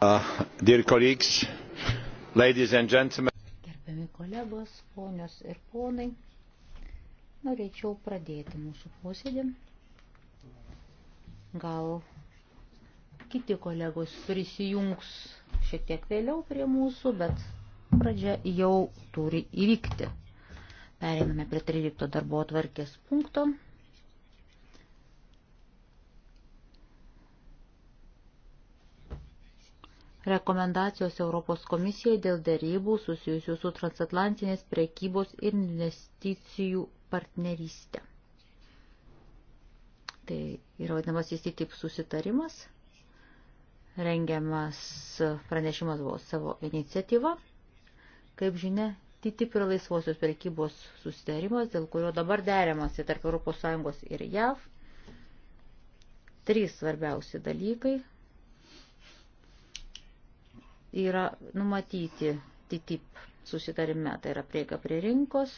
Uh, dear colleagues, ladies and gentlemen. Gerbiami kolegos, ponios ir ponai, norėčiau pradėti mūsų posėdį. Gal kiti kolegos prisijungs šiek tiek vėliau prie mūsų, bet pradžia jau turi įvykti. Pereiname prie 13 darbo atvarkės punkto. rekomendacijos Europos komisijai dėl dėrybų susijusių su transatlantinės prekybos ir investicijų partnerystė. Tai yra vadinamas įsitip susitarimas. Rengiamas pranešimas buvo savo iniciatyva. Kaip žinia, TTIP yra laisvosios prekybos susitarimas, dėl kurio dabar deriamasi tarp ES ir JAV. Trys svarbiausi dalykai yra numatyti TTIP susitarime, tai yra prieka prie rinkos,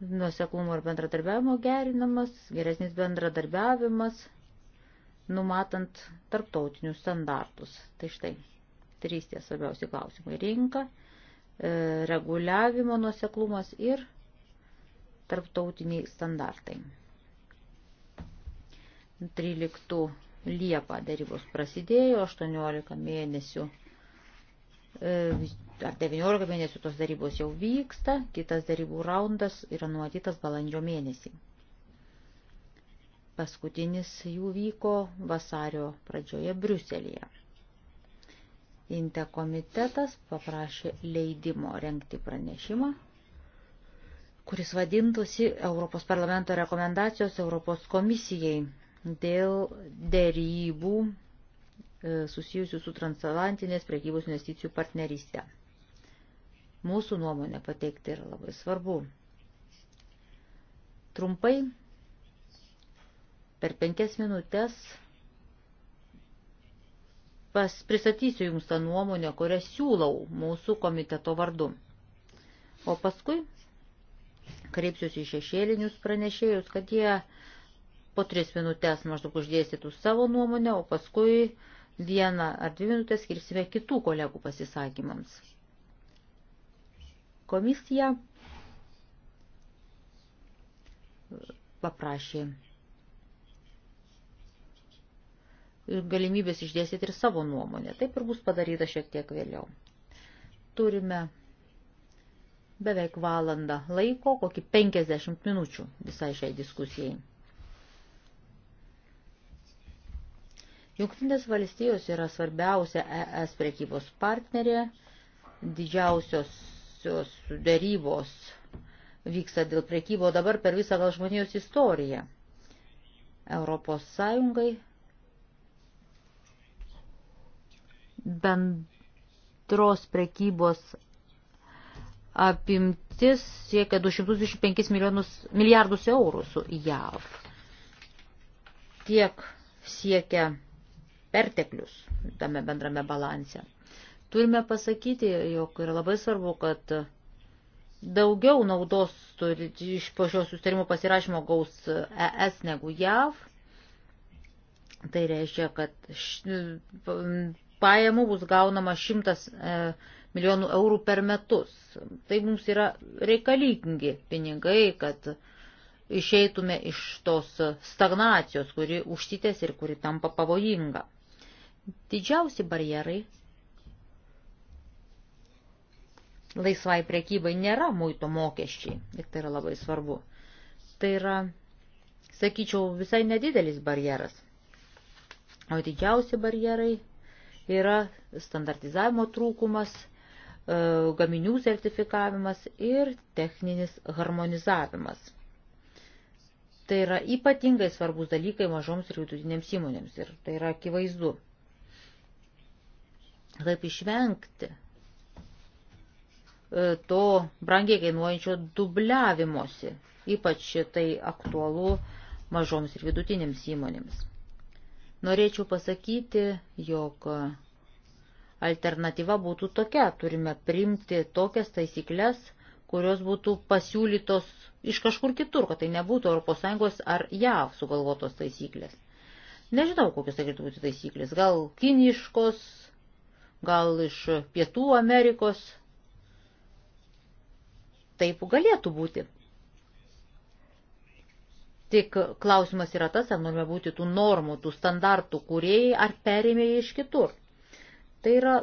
nuoseklumo ir bendradarbiavimo gerinamas, geresnis bendradarbiavimas, numatant tarptautinius standartus. Tai štai, trys tie svarbiausi klausimai - rinka, e, reguliavimo nuoseklumas ir tarptautiniai standartai. 13 Liepa darybos prasidėjo, 18 mėnesių E, ar 19 mėnesių tos darybos jau vyksta, kitas darybų raundas yra numatytas balandžio mėnesį. Paskutinis jų vyko vasario pradžioje Briuselėje. Inte komitetas paprašė leidimo renkti pranešimą, kuris vadintųsi Europos parlamento rekomendacijos Europos komisijai dėl dėrybų E, susijusių su transatlantinės prekybos investicijų partnerystė. Mūsų nuomonė pateikti yra labai svarbu. Trumpai, per penkias minutės pas, pristatysiu Jums tą nuomonę, kurią siūlau mūsų komiteto vardu. O paskui kreipsiuosi į šešėlinius pranešėjus, kad jie po tris minutės maždaug uždėstytų savo nuomonę, o paskui uh, vieną ar dvi minutės skirsime kitų kolegų pasisakymams. Komisija paprašė galimybės išdėstyti ir savo nuomonę. Taip ir bus padaryta šiek tiek vėliau. Turime beveik valandą laiko, kokį 50 minučių visai šiai diskusijai. Junktinės valstijos yra svarbiausia ES prekybos partnerė, didžiausios darybos vyksta dėl prekybo dabar per visą gal žmonijos istoriją. Europos Sąjungai bendros prekybos apimtis siekia 225 milijonus, milijardus eurų su JAV. Tiek siekia perteklius tame bendrame balanse. Turime pasakyti, jog yra labai svarbu, kad daugiau naudos turi iš po šio sustarimo pasirašymo gaus ES negu JAV. Tai reiškia, kad š, pajamų bus gaunama 100 e, milijonų eurų per metus. Tai mums yra reikalingi pinigai, kad išeitume iš tos stagnacijos, kuri užsitęs ir kuri tampa pavojinga. Didžiausi barjerai laisvai prekybai nėra muito mokesčiai, ir tai yra labai svarbu. Tai yra, sakyčiau, visai nedidelis barjeras. O didžiausi barjerai yra standartizavimo trūkumas, e, gaminių sertifikavimas ir techninis harmonizavimas. Tai yra ypatingai svarbus dalykai mažoms ir vidutinėms įmonėms ir tai yra akivaizdu kaip išvengti e, to brangiai kainuojančio dubliavimosi, ypač tai aktualu mažoms ir vidutinėms įmonėms. Norėčiau pasakyti, jog alternatyva būtų tokia, turime primti tokias taisyklės, kurios būtų pasiūlytos iš kažkur kitur, kad tai nebūtų ES ar JAV sugalvotos taisyklės. Nežinau, kokios tai galėtų būti taisyklės, gal kiniškos, gal iš Pietų Amerikos. Taip galėtų būti. Tik klausimas yra tas, ar norime būti tų normų, tų standartų kūrėjai, ar perėmėjai iš kitur. Tai yra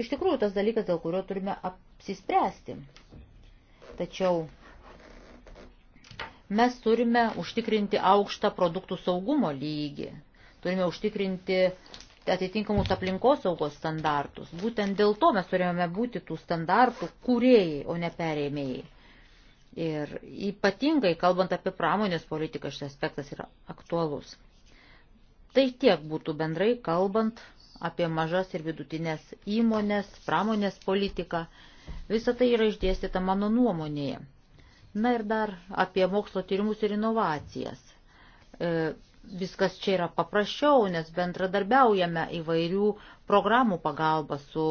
iš tikrųjų tas dalykas, dėl kurio turime apsispręsti. Tačiau mes turime užtikrinti aukštą produktų saugumo lygį. Turime užtikrinti atitinkamus aplinkosaugos standartus. Būtent dėl to mes turėjome būti tų standartų kūrėjai, o ne perėmėjai. Ir ypatingai, kalbant apie pramonės politiką, šis aspektas yra aktualus. Tai tiek būtų bendrai kalbant apie mažas ir vidutinės įmonės, pramonės politiką. Visa tai yra išdėstyta mano nuomonėje. Na ir dar apie mokslo tyrimus ir inovacijas. E, viskas čia yra paprasčiau, nes bendradarbiaujame įvairių programų pagalba su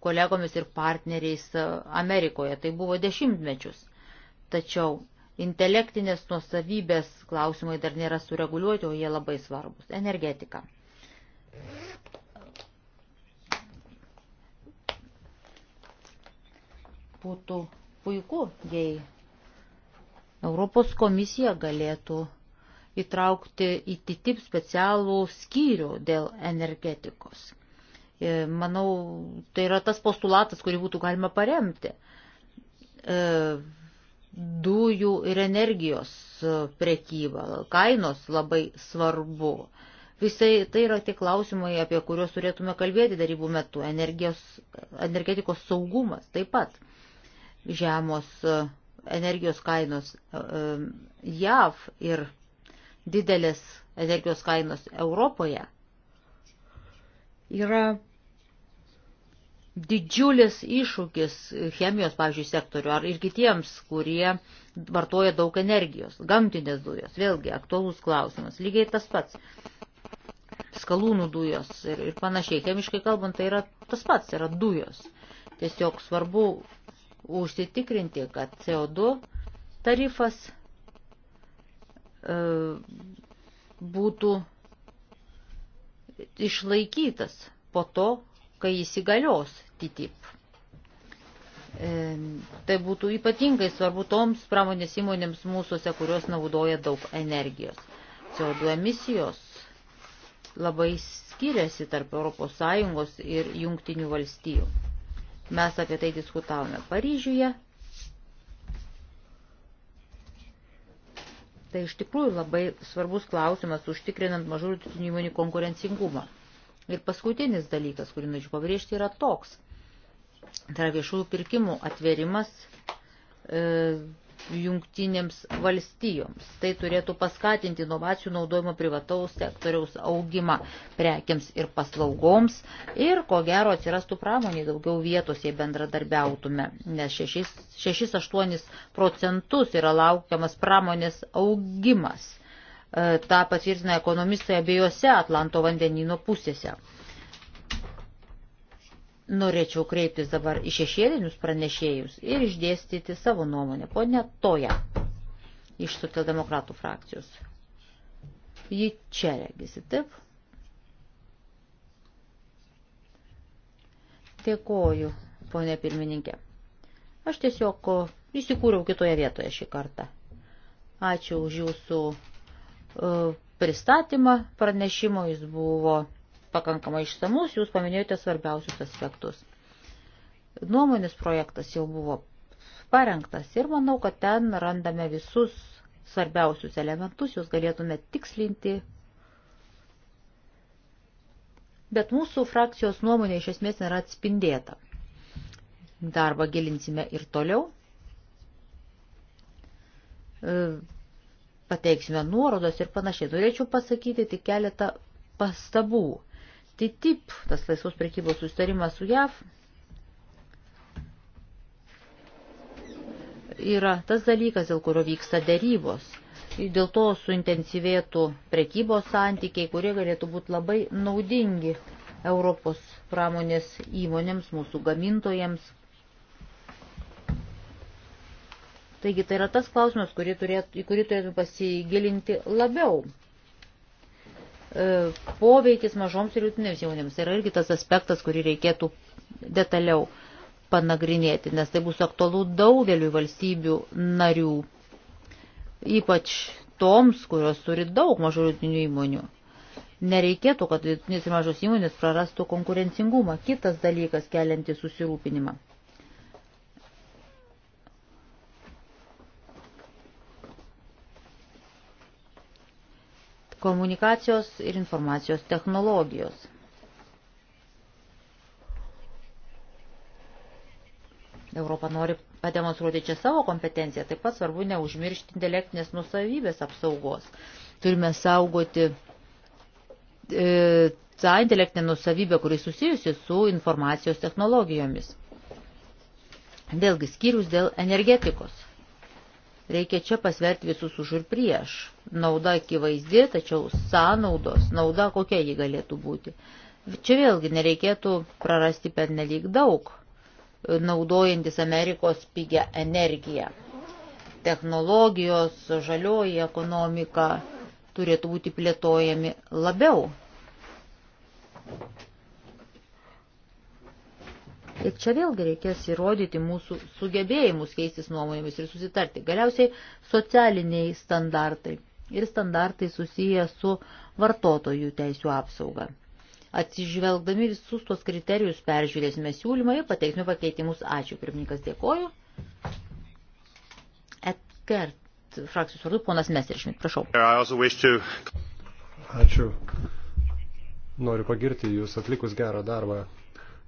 kolegomis ir partneriais e, Amerikoje. Tai buvo dešimtmečius. Tačiau intelektinės nuosavybės klausimai dar nėra sureguliuoti, o jie labai svarbus. Energetika. Būtų puiku, jei Europos komisija galėtų įtraukti į TTIP specialų skyrių dėl energetikos. E, manau, tai yra tas postulatas, kurį būtų galima paremti. E, dujų ir energijos prekyba, kainos labai svarbu. Visai tai yra tie klausimai, apie kuriuos turėtume kalbėti darybų metu. Energijos, energetikos saugumas taip pat. Žemos e, energijos kainos JAV ir didelės energijos kainos Europoje yra didžiulis iššūkis chemijos, pavyzdžiui, sektoriu ar ir kitiems, kurie vartoja daug energijos. Gamtinės dujos, vėlgi, aktualus klausimas. Lygiai tas pats. Skalūnų dujos ir, ir panašiai. Chemiškai kalbant, tai yra tas pats, yra dujos. Tiesiog svarbu užsitikrinti, kad CO2 tarifas E, būtų išlaikytas po to, kai įsigalios TTIP. E, tai būtų ypatingai svarbu toms pramonės įmonėms mūsųse, kurios naudoja daug energijos. CO2 emisijos labai skiriasi tarp ES ir jungtinių valstijų. Mes apie tai diskutavome Paryžiuje Tai iš tikrųjų labai svarbus klausimas užtikrinant mažų rytinių įmonių konkurencingumą. Ir paskutinis dalykas, kurį norėčiau pabrėžti, yra toks. Tai yra viešųjų pirkimų atverimas e, jungtinėms valstijoms. Tai turėtų paskatinti inovacijų naudojimo privataus sektoriaus augimą prekiams ir paslaugoms ir ko gero atsirastų pramoniai daugiau vietos, jei bendradarbiautume, nes 6-8 procentus yra laukiamas pramonės augimas. E, Ta patvirtina ekonomistai abiejose Atlanto vandenino pusėse. Norėčiau kreiptis dabar į šešėlinius pranešėjus ir išdėstyti savo nuomonę. Pone Toja iš socialdemokratų frakcijos. Ji čia regisi, taip? Dėkoju, ponė pirmininkė. Aš tiesiog įsikūriau kitoje vietoje šį kartą. Ačiū už jūsų e, pristatymą pranešimo, jis buvo pakankamai išsamus, jūs paminėjote svarbiausius aspektus. Nuomonės projektas jau buvo parengtas ir manau, kad ten randame visus svarbiausius elementus, jūs galėtume tikslinti. Bet mūsų frakcijos nuomonė iš esmės nėra atspindėta. Darbą gilinsime ir toliau. E, pateiksime nuorodos ir panašiai. Norėčiau pasakyti tik keletą pastabų. TTIP, tas laisvos prekybos sustarimas su JAV, yra tas dalykas, dėl kurio vyksta dėrybos. Dėl to suintensyvėtų prekybos santykiai, kurie galėtų būti labai naudingi Europos pramonės įmonėms, mūsų gamintojams. Taigi tai yra tas klausimas, kurį turėt, į kurį turėtume pasigilinti labiau. E, poveikis mažoms ir jūtinėms jaunėms tai yra irgi tas aspektas, kurį reikėtų detaliau panagrinėti, nes tai bus aktualu daugeliu valstybių narių, ypač toms, kurios turi daug mažų jūtinių įmonių. Nereikėtų, kad jūtinės ir mažos įmonės prarastų konkurencingumą. Kitas dalykas keliantis susirūpinimą. komunikacijos ir informacijos technologijos. Europa nori pademonstruoti čia savo kompetenciją, taip pat svarbu neužmiršti intelektinės nusavybės apsaugos. Turime saugoti e, tą intelektinę nusavybę, kuri susijusi su informacijos technologijomis. Vėlgi skyrius dėl energetikos. Reikia čia pasverti visus už ir prieš. Nauda akivaizdi, tačiau sąnaudos, nauda kokia ji galėtų būti. Čia vėlgi nereikėtų prarasti per nelik daug, naudojantis Amerikos pigią energiją. Technologijos, žalioji ekonomika turėtų būti plėtojami labiau. Ir čia vėlgi reikės įrodyti mūsų sugebėjimus keistis nuomonėmis ir susitarti. Galiausiai socialiniai standartai ir standartai susiję su vartotojų teisų apsauga. Atsižvelgdami visus tuos kriterijus peržiūrėsime siūlymą ir pateiksime pakeitimus. Ačiū, pirmininkas, dėkoju. Etkert, frakcijos vardu, ponas Meseršmit, prašau. Ačiū. Noriu pagirti jūs atlikus gerą darbą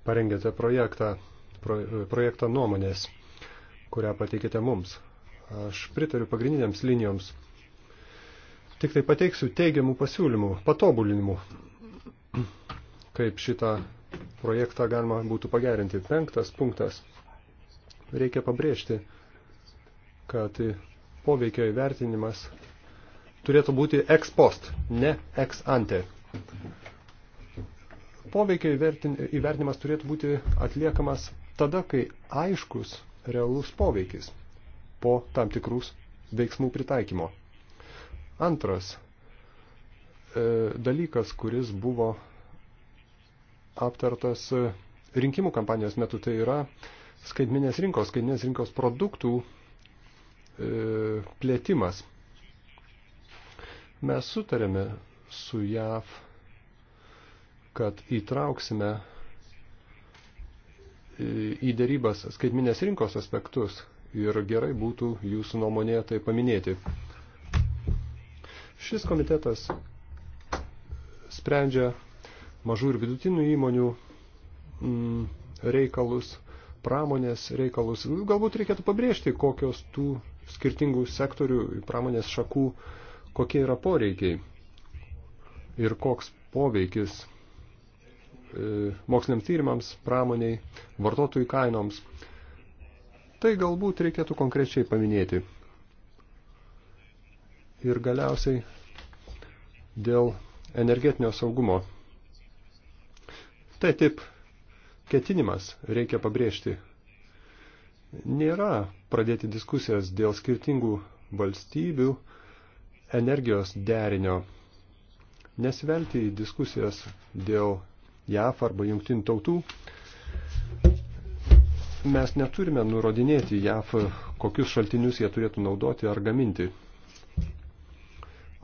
parengėte projektą, pro, projektą nuomonės, kurią pateikite mums. Aš pritariu pagrindiniams linijoms. Tik tai pateiksiu teigiamų pasiūlymų, patobulinimų, kaip šitą projektą galima būtų pagerinti. Penktas punktas. Reikia pabrėžti, kad poveikio įvertinimas turėtų būti ex post, ne ex ante poveikio įvertinimas turėtų būti atliekamas tada, kai aiškus realus poveikis po tam tikrus veiksmų pritaikymo. Antras e, dalykas, kuris buvo aptartas e, rinkimų kampanijos metu, tai yra skaitminės rinkos, skaitminės rinkos produktų e, plėtimas. Mes sutarėme su JAV kad įtrauksime į dėrybas skaitminės rinkos aspektus ir gerai būtų jūsų nuomonė tai paminėti. Šis komitetas sprendžia mažų ir vidutinių įmonių mm, reikalus, pramonės reikalus. Galbūt reikėtų pabrėžti, kokios tų skirtingų sektorių, pramonės šakų, kokie yra poreikiai ir koks poveikis E, moksliniams tyrimams, pramoniai, vartotojų kainoms. Tai galbūt reikėtų konkrečiai paminėti. Ir galiausiai dėl energetinio saugumo. Tai taip, ketinimas reikia pabrėžti. Nėra pradėti diskusijas dėl skirtingų valstybių energijos derinio nesvelti į diskusijas dėl JAF arba jungtinių tautų, mes neturime nurodinėti JAF, kokius šaltinius jie turėtų naudoti ar gaminti.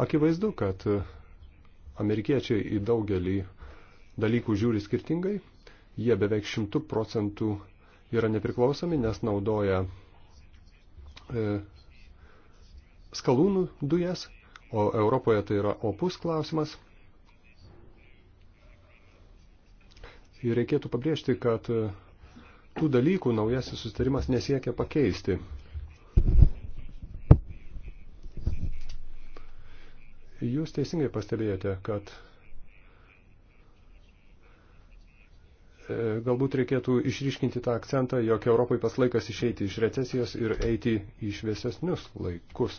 Akivaizdu, kad amerikiečiai į daugelį dalykų žiūri skirtingai. Jie beveik šimtų procentų yra nepriklausomi, nes naudoja e, skalūnų dujas, o Europoje tai yra opus klausimas. Ir reikėtų pabrėžti, kad e, tų dalykų naujasis sustarimas nesiekia pakeisti. Jūs teisingai pastebėjote, kad e, galbūt reikėtų išryškinti tą akcentą, jog Europai pas laikas išeiti iš recesijos ir eiti į šviesesnius laikus.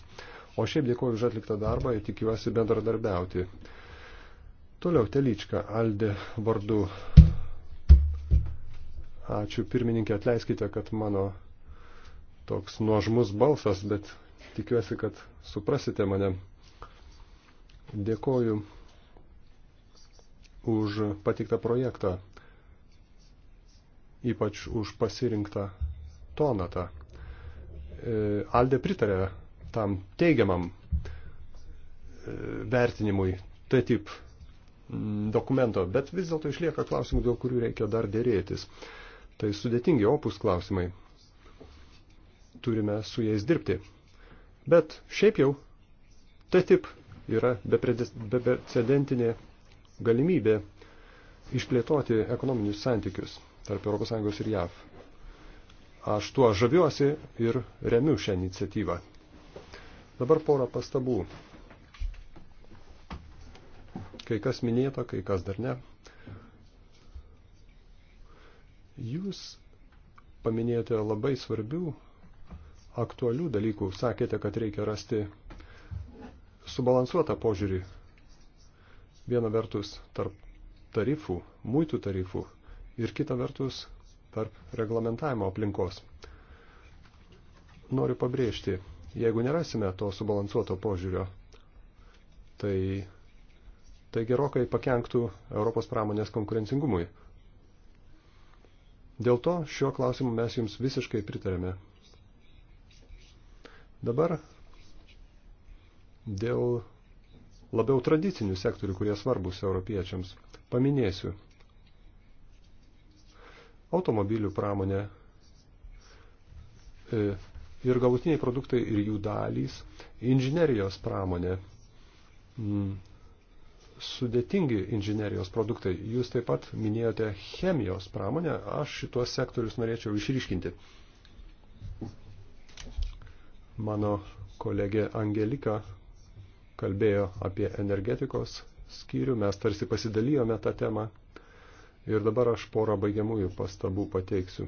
O šiaip dėkuoju už atliktą darbą ir tikiuosi bendradarbiauti. Toliau Teličką Aldė vardu Ačiū pirmininkė, atleiskite, kad mano toks nuožmus balsas, bet tikiuosi, kad suprasite mane. Dėkoju už patiktą projektą, ypač už pasirinktą tonatą. E, Alde pritarė tam teigiamam e, vertinimui TTIP dokumento, bet vis dėlto išlieka klausimų, dėl kurių reikia dar dėrėtis. Tai sudėtingi opus klausimai. Turime su jais dirbti. Bet šiaip jau, tai taip yra beprecedentinė galimybė išplėtoti ekonominius santykius tarp ES ir JAV. Aš tuo žaviuosi ir remiu šią iniciatyvą. Dabar porą pastabų. Kai kas minėta, kai kas dar ne. Jūs paminėjote labai svarbių, aktualių dalykų. Sakėte, kad reikia rasti subalansuotą požiūrį. Viena vertus tarp tarifų, muitų tarifų ir kita vertus tarp reglamentavimo aplinkos. Noriu pabrėžti, jeigu nerasime to subalansuoto požiūrio, tai, tai gerokai pakenktų Europos pramonės konkurencingumui. Dėl to šiuo klausimu mes jums visiškai pritarėme. Dabar dėl labiau tradicinių sektorių, kurie svarbus europiečiams, paminėsiu. Automobilių pramonė e, ir galutiniai produktai ir jų dalys, inžinerijos pramonė, sudėtingi inžinerijos produktai. Jūs taip pat minėjote chemijos pramonę, aš šituos sektorius norėčiau išryškinti. Mano kolegė Angelika kalbėjo apie energetikos skyrių, mes tarsi pasidalijome tą temą ir dabar aš porą baigiamųjų pastabų pateiksiu.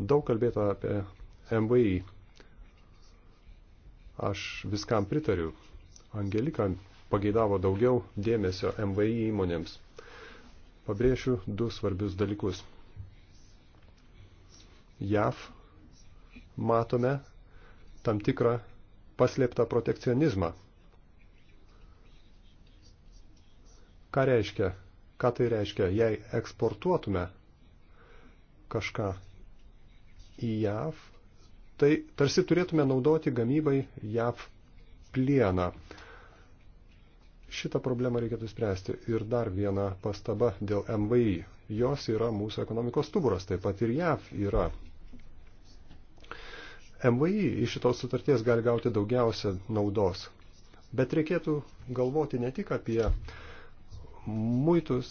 Daug kalbėta apie MVI. Aš viskam pritariu. Angelika pageidavo daugiau dėmesio MVI įmonėms. Pabrėšiu du svarbius dalykus. JAV matome tam tikrą paslėptą protekcionizmą. Ką reiškia? Ką tai reiškia? Jei eksportuotume kažką į JAV, tai tarsi turėtume naudoti gamybai JAV plieną. Šitą problemą reikėtų spręsti. Ir dar viena pastaba dėl MVI. Jos yra mūsų ekonomikos stuburas, taip pat ir JAV yra. MVI iš šitos sutarties gali gauti daugiausia naudos. Bet reikėtų galvoti ne tik apie muitus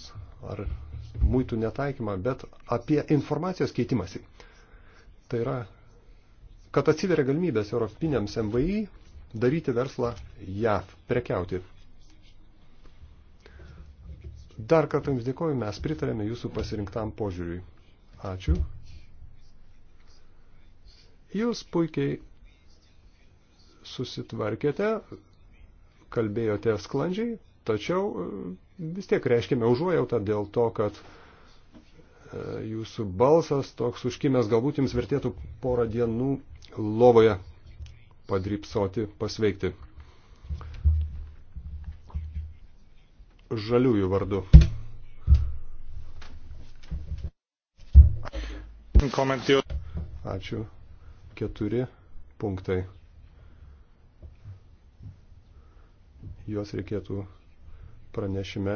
ar muitų netaikymą, bet apie informacijos keitimąsi. Tai yra, kad atsiveria galimybės europiniams MVI daryti verslą JAV, prekiauti Dar kartą Jums dėkoju, mes pritarėme Jūsų pasirinktam požiūriui. Ačiū. Jūs puikiai susitvarkėte, kalbėjote sklandžiai, tačiau e, vis tiek reiškime užuojautą dėl to, kad e, jūsų balsas toks užkimęs, galbūt jums vertėtų porą dienų lovoje padrypsoti, pasveikti. žaliųjų vardu. Ačiū. Keturi punktai. Juos reikėtų pranešime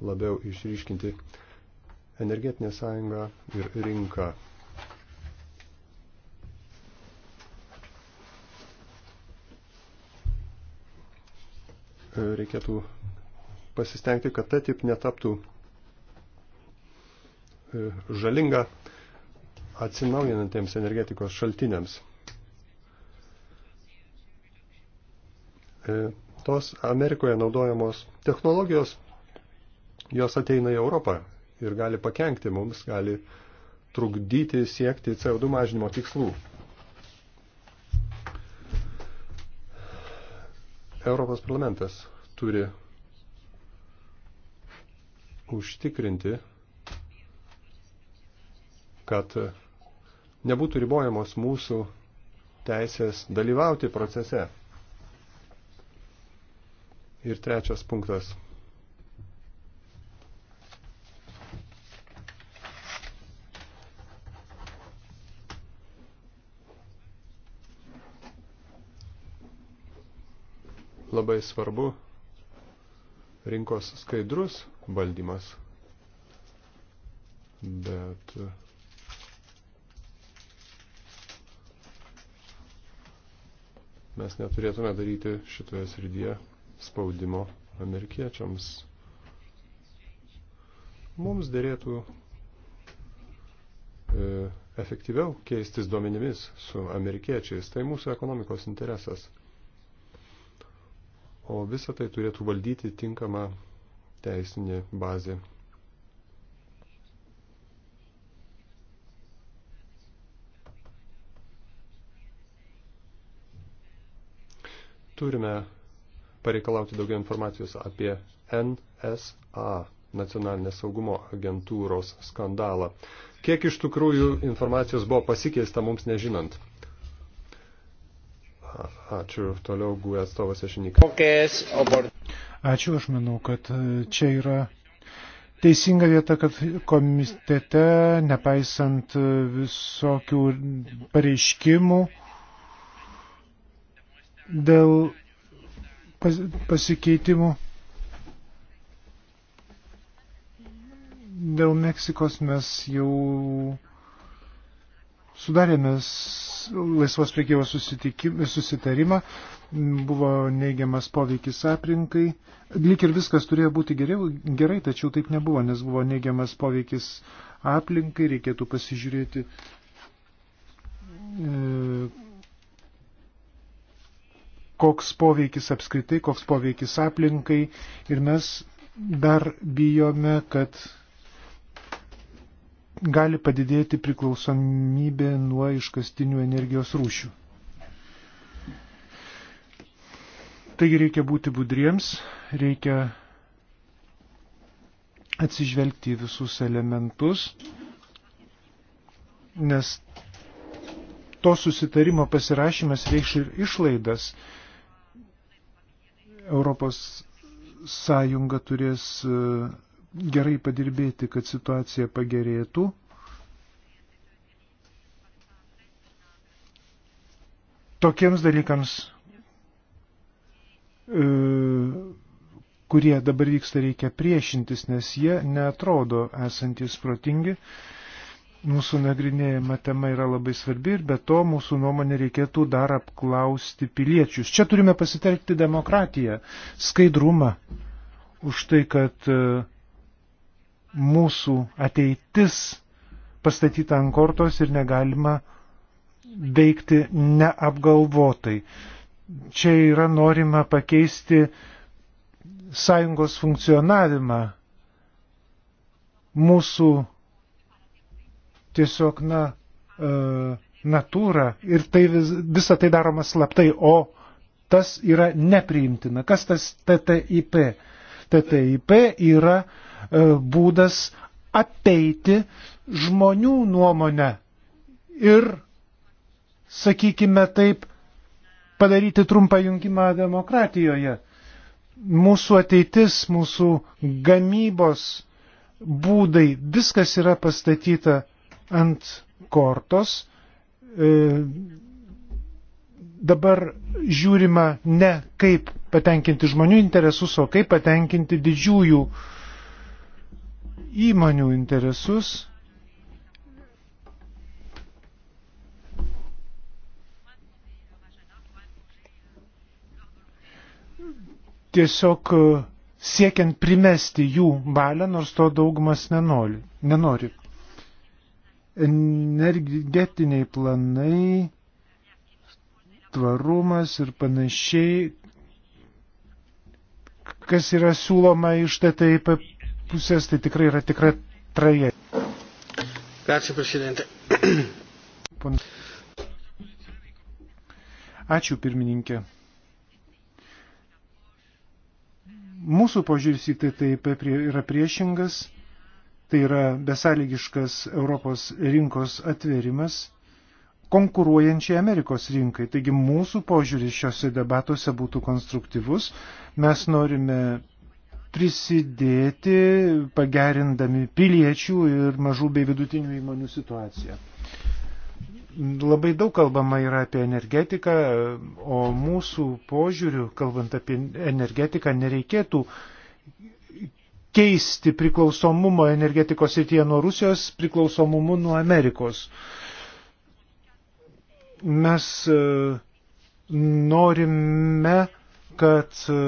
labiau išryškinti energetinę sąjungą ir rinką. Reikėtų pasistengti, kad ta tip netaptų e, žalinga atsinaujinantiems energetikos šaltiniams. E, tos Amerikoje naudojamos technologijos, jos ateina į Europą ir gali pakengti mums, gali trukdyti siekti CO2 mažinimo tikslų. Europos parlamentas turi užtikrinti, kad nebūtų ribojamos mūsų teisės dalyvauti procese. Ir trečias punktas. Labai svarbu rinkos skaidrus valdymas. Bet mes neturėtume daryti šitoje srityje spaudimo amerikiečiams. Mums dėrėtų e, efektyviau keistis duomenimis su amerikiečiais. Tai mūsų ekonomikos interesas. O visą tai turėtų valdyti tinkama teisinė bazė. Turime pareikalauti daugiau informacijos apie NSA, nacionalinės saugumo agentūros skandalą. Kiek iš tikrųjų informacijos buvo pasikeista mums nežinant? Ačiū. Toliau GUE atstovas Ešinikas. Ačiū, aš manau, kad e, čia yra teisinga vieta, kad komitete, nepaisant e, visokių pareiškimų dėl pasikeitimų, dėl Meksikos mes jau sudarėme laisvos priekybos susitarimą, buvo neigiamas poveikis aplinkai. Lyg ir viskas turėjo būti geriau, gerai, tačiau taip nebuvo, nes buvo neigiamas poveikis aplinkai, reikėtų pasižiūrėti. E, koks poveikis apskritai, koks poveikis aplinkai ir mes dar bijome, kad gali padidėti priklausomybė nuo iškastinių energijos rūšių. Taigi reikia būti budriems, reikia atsižvelgti į visus elementus, nes to susitarimo pasirašymas reikš ir išlaidas. Europos sąjunga turės e, gerai padirbėti, kad situacija pagerėtų. Tokiems dalykams E, kurie dabar vyksta, reikia priešintis, nes jie netrodo esantys protingi. Mūsų nagrinėjama tema yra labai svarbi ir be to mūsų nuomonė reikėtų dar apklausti piliečius. Čia turime pasitelkti demokratiją, skaidrumą už tai, kad e, mūsų ateitis pastatyta ant kortos ir negalima veikti neapgalvotai čia yra norima pakeisti sąjungos funkcionavimą. Mūsų tiesiog, na, e, natūrą ir tai vis, visa tai daroma slaptai, o tas yra nepriimtina. Kas tas TTIP? TTIP yra e, būdas apeiti žmonių nuomonę ir, sakykime taip, padaryti trumpą jungimą demokratijoje. Mūsų ateitis, mūsų gamybos būdai, viskas yra pastatyta ant kortos. E, dabar žiūrima ne kaip patenkinti žmonių interesus, o kaip patenkinti didžiųjų įmonių interesus tiesiog e, siekiant primesti jų valią, nors to daugumas nenori. nenori. Energetiniai planai, tvarumas ir panašiai, kas yra siūloma iš TTIP pusės, tai tikrai yra tikra tragedija. Grazie, Presidente. Ačiū, pirmininkė. Mūsų požiūris į tai taip yra priešingas, tai yra besąlygiškas Europos rinkos atverimas konkuruojančiai Amerikos rinkai. Taigi mūsų požiūris šiuose debatuose būtų konstruktyvus. Mes norime prisidėti pagerindami piliečių ir mažų bei vidutinių įmonių situaciją. Labai daug kalbama yra apie energetiką, o mūsų požiūrių, kalbant apie energetiką, nereikėtų keisti priklausomumą energetikos srityje nuo Rusijos priklausomumu nuo Amerikos. Mes e, norime, kad e,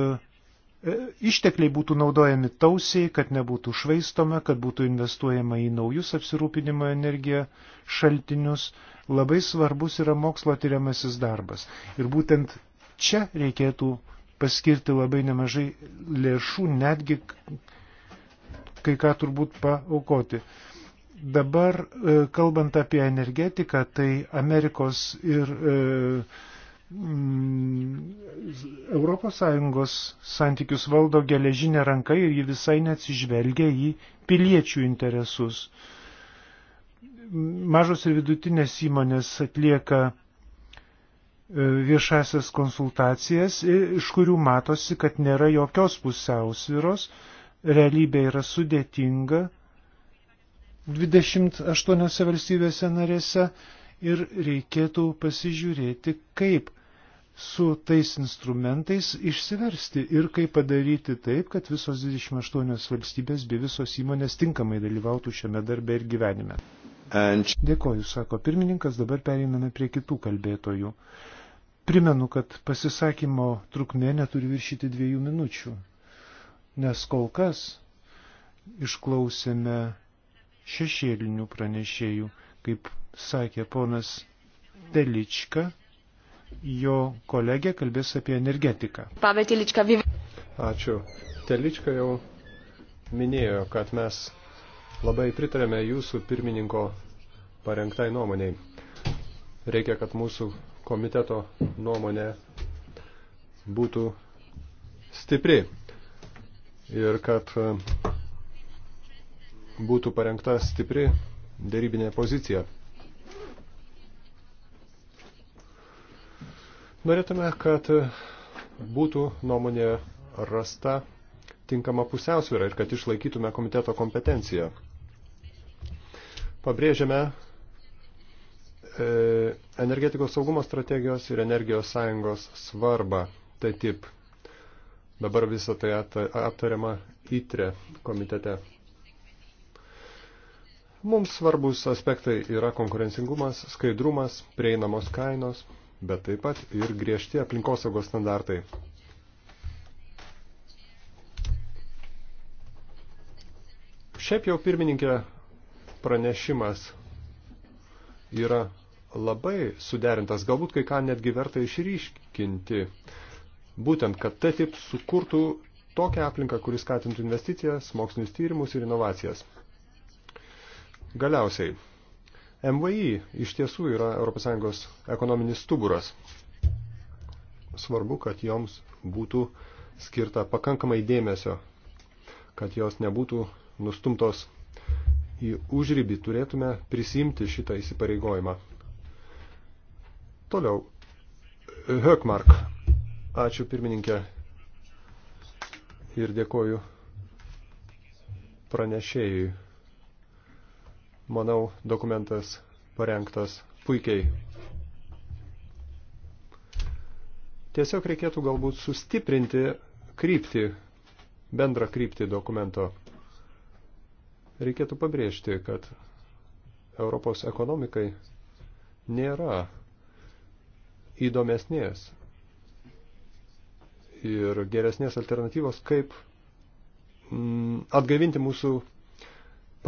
ištekliai būtų naudojami tausiai, kad nebūtų švaistoma, kad būtų investuojama į naujus apsirūpinimo energiją šaltinius. Labai svarbus yra mokslo tyriamasis darbas. Ir būtent čia reikėtų paskirti labai nemažai lėšų, netgi kai ką turbūt paaukoti. Dabar, e, kalbant apie energetiką, tai Amerikos ir e, mm, ES santykius valdo geležinė ranka ir ji visai neatsižvelgia į piliečių interesus. E, mažos ir vidutinės įmonės atlieka e, viešasias konsultacijas, iš kurių matosi, kad nėra jokios pusiausviros, realybė yra sudėtinga 28 valstybėse narėse ir reikėtų pasižiūrėti, kaip su tais instrumentais išsiversti ir kaip padaryti taip, kad visos 28 valstybės bei visos įmonės tinkamai dalyvautų šiame darbe ir gyvenime. And... Dėkoju, sako pirmininkas, dabar pereiname prie kitų kalbėtojų. Primenu, kad pasisakymo trukmė neturi viršyti dviejų minučių, nes kol kas išklausėme šešėlinių pranešėjų, kaip sakė ponas Telička, jo kolegė kalbės apie energetiką. Pavel Telička, Ačiū. Telička jau minėjo, kad mes Labai pritarėme jūsų pirmininko parengtai nuomoniai. Reikia, kad mūsų komiteto nuomonė būtų stipri ir kad e, būtų parengta stipri dėrybinė pozicija. Norėtume, kad e, būtų nuomonė rasta tinkama pusiausvėra ir kad išlaikytume komiteto kompetenciją pabrėžiame e, energetikos saugumo strategijos ir energijos sąjungos svarbą. Tai tip. Dabar visą tai aptariama ITRE komitete. Mums svarbus aspektai yra konkurencingumas, skaidrumas, prieinamos kainos, bet taip pat ir griežti aplinkosaugos standartai. Šiaip jau pirmininkė pranešimas yra labai suderintas, galbūt kai ką netgi verta išryškinti, būtent, kad TTIP sukurtų tokią aplinką, kuris skatintų investicijas, mokslinius tyrimus ir inovacijas. Galiausiai, MVI iš tiesų yra ES ekonominis stuburas. Svarbu, kad joms būtų skirta pakankamai dėmesio, kad jos nebūtų nustumtos į užrybį turėtume prisimti šitą įsipareigojimą. Toliau. Hökmark. Ačiū pirmininkė ir dėkoju pranešėjui. Manau, dokumentas parengtas puikiai. Tiesiog reikėtų galbūt sustiprinti kryptį, bendrą kryptį dokumento. Reikėtų pabrėžti, kad Europos ekonomikai nėra įdomesnės ir geresnės alternatyvos, kaip mm, atgaivinti mūsų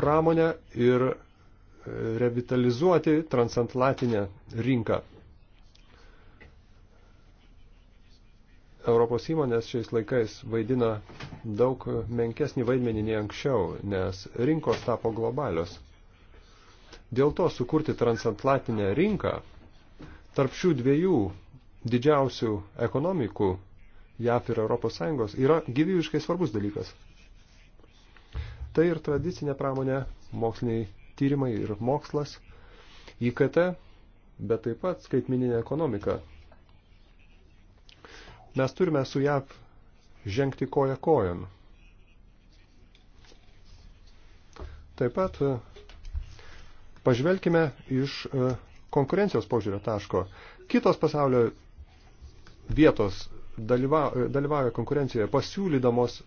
pramonę ir revitalizuoti transatlantinę rinką. Europos įmonės šiais laikais vaidina daug menkesnį vaidmenį nei anksčiau, nes rinkos tapo globalios. Dėl to sukurti transatlantinę rinką tarp šių dviejų didžiausių ekonomikų JAF ir ES yra gyvybiškai svarbus dalykas. Tai ir tradicinė pramonė, moksliniai tyrimai ir mokslas, IKT, bet taip pat skaitmininė ekonomika – Mes turime su JAV žengti koja kojon. Taip pat e, pažvelkime iš e, konkurencijos požiūrio taško. Kitos pasaulio vietos e, dalyvauja konkurencijoje pasiūlydamos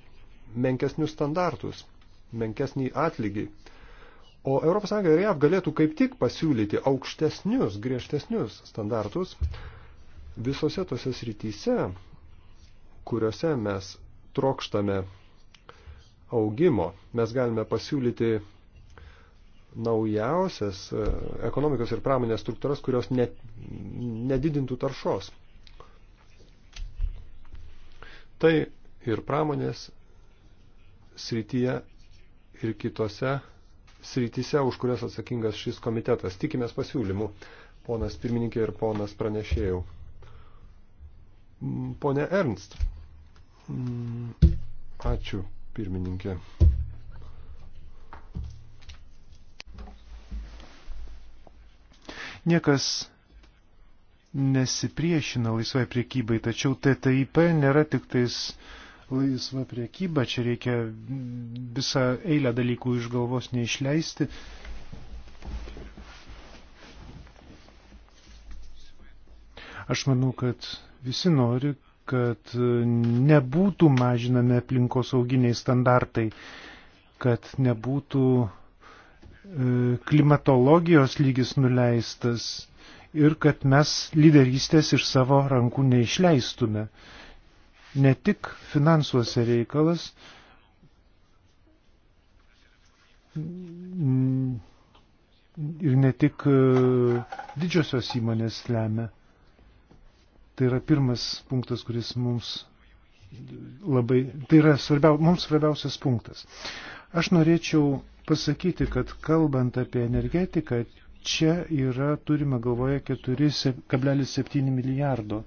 menkesnius standartus, menkesnį atlygį. O ES ir JAV galėtų kaip tik pasiūlyti aukštesnius, griežtesnius standartus visose tose srityse, kuriuose mes trokštame augimo, mes galime pasiūlyti naujausias e, ekonomikos ir pramonės struktūras, kurios net, nedidintų taršos. Tai ir pramonės srityje ir kitose srityse, už kurias atsakingas šis komitetas. Tikimės pasiūlymų, ponas pirmininkė ir ponas pranešėjau. Pone Ernst. Mm, ačiū, pirmininkė. Niekas nesipriešina laisvai priekybai, tačiau TTIP nėra tik tais laisva priekyba, čia reikia visą eilę dalykų iš galvos neišleisti. Aš manau, kad visi nori, kad nebūtų mažinami aplinkosauginiai standartai, kad nebūtų e, klimatologijos lygis nuleistas ir kad mes lyderystės iš savo rankų neišleistume. Ne tik finansuose reikalas, ir ne tik e, didžiosios įmonės lemia. Tai yra pirmas punktas, kuris mums labai, tai yra svarbiau, mums svarbiausias punktas. Aš norėčiau pasakyti, kad kalbant apie energetiką, čia yra, turime galvoje, 4,7 milijardo,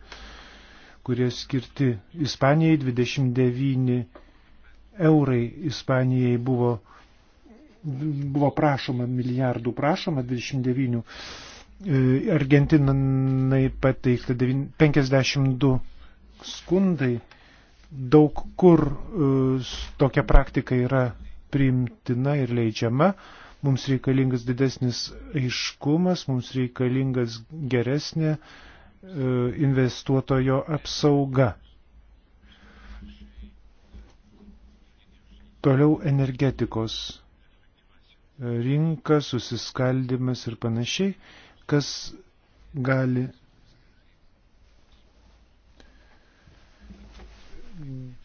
kurie skirti Ispanijai 29 eurai Ispanijai buvo, buvo prašoma, milijardų prašoma 29 eurai E, Argentinai pateikta 52 skundai, daug kur e, tokia praktika yra priimtina ir leidžiama. Mums reikalingas didesnis aiškumas, mums reikalingas geresnė e, investuotojo apsauga. Toliau energetikos rinka, susiskaldimas ir panašiai kas gali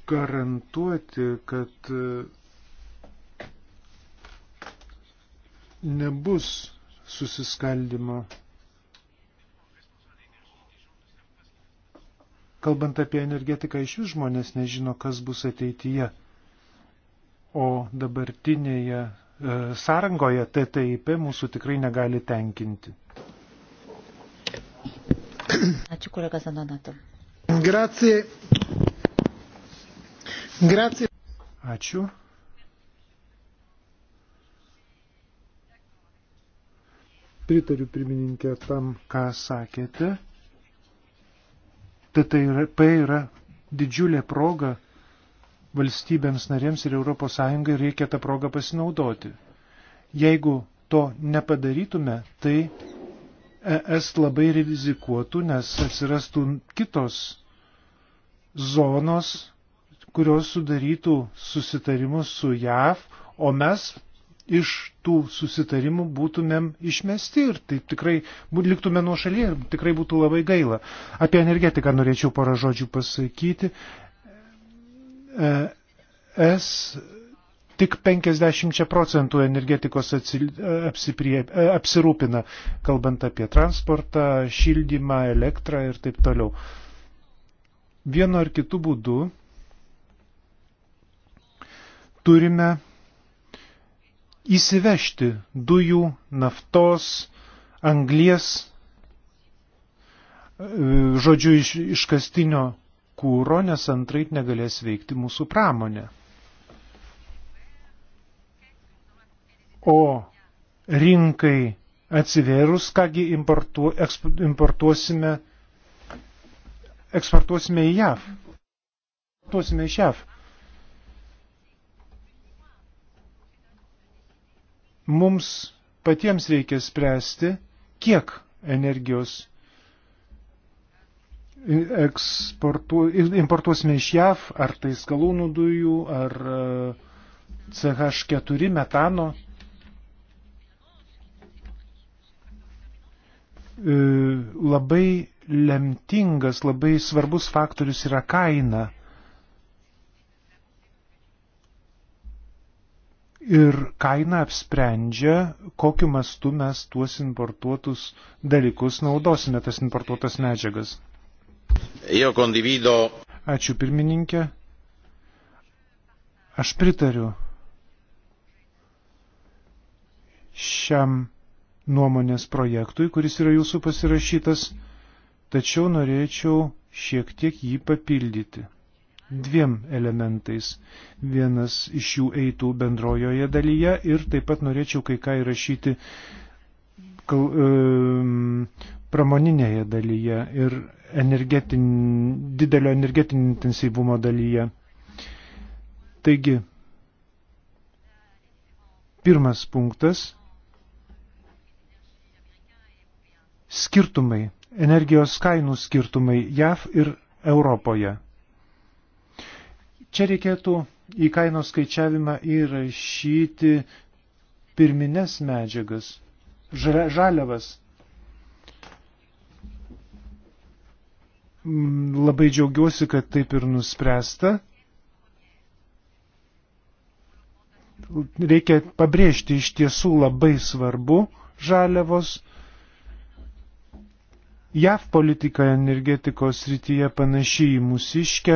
garantuoti, kad e, nebus susiskaldimo. Kalbant apie energetiką, iš jų žmonės nežino, kas bus ateityje. O dabartinėje e, sąrangoje TTIP mūsų tikrai negali tenkinti. Ačiū, kolega Zanonato. Grazie. Grazie. Ačiū. Pritariu pirmininkė tam, ką sakėte. TTIP tai, tai yra didžiulė proga valstybėms narėms ir ES reikia tą progą pasinaudoti. Jeigu to nepadarytume, tai ES labai rizikuotų, nes atsirastų kitos zonos, kurios sudarytų susitarimus su JAV, o mes iš tų susitarimų būtumėm išmesti ir tai tikrai liktume nuo šalyje ir tikrai būtų labai gaila. Apie energetiką norėčiau porą žodžių pasakyti. Es tik 50 procentų energetikos apsiprie, e, apsirūpina, kalbant apie transportą, šildymą, elektrą ir taip toliau. Vienu ar kitu būdu turime įsivežti dujų, naftos, anglies, e, žodžiu, iš, iškastinio kūro, nes antraip negalės veikti mūsų pramonė. O rinkai atsivėrus, kągi importuo, importuosime, eksportuosime į JAV. Eksportuosime iš JAV. Mums patiems reikia spręsti, kiek energijos eksportu, importuosime iš JAV, ar tai skalūnų dujų, ar e, CH4 metano E, labai lemtingas, labai svarbus faktorius yra kaina. Ir kaina apsprendžia, kokiu mastu mes tuos importuotus dalykus naudosime, tas importuotas medžiagas. Ačiū pirmininkė. Aš pritariu šiam nuomonės projektui, kuris yra jūsų pasirašytas, tačiau norėčiau šiek tiek jį papildyti. Dviem elementais. Vienas iš jų eitų bendrojoje dalyje ir taip pat norėčiau kai ką įrašyti kal, e, pramoninėje dalyje ir energetin, didelio energetinio intensyvumo dalyje. Taigi, pirmas punktas skirtumai, energijos kainų skirtumai JAV ir Europoje. Čia reikėtų į kainos skaičiavimą įrašyti pirminės medžiagas, žaliavas. Mm, labai džiaugiuosi, kad taip ir nuspręsta. Reikia pabrėžti iš tiesų labai svarbu žaliavos JAV politika energetikos rytyje panašiai į mūsiškę.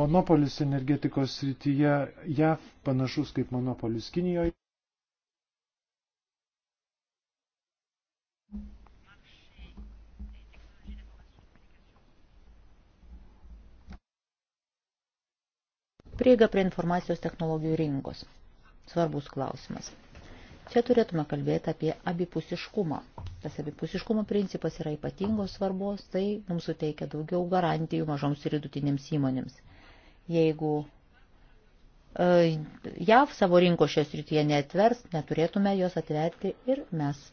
Monopolis energetikos rytyje JAV panašus kaip monopolis Kinijoje. Prieiga prie informacijos technologijų rinkos. Svarbus klausimas. Čia turėtume kalbėti apie abipusiškumą. Tas abipusiškumo principas yra ypatingos svarbos, tai mums suteikia daugiau garantijų mažoms ir vidutinėms įmonėms. Jeigu e, JAV savo rinko šios rytyje neatvers, neturėtume jos atverti ir mes.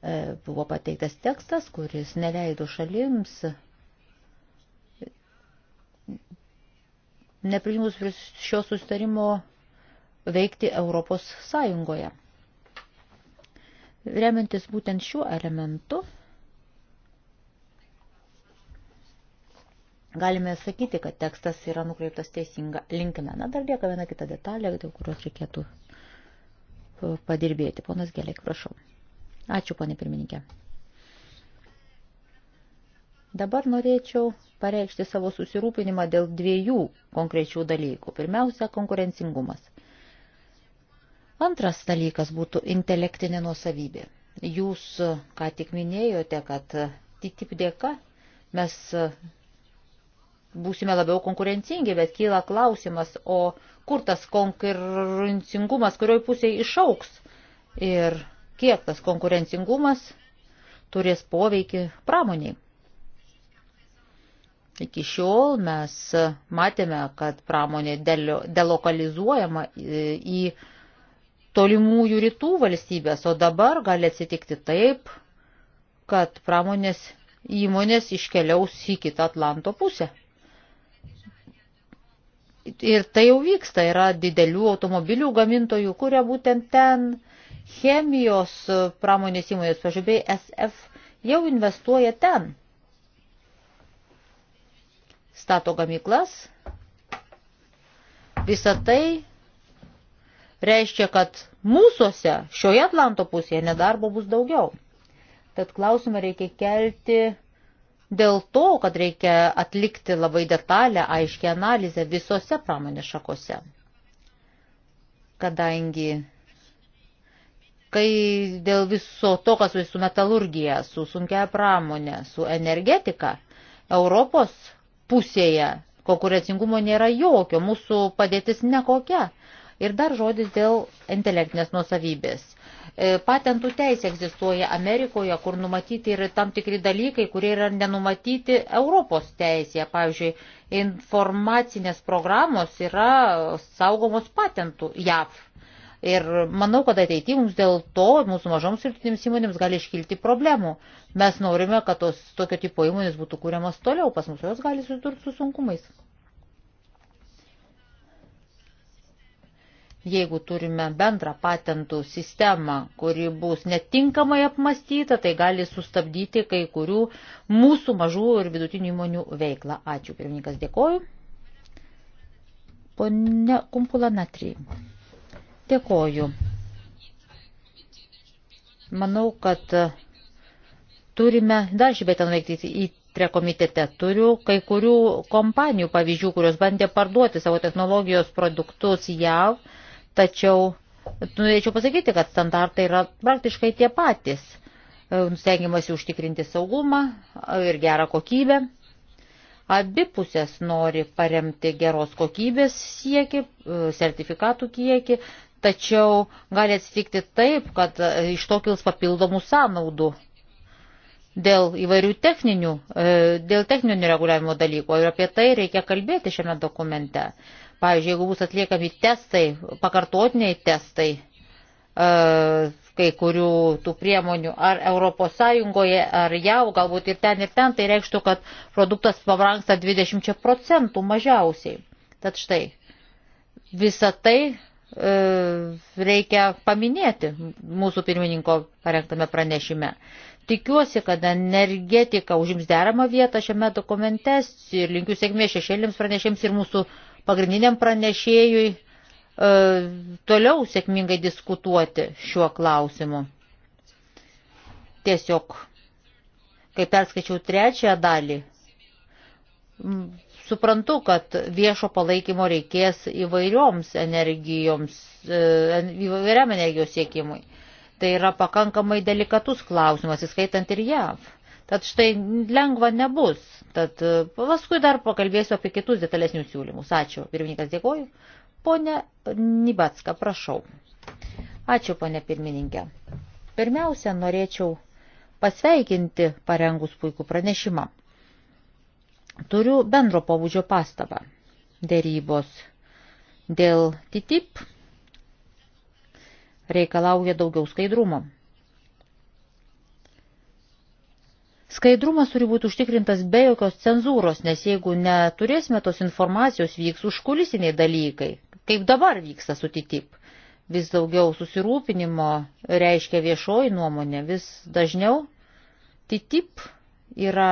E, buvo pateiktas tekstas, kuris neleido šalims nepriimus šios sustarimo veikti Europos Sąjungoje. Remiantis būtent šiuo elementu, galime sakyti, kad tekstas yra nukreiptas teisinga linkme. Na, dar lieka viena kita detalė, dėl kurios reikėtų e, padirbėti. Ponas Gelėk, prašau. Ačiū, ponė pirmininkė. Dabar norėčiau pareikšti savo susirūpinimą dėl dviejų konkrečių dalykų. Pirmiausia, konkurencingumas. Antras dalykas būtų intelektinė nuosavybė. Jūs e, ką tik minėjote, kad e, TTIP dėka mes e, būsime labiau konkurencingi, bet kyla klausimas, o kur tas konkurencingumas, kurioj pusėje išauks ir kiek tas konkurencingumas turės poveikį pramoniai. Iki šiol mes matėme, kad pramonė delokalizuojama į, į tolimųjų rytų valstybės, o dabar gali atsitikti taip, kad pramonės įmonės iškeliaus į kitą Atlanto pusę. Ir tai jau vyksta, yra didelių automobilių gamintojų, kurie būtent ten chemijos pramonės įmonės, pažiūrėjai, SF jau investuoja ten. Stato gamyklas. Visą tai reiškia, kad mūsųse šioje Atlanto pusėje nedarbo bus daugiau. Tad klausimą reikia kelti dėl to, kad reikia atlikti labai detalę, aiškę analizę visose pramonės šakose. Kadangi, kai dėl viso to, kas su metalurgija, su sunkia pramonė, su energetika, Europos pusėje konkurencingumo nėra jokio, mūsų padėtis nekokia. Ir dar žodis dėl intelektinės nuosavybės. E, patentų teisė egzistuoja Amerikoje, kur numatyti yra tam tikri dalykai, kurie yra nenumatyti Europos teisėje. Pavyzdžiui, informacinės programos yra saugomos patentų JAV. Ir manau, kad ateityje mums dėl to, mūsų mažoms ir vidutinėms įmonėms gali iškilti problemų. Mes norime, kad tos tokio tipo įmonės būtų kūriamas toliau, pas mus jos gali susidurti su sunkumais. Jeigu turime bendrą patentų sistemą, kuri bus netinkamai apmastyta, tai gali sustabdyti kai kurių mūsų mažų ir vidutinių įmonių veiklą. Ačiū, pirmininkas, dėkoju. Pone Kumpula Natry. Dėkoju. Manau, kad turime dar šį beitą nuveikti į tre komitete. Turiu kai kurių kompanijų pavyzdžių, kurios bandė parduoti savo technologijos produktus JAV Tačiau norėčiau pasakyti, kad standartai yra praktiškai tie patys. E, stengiamasi užtikrinti saugumą ir gerą kokybę. Abi pusės nori paremti geros kokybės siekį, e, sertifikatų kiekį, tačiau gali atsitikti taip, kad iš to kils papildomų sąnaudų dėl įvairių techninių, e, dėl techninių reguliavimo dalykų ir apie tai reikia kalbėti šiame dokumente. Pavyzdžiui, jeigu bus atliekami testai, pakartotiniai testai e, kai kurių tų priemonių ar ES, ar JAV, galbūt ir ten, ir ten, tai reikštų, kad produktas pavranksta 20 procentų mažiausiai. Tad štai, visą tai e, reikia paminėti mūsų pirmininko parengtame pranešime. Tikiuosi, kad energetika užims deramą vietą šiame dokumente ir linkiu sėkmės šešėlėms pranešėms ir mūsų pagrindiniam pranešėjui e, toliau sėkmingai diskutuoti šiuo klausimu. Tiesiog, kai perskaičiau trečiąją dalį, suprantu, kad viešo palaikymo reikės įvairioms energijoms, e, įvairiam energijos siekimui. Tai yra pakankamai delikatus klausimas, įskaitant ir JAV. Tad štai lengva nebus. Tad e, paskui dar pakalbėsiu apie kitus detalesnius siūlymus. Ačiū. Pirmininkas dėkoju. Pone Nibatska, prašau. Ačiū, ponė pirmininkė. Pirmiausia, norėčiau pasveikinti parengus puikų pranešimą. Turiu bendro pabudžio pastabą. Dėrybos dėl TTIP reikalauja daugiau skaidrumo. Skaidrumas turi būti užtikrintas be jokios cenzūros, nes jeigu neturėsime tos informacijos, vyks užkulisiniai dalykai, kaip dabar vyksta su TTIP. Vis daugiau susirūpinimo reiškia viešoji nuomonė, vis dažniau TTIP yra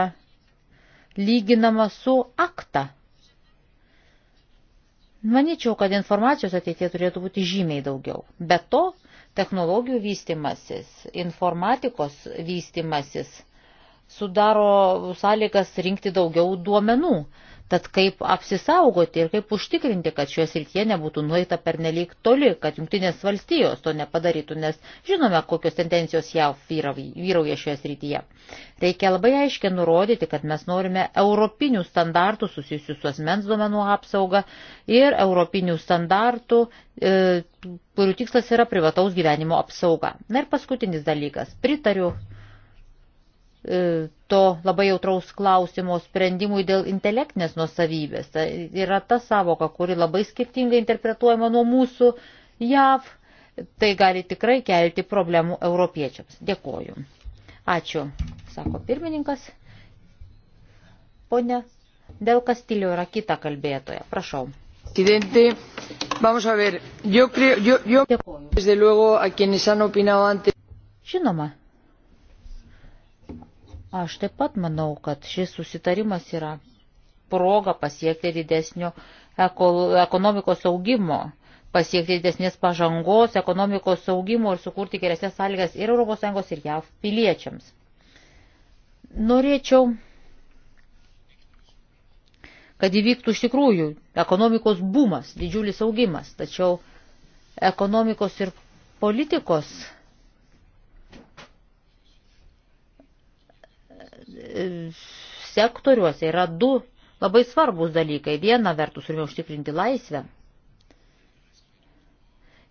lyginama su akta. Maničiau, kad informacijos ateitie turėtų būti žymiai daugiau. Be to, technologijų vystimasis, informatikos vystimasis sudaro sąlygas rinkti daugiau duomenų. Tad kaip apsisaugoti ir kaip užtikrinti, kad šios rytie nebūtų nueita pernelyg toli, kad jungtinės valstijos to nepadarytų, nes žinome, kokios tendencijos jav vyrauja šioje srityje. Reikia labai aiškiai nurodyti, kad mes norime europinių standartų susijusių su asmens duomenų apsauga ir europinių standartų, e, kurių tikslas yra privataus gyvenimo apsauga. Na ir paskutinis dalykas. Pritariu E, to labai jautraus klausimo sprendimui dėl intelektinės nuosavybės. Tai yra ta savoka, kuri labai skirtingai interpretuojama nuo mūsų JAV. Tai gali tikrai kelti problemų europiečiams. Dėkoju. Ačiū, sako pirmininkas. Pone Del Castillo yra kita kalbėtoja. Prašau. Presidente, vamos a ver, yo creo, yo, yo desde luego a quienes han opinado antes. Žinoma, Aš taip pat manau, kad šis susitarimas yra proga pasiekti didesnio ekonomikos augimo, pasiekti didesnės pažangos, ekonomikos augimo ir sukurti geresnės sąlygas ir ES ir JAV piliečiams. Norėčiau, kad įvyktų iš tikrųjų ekonomikos bumas, didžiulis augimas, tačiau ekonomikos ir politikos sektoriuose yra du labai svarbus dalykai. Viena vertus turime užtikrinti laisvę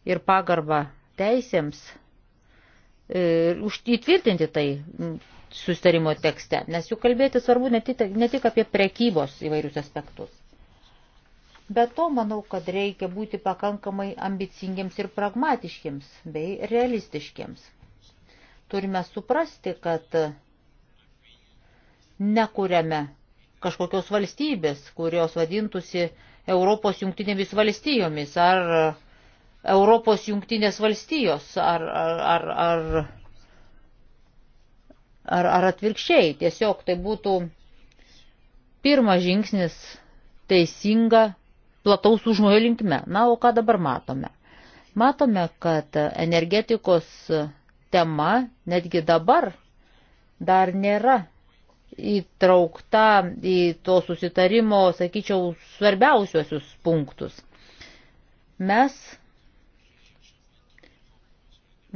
ir pagarbą teisėms ir e, įtvirtinti tai sustarimo tekste, nes juk kalbėti svarbu ne tik, ne tik apie prekybos įvairius aspektus. Be to, manau, kad reikia būti pakankamai ambicingiams ir pragmatiškiams bei realistiškiams. Turime suprasti, kad nekuriame kažkokios valstybės, kurios vadintųsi Europos jungtinėmis valstijomis ar Europos jungtinės valstijos ar, ar, ar, ar, ar, ar atvirkščiai. Tiesiog tai būtų pirmas žingsnis teisinga plataus užmojo linkme. Na, o ką dabar matome? Matome, kad energetikos tema netgi dabar dar nėra įtraukta į to susitarimo, sakyčiau, svarbiausiuosius punktus. Mes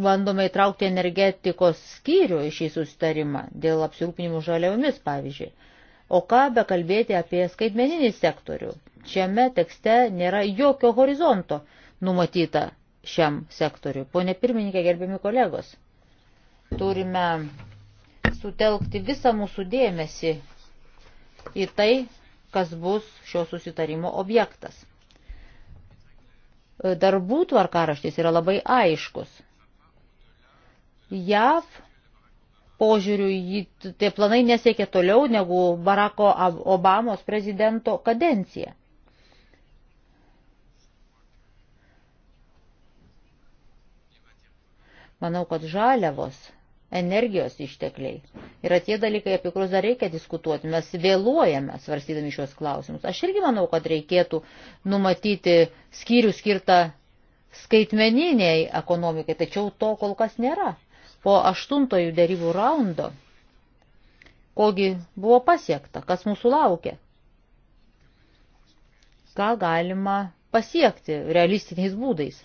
bandome įtraukti energetikos skyrių į šį susitarimą dėl apsirūpinimų žaliavomis, pavyzdžiui. O ką be kalbėti apie skaitmeninį sektorių? Šiame tekste nėra jokio horizonto numatyta šiam sektoriu. Pone pirmininkė, gerbiami kolegos, turime sutelkti visą mūsų dėmesį į tai, kas bus šio susitarimo objektas. Darbų tvarkaraštis yra labai aiškus. JAV požiūrių tie planai nesiekia toliau negu Barako Obamos prezidento kadencija. Manau, kad žaliavos energijos ištekliai. Yra tie dalykai, apie kuriuos dar reikia diskutuoti. Mes vėluojame svarstydami šios klausimus. Aš irgi manau, kad reikėtų numatyti skyrių skirtą skaitmeniniai ekonomikai, tačiau to kol kas nėra. Po aštuntojų dėrybų raundo, kogi buvo pasiekta, kas mūsų laukia, ką galima pasiekti realistiniais būdais,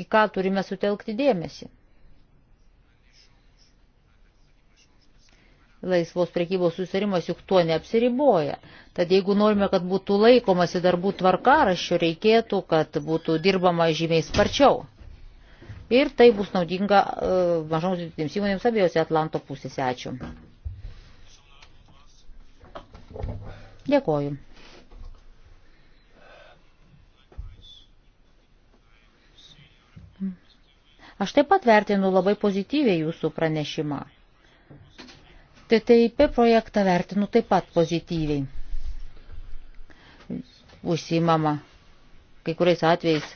į ką turime sutelkti dėmesį. laisvos priekybos susirimas juk tuo neapsiriboja. Tad jeigu norime, kad būtų laikomasi darbų tvarkaraščių, reikėtų, kad būtų dirbama žymiai sparčiau. Ir tai bus naudinga e, mažoms didelėms įmonėms abiejose Atlanto pusėse. Ačiū. Dėkoju. Aš taip pat vertinu labai pozityviai jūsų pranešimą. TTIP projektą vertinu taip pat pozityviai. Užsimama kai kuriais atvejais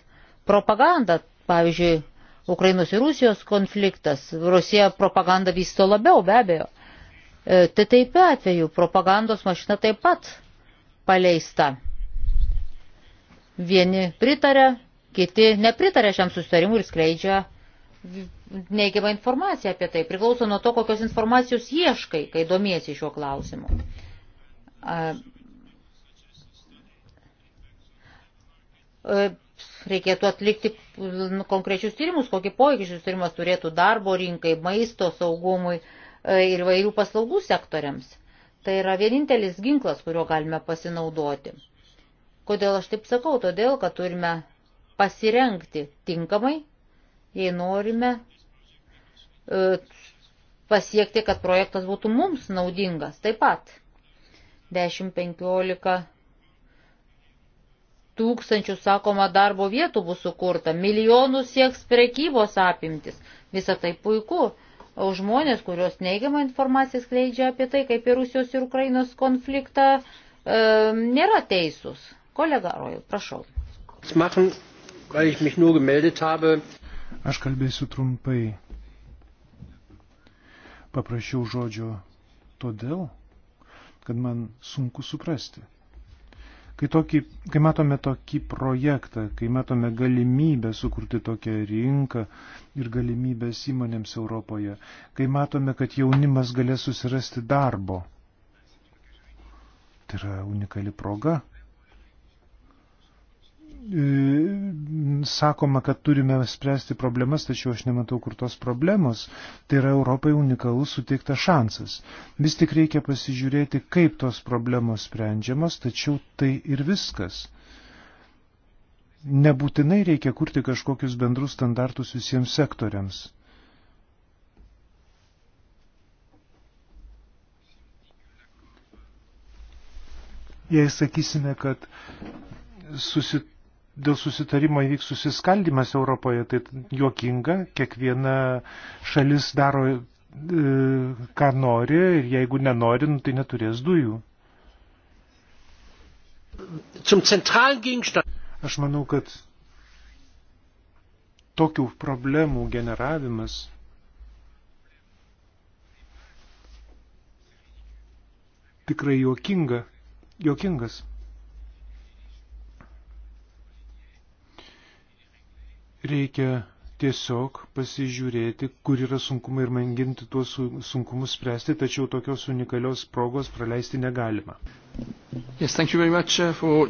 propaganda, pavyzdžiui, Ukrainos ir Rusijos konfliktas, Rusija propaganda vysto labiau be abejo. E, TTIP atveju propagandos mašina taip pat paleista. Vieni pritarė, kiti nepritarė šiam susitarimui ir skleidžia neigiamą informaciją apie tai. Priklauso nuo to, kokios informacijos ieškai, kai domiesi šiuo klausimu. Reikėtų atlikti konkrečius tyrimus, kokį poveikį šis tyrimas turėtų darbo rinkai, maisto saugumui ir vairių paslaugų sektoriams. Tai yra vienintelis ginklas, kuriuo galime pasinaudoti. Kodėl aš taip sakau? Todėl, kad turime pasirengti tinkamai, jei norime E, pasiekti, kad projektas būtų mums naudingas taip pat. 10-15 tūkstančių, sakoma, darbo vietų bus sukurta, milijonų sieks prekybos apimtis. Visą tai puiku. O žmonės, kurios neigiamą informaciją skleidžia apie tai, kaip ir Rusijos ir Ukrainos konfliktą, e, nėra teisūs. Kolega Rojus, prašau. Aš kalbėsiu trumpai paprašiau žodžio todėl, kad man sunku suprasti. Kai, tokį, kai matome tokį projektą, kai matome galimybę sukurti tokią rinką ir galimybės įmonėms Europoje, kai matome, kad jaunimas galės susirasti darbo, tai yra unikali proga, E, sakoma, kad turime spręsti problemas, tačiau aš nematau, kur tos problemos. Tai yra Europai unikalus suteiktas šansas. Vis tik reikia pasižiūrėti, kaip tos problemos sprendžiamos, tačiau tai ir viskas. Nebūtinai reikia kurti kažkokius bendrus standartus visiems sektoriams. Jei sakysime, kad susitikti dėl susitarimo įvyks susiskaldimas Europoje, tai juokinga, kiekviena šalis daro e, ką nori ir jeigu nenori, nu, tai neturės dujų. Aš manau, kad tokių problemų generavimas tikrai juokinga, juokingas. Reikia tiesiog pasižiūrėti, kur yra sunkumai ir manginti tuos sunkumus spręsti, tačiau tokios unikalios progos praleisti negalima. Yes, uh,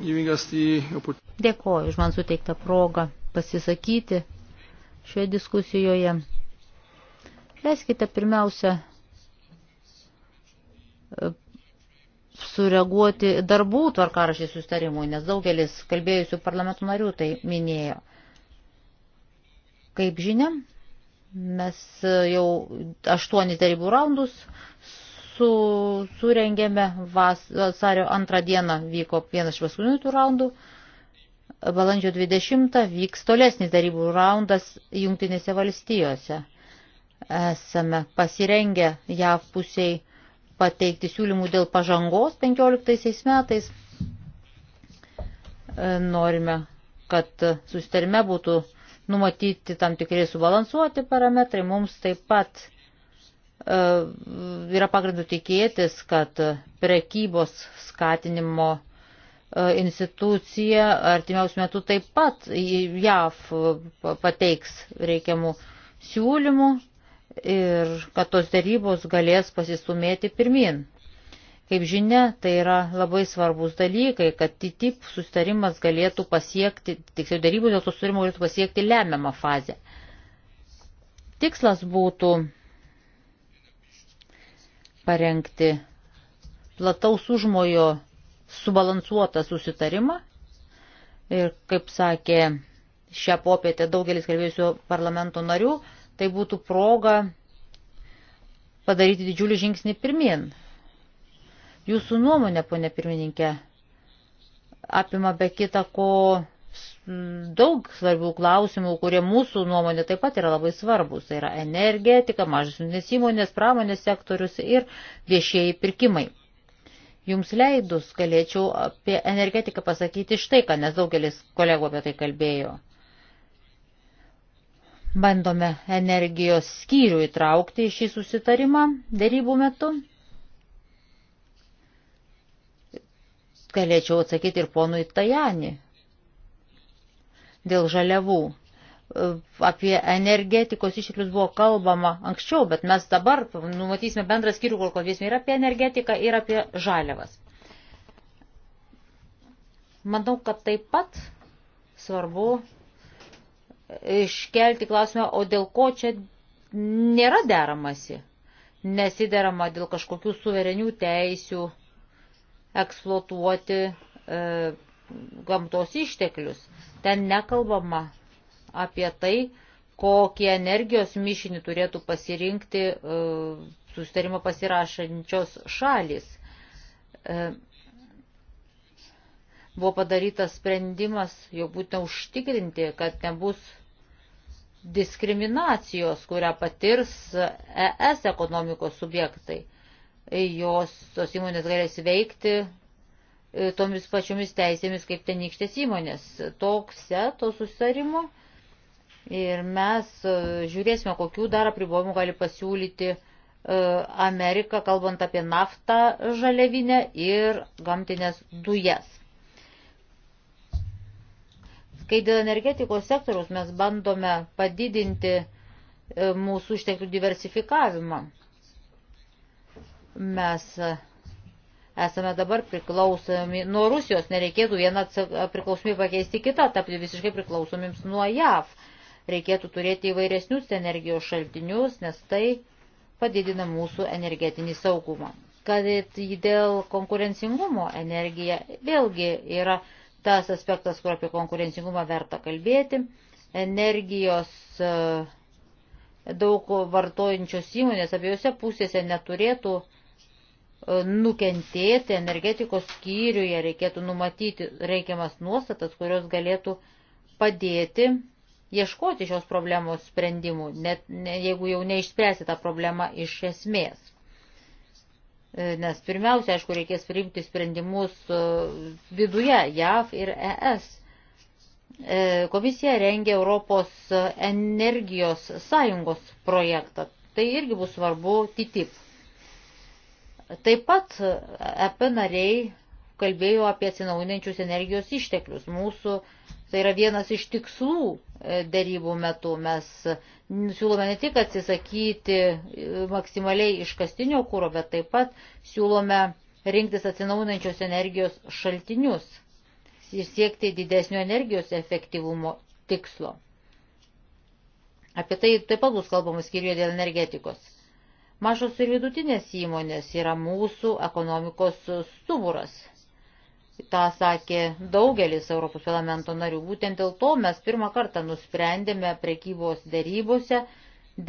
the... Dėkoju už man suteiktą progą pasisakyti šioje diskusijoje. Leiskite pirmiausia e, sureaguoti darbų tvarkarašį sustarimui, nes daugelis kalbėjusių parlamentų narių tai minėjo. Kaip žinia, mes jau aštuonis darybų raundus su, surengėme vasario antrą dieną vyko vienas iš paskutinių tų raundų. Balandžio 20 vyks tolesnis darybų raundas Jungtinėse valstijose. Esame pasirengę JAV pusiai pateikti siūlymų dėl pažangos 15 metais. Norime, kad susitarime būtų numatyti tam tikrai subalansuoti parametrai, mums taip pat e, yra pagrindų tikėtis, kad prekybos skatinimo e, institucija artimiausių metų taip pat JAV e, pateiks reikiamų siūlymų ir kad tos darybos galės pasistumėti pirmin. Kaip žinia, tai yra labai svarbus dalykai, kad TTIP sustarimas galėtų pasiekti, tiksliau darybų dėl sustarimo galėtų pasiekti lemiamą fazę. Tikslas būtų parengti plataus užmojo subalansuotą susitarimą. Ir kaip sakė šią popietę daugelis kalbėjusių parlamento narių, tai būtų proga padaryti didžiulį žingsnį pirmin, Jūsų nuomonė, ponė pirmininkė, apima be kita ko daug svarbių klausimų, kurie mūsų nuomonė taip pat yra labai svarbus. Tai yra energetika, mažasinės įmonės, pramonės sektorius ir viešieji pirkimai. Jums leidus galėčiau apie energetiką pasakyti štai ką, nes daugelis kolegų apie tai kalbėjo. Bandome energijos skyrių įtraukti į šį susitarimą darybų metu. galėčiau atsakyti ir ponui Tajani dėl žaliavų. E, apie energetikos išteklius buvo kalbama anksčiau, bet mes dabar numatysime bendrą skyrių, kur kalbėsime ir apie energetiką, ir apie žaliavas. Manau, kad taip pat svarbu iškelti klausimą, o dėl ko čia nėra deramasi. Nesiderama dėl kažkokių suverenių teisių eksploatuoti e, gamtos išteklius. Ten nekalbama apie tai, kokį energijos mišinį turėtų pasirinkti e, sustarimą pasirašančios šalis. E, buvo padarytas sprendimas, jau būtent užtikrinti, kad nebus diskriminacijos, kurią patirs ES ekonomikos subjektai jos, tos įmonės galės veikti e, tomis pačiomis teisėmis kaip tenykštės įmonės. Tokse to susitarimo ir mes e, žiūrėsime, kokių dar apribojimų gali pasiūlyti e, Amerika, kalbant apie naftą žaliavinę ir gamtinės dujas. Kai dėl energetikos sektoriaus mes bandome padidinti mūsų išteklių diversifikavimą Mes esame dabar priklausomi nuo Rusijos, nereikėtų vieną priklausomybę pakeisti kitą, tapti visiškai priklausomims nuo JAV. Reikėtų turėti įvairesnius energijos šaltinius, nes tai padidina mūsų energetinį saugumą. Kad dėl konkurencingumo energija vėlgi yra tas aspektas, kur apie konkurencingumą verta kalbėti. Energijos e, daug vartojančios įmonės abiejose pusėse neturėtų uh, nukentėti energetikos skyriuje, reikėtų numatyti reikiamas nuostatas, kurios galėtų padėti ieškoti šios problemos sprendimų, net ne, jeigu jau neišspręsi tą problemą iš esmės. E, nes pirmiausia, aišku, reikės priimti sprendimus e, viduje, JAV ir ES. E, komisija rengia Europos energijos sąjungos projektą. Tai irgi bus svarbu TTIP Taip pat EP nariai kalbėjo apie atsinaujinančius energijos išteklius. Mūsų tai yra vienas iš tikslų e, dėrybų metu. Mes siūlome ne tik atsisakyti e, maksimaliai iškastinio kūro, bet taip pat siūlome rinktis atsinaujinančios energijos šaltinius ir siekti didesnio energijos efektyvumo tikslo. Apie tai taip pat bus kalbama skyriuje dėl energetikos. Mažos ir vidutinės įmonės yra mūsų ekonomikos stuburas. Ta sakė daugelis Europos parlamento narių. Būtent dėl to mes pirmą kartą nusprendėme prekybos dėrybose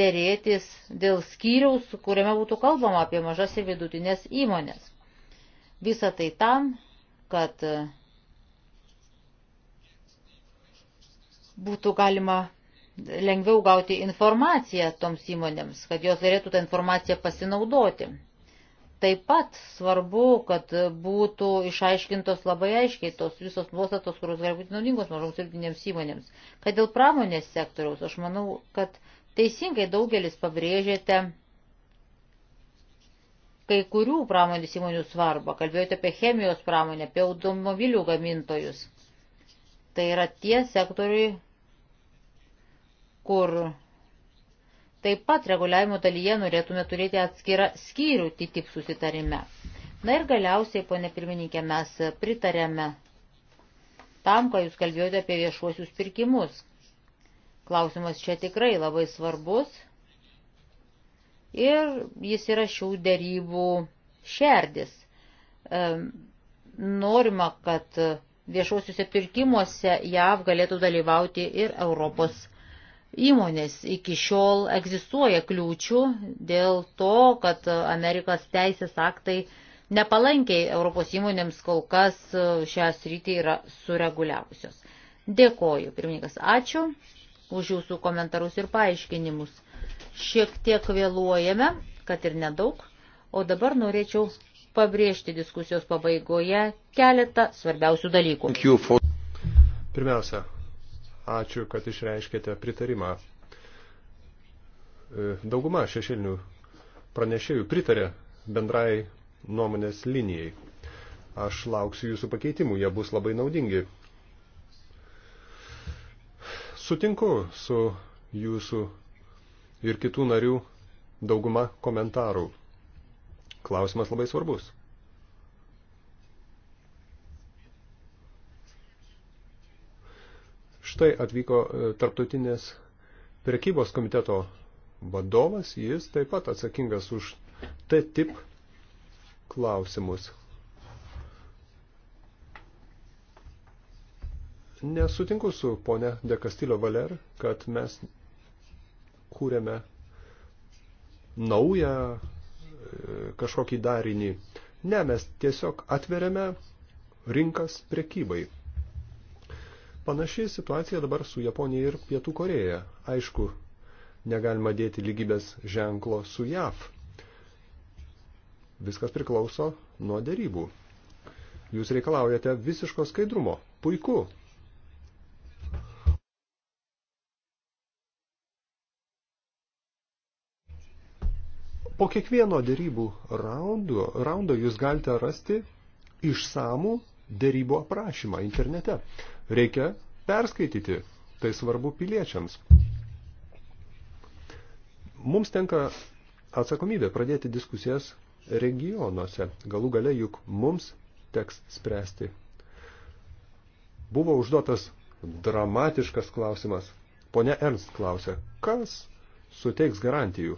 dėrėtis dėl skyriaus, kuriame būtų kalbama apie mažas ir vidutinės įmonės. Visą tai tam, kad būtų galima lengviau gauti informaciją toms įmonėms, kad jos galėtų tą informaciją pasinaudoti. Taip pat svarbu, kad būtų išaiškintos labai aiškiai tos visos nuostatos, kurios gali būti naudingos mažoms ir vidinėms įmonėms. Kad dėl pramonės sektoriaus, aš manau, kad teisingai daugelis pabrėžėte kai kurių pramonės įmonių svarbą. Kalbėjote apie chemijos pramonę, apie automobilių gamintojus. Tai yra tie sektoriai, kur taip pat reguliavimo dalyje norėtume turėti atskirą skyrių TTIP susitarime. Na ir galiausiai, ponė pirmininkė, mes pritarėme tam, ką jūs kalbėjote apie viešuosius pirkimus. Klausimas čia tikrai labai svarbus ir jis yra šių dėrybų šerdis. Norima, kad viešuosiuose pirkimuose JAV galėtų dalyvauti ir Europos įmonės iki šiol egzistuoja kliūčių dėl to, kad Amerikos teisės aktai nepalankiai Europos įmonėms kol kas e, šią sritį yra sureguliavusios. Dėkoju, pirmininkas, ačiū už jūsų komentarus ir paaiškinimus. Šiek tiek vėluojame, kad ir nedaug, o dabar norėčiau pabrėžti diskusijos pabaigoje keletą svarbiausių dalykų. Pirmiausia, Ačiū, kad išreiškėte pritarimą. E, dauguma šešėlinių pranešėjų pritarė bendrai nuomonės linijai. Aš lauksiu jūsų pakeitimų, jie bus labai naudingi. Sutinku su jūsų ir kitų narių dauguma komentarų. Klausimas labai svarbus. Štai atvyko e, tarptautinės prekybos komiteto vadovas, jis taip pat atsakingas už T-tip klausimus. Nesutinku su ponia De Castillo Valer, kad mes kūrėme naują e, kažkokį darinį. Ne, mes tiesiog atveriame rinkas prekybai. Panaši situacija dabar su Japonija ir Pietų Koreja. Aišku, negalima dėti lygybės ženklo su JAV. Viskas priklauso nuo dėrybų. Jūs reikalaujate visiško skaidrumo. Puiku. Po kiekvieno dėrybų raundo, raundo jūs galite rasti išsamų dėrybų aprašymą internete reikia perskaityti. Tai svarbu piliečiams. Mums tenka atsakomybė pradėti diskusijas regionuose. Galų gale juk mums teks spręsti. Buvo užduotas dramatiškas klausimas. Pone Ernst klausė, kas suteiks garantijų?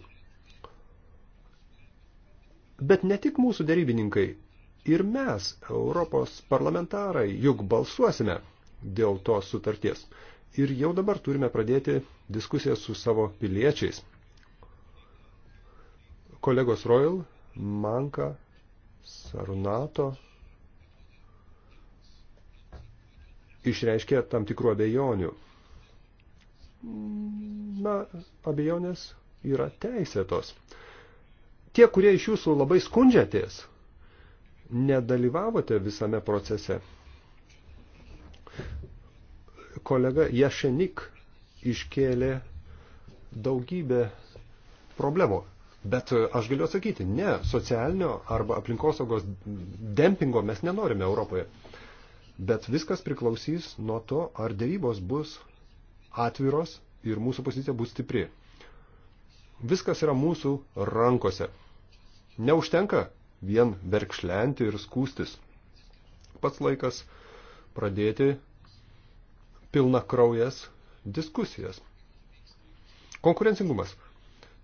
Bet ne tik mūsų dėrybininkai, ir mes, Europos parlamentarai, juk balsuosime – dėl tos sutarties. Ir jau dabar turime pradėti diskusiją su savo piliečiais. Kolegos Royal, Manka, Sarunato išreiškė tam tikrų abejonių. Na, abejonės yra teisėtos. Tie, kurie iš jūsų labai skundžiatės, nedalyvavote visame procese, kolega Jašenik iškėlė daugybę problemų. Bet e, aš galiu atsakyti, ne, socialinio arba aplinkosaugos dempingo mes nenorime Europoje. Bet viskas priklausys nuo to, ar dėrybos bus atviros ir mūsų pozicija bus stipri. Viskas yra mūsų rankose. Neužtenka vien verkšlenti ir skūstis. Pats laikas pradėti pilna kraujas diskusijas. Konkurencingumas.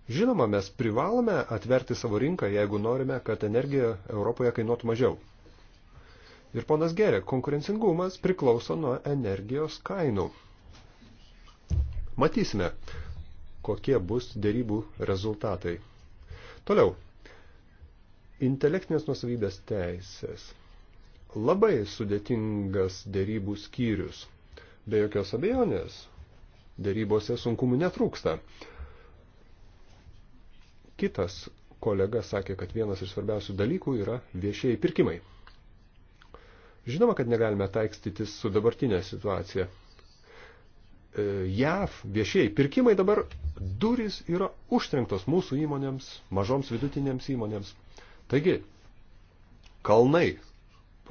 Žinoma, mes privalome atverti savo rinką, jeigu norime, kad energija Europoje kainuotų mažiau. Ir ponas Gerė, konkurencingumas priklauso nuo energijos kainų. Matysime, kokie bus dėrybų rezultatai. Toliau. Intelektinės nusavybės teisės. Labai sudėtingas dėrybų skyrius – Be jokios abejonės, dėrybose sunkumų netrūksta. Kitas kolega sakė, kad vienas iš svarbiausių dalykų yra viešieji pirkimai. Žinoma, kad negalime taikstytis su dabartinė situacija. E, JAV viešieji pirkimai dabar duris yra užtrenktos mūsų įmonėms, mažoms vidutinėms įmonėms. Taigi, kalnai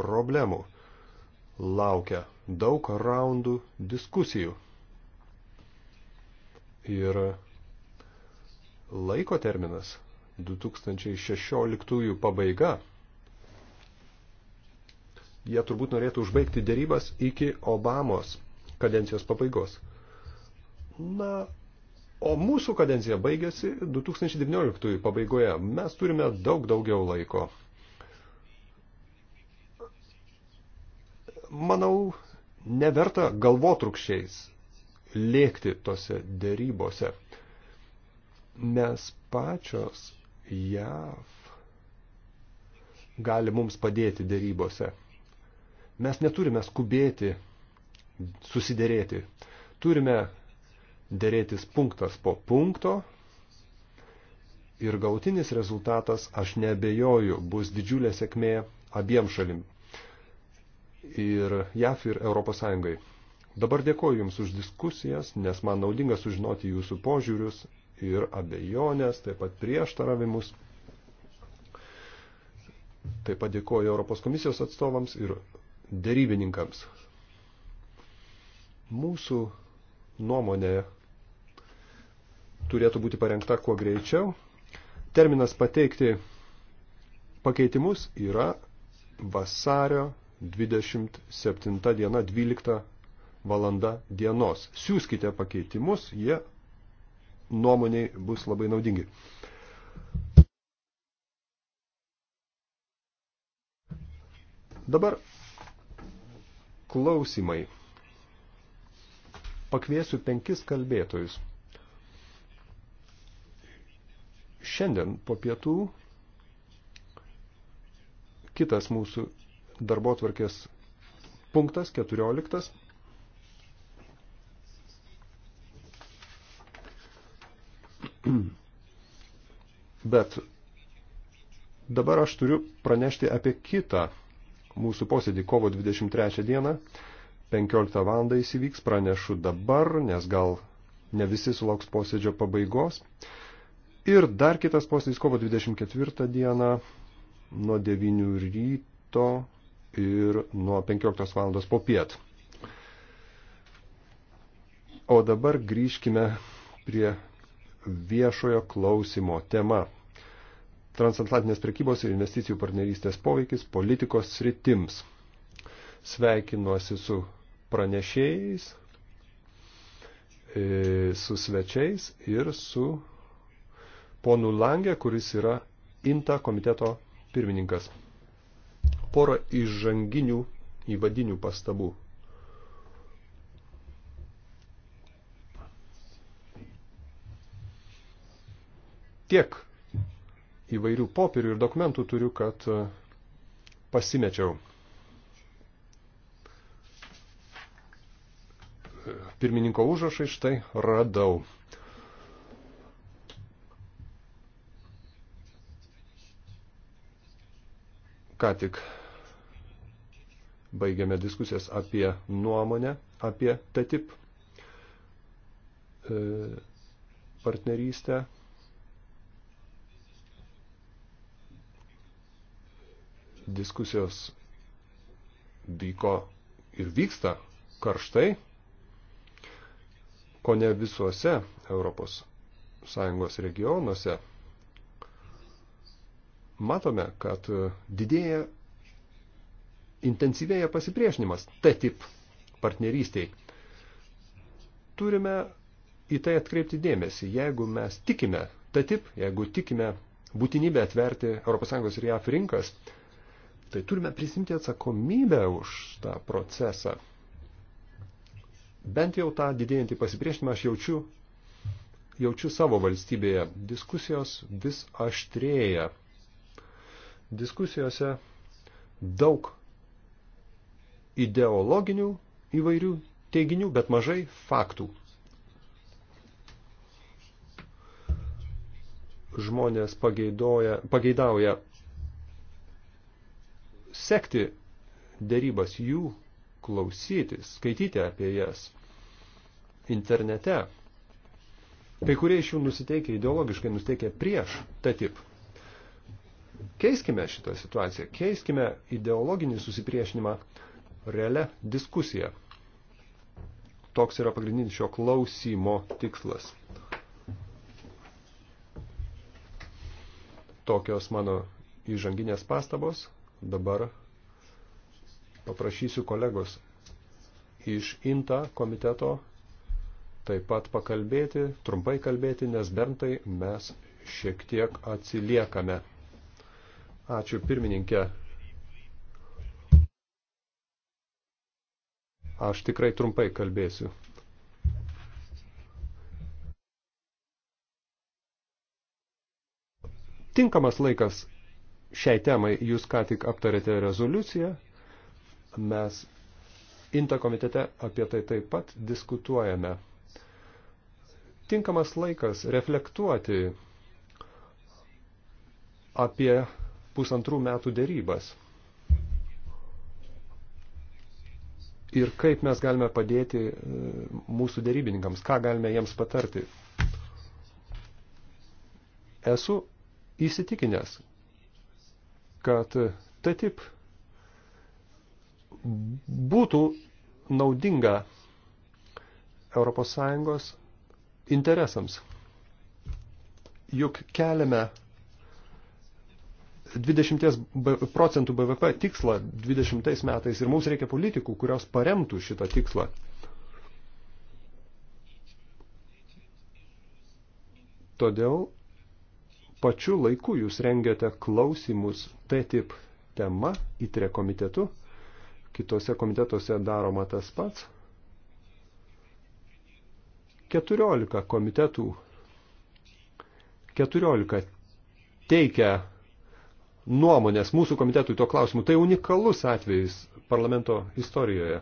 problemų laukia daug raundų diskusijų. Ir laiko terminas 2016 pabaiga. Jie turbūt norėtų užbaigti dėrybas iki Obamos kadencijos pabaigos. Na, o mūsų kadencija baigėsi 2019 pabaigoje. Mes turime daug daugiau laiko. Manau, neverta galvotrukščiais lėkti tose dėrybose, nes pačios JAV gali mums padėti dėrybose. Mes neturime skubėti, susidėrėti. Turime dėrėtis punktas po punkto ir gautinis rezultatas, aš nebejoju, bus didžiulė sėkmė abiem šalim ir JAF ir ES. Dabar dėkoju Jums už diskusijas, nes man naudinga sužinoti Jūsų požiūrius ir abejonės, taip pat prieštaravimus. Taip pat dėkoju Europos komisijos atstovams ir dėrybininkams. Mūsų nuomonė turėtų būti parengta kuo greičiau. Terminas pateikti pakeitimus yra vasario 27 diena 12 valanda dienos. Siūskite pakeitimus, jie nuomoniai bus labai naudingi. Dabar klausimai. Pakviesiu penkis kalbėtojus. Šiandien po pietų kitas mūsų darbo tvarkės punktas 14. Bet dabar aš turiu pranešti apie kitą mūsų posėdį kovo 23 dieną. 15 valandą įsivyks, pranešu dabar, nes gal ne visi sulauks posėdžio pabaigos. Ir dar kitas posėdis kovo 24 dieną nuo 9 ryto ir nuo 15 valandos po piet. O dabar grįžkime prie viešojo klausimo tema. Transatlantinės prekybos ir investicijų partnerystės poveikis politikos sritims. Sveikinuosi su pranešėjais, e, su svečiais ir su ponu Langė, kuris yra INTA komiteto pirmininkas porą įžanginių įvadinių pastabų. Tiek įvairių popierių ir dokumentų turiu, kad e, pasimečiau. E, pirmininko užrašai štai radau. Ką tik baigiame diskusijas apie nuomonę, apie TTIP e, partnerystę. Diskusijos vyko ir vyksta karštai, ko ne visuose Europos Sąjungos regionuose. Matome, kad didėja intensyvėja pasipriešinimas T-tip partnerystiai. Turime į tai atkreipti dėmesį, jeigu mes tikime T-tip, jeigu tikime būtinybę atverti ES ir JAF rinkas, tai turime prisimti atsakomybę už tą procesą. Bent jau tą didėjantį pasipriešinimą aš jaučiu, jaučiu savo valstybėje. Diskusijos vis aštrėja. Diskusijose daug ideologinių įvairių teiginių, bet mažai faktų. Žmonės pageidauja sekti dėrybas jų, klausyti, skaityti apie jas internete. Kai kurie iš jų nusiteikia ideologiškai, nusiteikia prieš tą tip. Keiskime šitą situaciją, keiskime ideologinį susipriešinimą realią diskusiją. Toks yra pagrindinis šio klausimo tikslas. Tokios mano įžanginės pastabos. Dabar paprašysiu kolegos iš INTA komiteto taip pat pakalbėti, trumpai kalbėti, nes Berntai mes šiek tiek atsiliekame. Ačiū pirmininkė. Aš tikrai trumpai kalbėsiu. Tinkamas laikas šiai temai jūs ką tik aptarėte rezoliuciją. Mes Inta komitete apie tai taip pat diskutuojame. Tinkamas laikas reflektuoti apie pusantrų metų dėrybas. ir kaip mes galime padėti e, mūsų dėrybininkams, ką galime jiems patarti. Esu įsitikinęs, kad TTIP būtų naudinga ES interesams. Juk keliame 20 procentų BVP tikslą 20 metais ir mums reikia politikų, kurios paremtų šitą tikslą. Todėl pačiu laiku jūs rengiate klausimus TTIP tema įtre komitetu, kitose komitetuose daroma tas pats. 14 komitetų, 14 teikia nuomonės mūsų komitetui to klausimu. Tai unikalus atvejis parlamento istorijoje.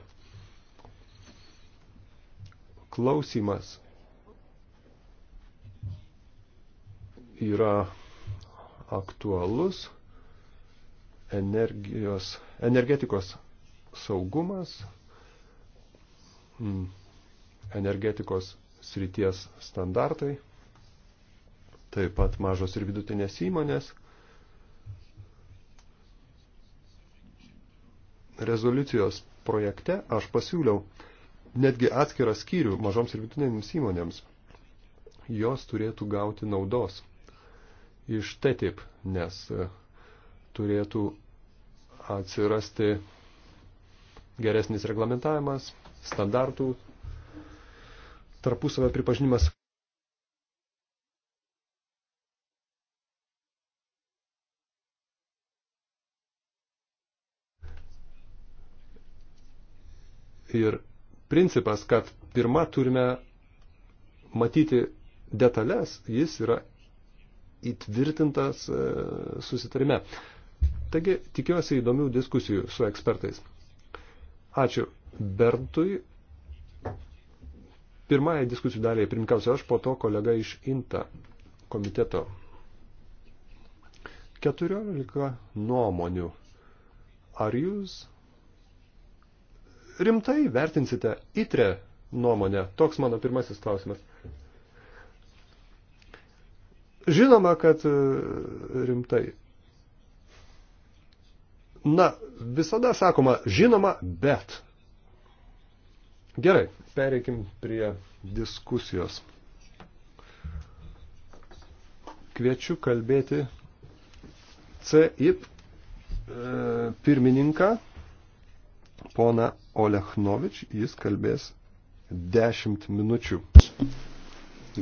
Klausimas yra aktualus energijos, energetikos saugumas, hmm. energetikos srities standartai, taip pat mažos ir vidutinės įmonės – rezoliucijos projekte aš pasiūliau netgi atskirą skyrių mažoms ir vidutinėms įmonėms. Jos turėtų gauti naudos iš TTIP, nes e, turėtų atsirasti geresnis reglamentavimas, standartų, tarpusavio pripažinimas. ir principas, kad pirmą turime matyti detalės, jis yra įtvirtintas e, susitarime. Taigi, tikiuosi įdomių diskusijų su ekspertais. Ačiū Berntui. Pirmąją diskusijų dalį pirmkiausia aš, po to kolega iš INTA komiteto. 14 nuomonių. Ar jūs rimtai vertinsite įtrę nuomonę? Toks mano pirmasis klausimas. Žinoma, kad e, rimtai. Na, visada sakoma, žinoma, bet. Gerai, pereikim prie diskusijos. Kviečiu kalbėti CIP e, pirmininką, poną Olechnovič, jis kalbės 10 minučių.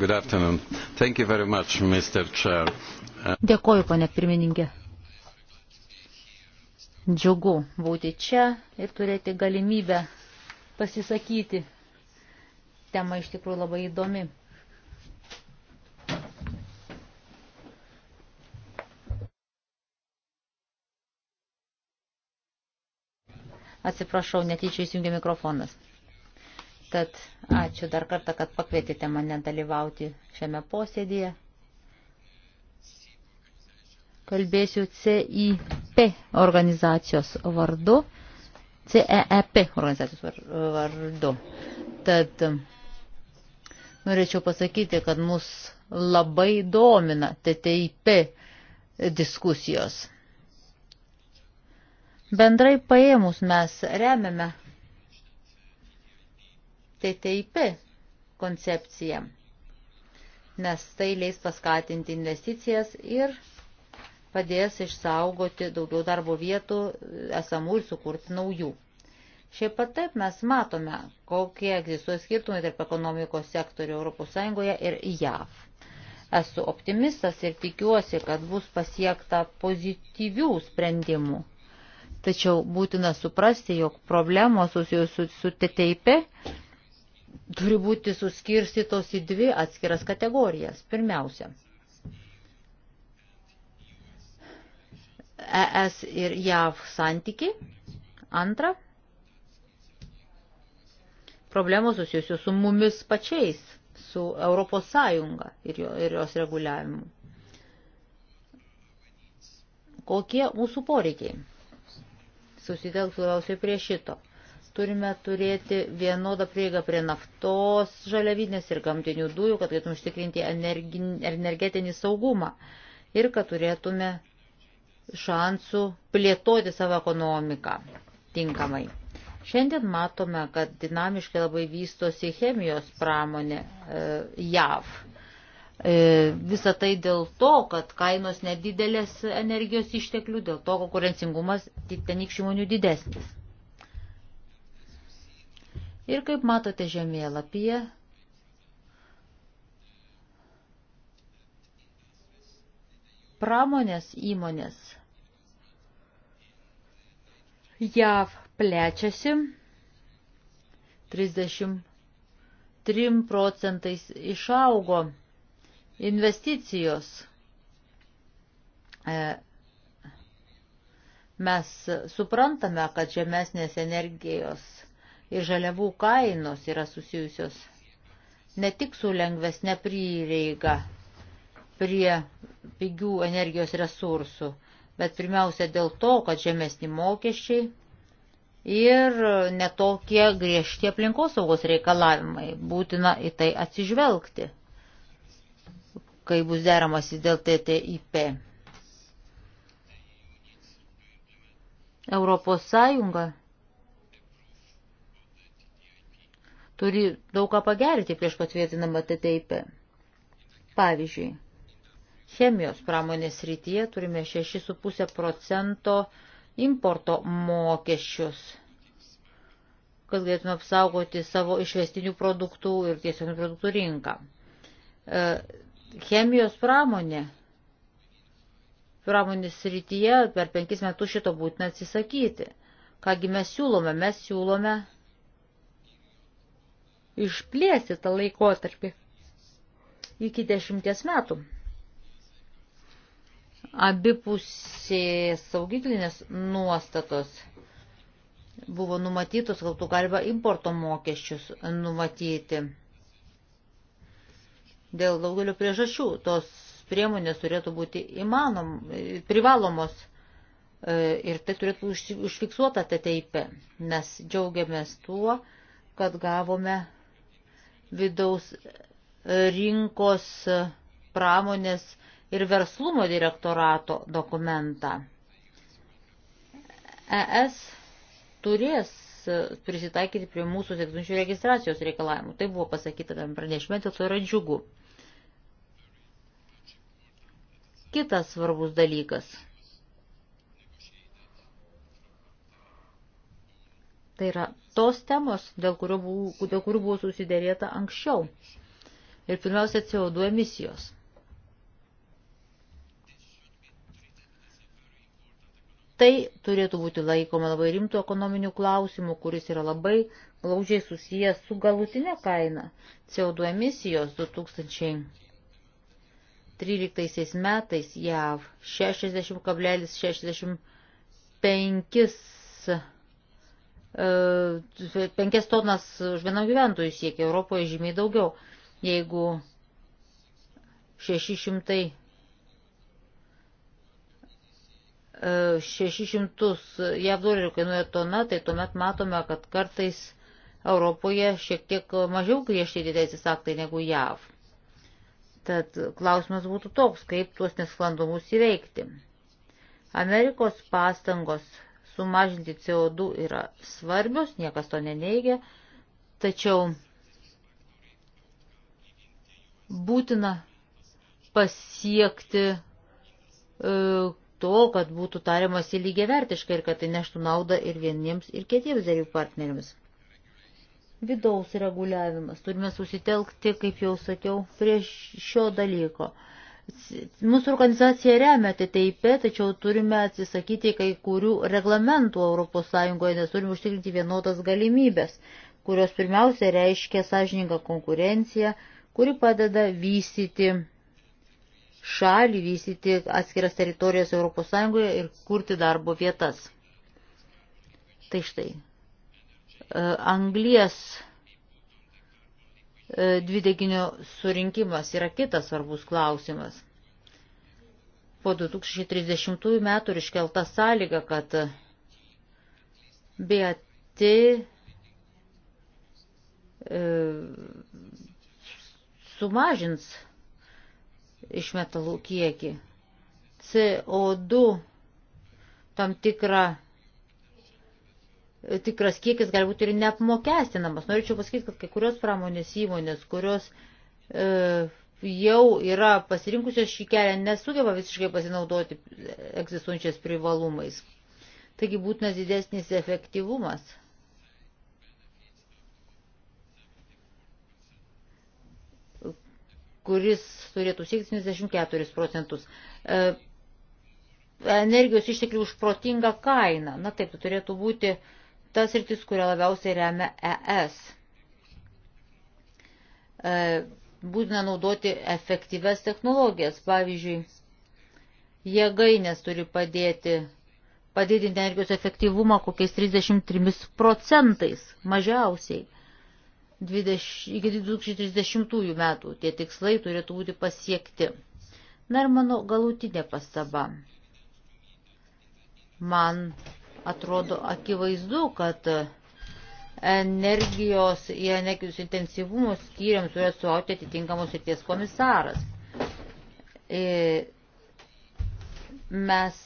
Good afternoon. Thank you very much, Mr. Chair. Dėkoju, ponė pirmininkė. Džiugu būti čia ir turėti galimybę pasisakyti. Tema iš tikrųjų labai įdomi. Atsiprašau, netyčia įsijungia mikrofonas. Tad ačiū dar kartą, kad pakvietėte mane dalyvauti šiame posėdėje. Kalbėsiu CIP organizacijos vardu, CEEP organizacijos vardu. Tad um, norėčiau pasakyti, kad mus labai domina TTIP diskusijos Bendrai paėmus mes remiame TTIP koncepciją, nes tai leis paskatinti investicijas ir padės išsaugoti daugiau darbo vietų esamų ir sukurti naujų. Šiaip pat taip mes matome, kokie egzistuoja skirtumai tarp ekonomikos sektorių ES ir JAV. Esu optimistas ir tikiuosi, kad bus pasiekta pozityvių sprendimų Tačiau būtina suprasti, jog problemos susijusios su, su TTIP turi būti suskirstytos į dvi atskiras kategorijas. Pirmiausia, ES ir JAV santyki. Antra, problemos susijusios su mumis pačiais, su Europos Sąjunga ir, jo, ir jos reguliavimu. Kokie mūsų poreikiai? susitelks labiausiai prie šito. Turime turėti vienodą prieigą prie naftos žaliavinės ir gamtinių dujų, kad galėtume užtikrinti energetinį saugumą ir kad turėtume šansų plėtoti savo ekonomiką tinkamai. Šiandien matome, kad dinamiškai labai vystosi chemijos pramonė e, JAV. E, Visą tai dėl to, kad kainos nedidelės energijos išteklių, dėl to konkurencingumas tenykščių žmonių didesnis. Ir kaip matote žemėlapyje, pramonės įmonės JAV plečiasi 33 procentais išaugo Investicijos. E, mes suprantame, kad žemesnės energijos ir žaliavų kainos yra susijusios ne tik su lengvesnė prireiga prie pigių energijos resursų, bet pirmiausia dėl to, kad žemesni mokesčiai ir netokie griežti aplinkosaugos reikalavimai. Būtina į tai atsižvelgti kai bus deramasi dėl TTIP. Europos Sąjunga turi daug ką pagerinti prieš patvirtinamą TTIP. Pavyzdžiui, chemijos pramonės rytyje turime 6,5 procento importo mokesčius, kad galėtume apsaugoti savo išvestinių produktų ir tiesioginių produktų rinką. E, Chemijos pramonė. Pramonės rytyje per penkis metus šito būtina atsisakyti. Kągi mes siūlome? Mes siūlome išplėsti tą laikotarpį iki dešimties metų. Abipusės saugiklinės nuostatos buvo numatytos, gal tu galima importo mokesčius numatyti. Dėl daugelio priežasčių tos priemonės turėtų būti įmanom, privalomos e, ir tai turėtų užfiksuota TTIP. Mes džiaugiamės tuo, kad gavome vidaus e, rinkos e, pramonės ir verslumo direktorato dokumentą. ES turės prisitaikyti prie mūsų seksunčių registracijos reikalavimų. Tai buvo pasakyta tam pranešime, dėl to yra džiugu. kitas svarbus dalykas. Tai yra tos temos, dėl kurių buvo, dėl kurių buvo susidėrėta anksčiau. Ir pirmiausia, CO2 emisijos. Tai turėtų būti laikoma labai rimtų ekonominių klausimų, kuris yra labai glaudžiai susijęs su galutinė kaina. CO2 emisijos 2000. 13 metais JAV 60,65 5 e, tonas už vieną gyventojų siekia, Europoje žymiai daugiau. Jeigu 600, 600 e, jav dolerių kainuoja tona, tai tuomet matome, kad kartais Europoje šiek tiek mažiau griežti teisės aktai negu jav. Tad klausimas būtų toks, kaip tuos nesklandumus įveikti. Amerikos pastangos sumažinti CO2 yra svarbios, niekas to neneigia, tačiau būtina pasiekti e, to, kad būtų tariamasi lygiavertiškai ir kad tai neštų naudą ir vieniems, ir kitiems dėlių partneriams vidaus reguliavimas. Turime susitelkti, kaip jau sakiau, prie šio dalyko. Mūsų organizacija remia TTIP, tačiau turime atsisakyti kai kurių reglamentų ES, nes turime užtikrinti vienodas galimybės, kurios pirmiausia reiškia sąžininką konkurenciją, kuri padeda vystyti šalį, vystyti atskiras teritorijas ES ir kurti darbo vietas. Tai štai, E, anglies e, dvideginio surinkimas yra kitas svarbus klausimas. Po 2030 metų iškelta sąlyga, kad BAT e, sumažins išmetalų kiekį. CO2 tam tikrą tikras kiekis gali būti ir neapmokestinamas. Norėčiau pasakyti, kad kai kurios pramonės įmonės, kurios e, jau yra pasirinkusios šį kelią, nesugeba visiškai pasinaudoti egzistuojančiais privalumais. Taigi būtinas didesnis efektyvumas. kuris turėtų siekti 74 procentus. E, energijos išteklių už protingą kainą. Na taip, tai turėtų būti uh, tas rytis, kurią labiausiai remia ES. E, būtina naudoti efektyves technologijas, pavyzdžiui, jėgainės turi padėti padidinti energijos efektyvumą kokiais 33 procentais mažiausiai. 20, iki 2030 metų tie tikslai turėtų būti pasiekti. Na ir mano galutinė pastaba. Man Atrodo akivaizdu, kad energijos į energijos intensyvumo skyriams turi atstovauti atitinkamos srities komisaras. E, mes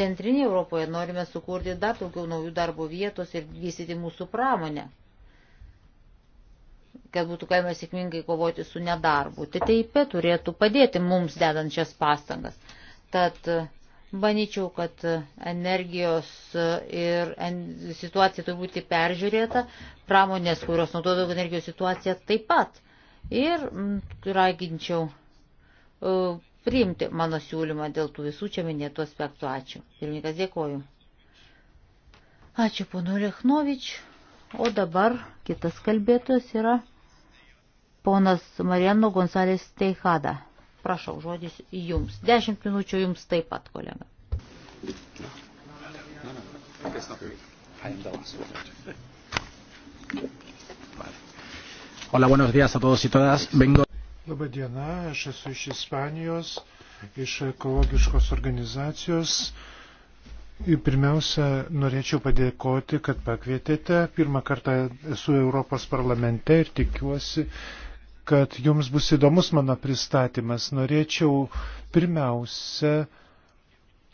centrinėje Europoje norime sukurti dar daugiau naujų darbo vietos ir vystyti mūsų pramonę, kad būtų galima sėkmingai kovoti su nedarbu. TTIP turėtų padėti mums dedant šias pastangas. Tad Maničiau, kad energijos ir situacija turi būti peržiūrėta, pramonės, kurios naudoja daug energijos situacija taip pat. Ir raginčiau e, priimti mano siūlymą dėl tų visų čia minėtų aspektų. Ačiū. Pirmininkas, dėkoju. Ačiū, ponu Lechnovič. O dabar kitas kalbėtojas yra ponas Mariano Gonzalės Teihada. Prašau, žodis jums. Dešimt minučių jums taip pat, kolega. Hola, buenos días a todos y todas. Vengo. Labą dieną, aš esu iš Ispanijos, iš ekologiškos organizacijos. Ir pirmiausia, norėčiau padėkoti, kad pakvietėte. Pirmą kartą esu Europos parlamente ir tikiuosi, kad jums bus įdomus mano pristatymas. Norėčiau pirmiausia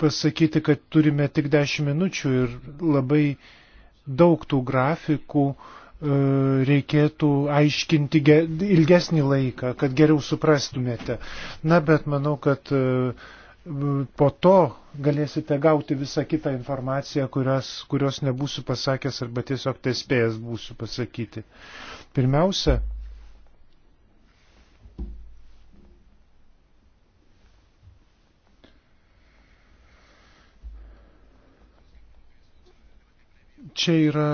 pasakyti, kad turime tik 10 minučių ir labai daug tų grafikų e, reikėtų aiškinti ilgesnį laiką, kad geriau suprastumėte. Na, bet manau, kad e, po to galėsite gauti visą kitą informaciją, kurios, kurios nebūsiu pasakęs arba tiesiog tespėjęs būsiu pasakyti. Pirmiausia, Čia yra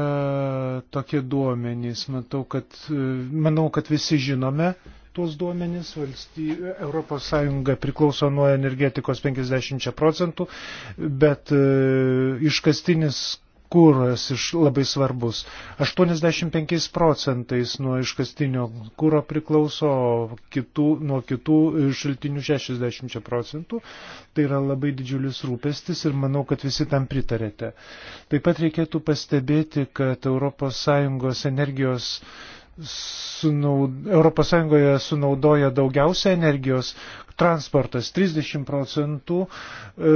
tokie duomenys. Matau, kad, manau, kad visi žinome tuos duomenys. Valstybė, Europos Sąjunga priklauso nuo energetikos 50 procentų, bet e, iškastinis kūras iš, labai svarbus. 85 procentais nuo iškastinio kūro priklauso kitų, nuo kitų šaltinių 60 procentų. Tai yra labai didžiulis rūpestis ir manau, kad visi tam pritarėte. Taip pat reikėtų pastebėti, kad ES energijos sunaud... Europos Sąjungoje sunaudoja daugiausia energijos, transportas 30 procentų, e,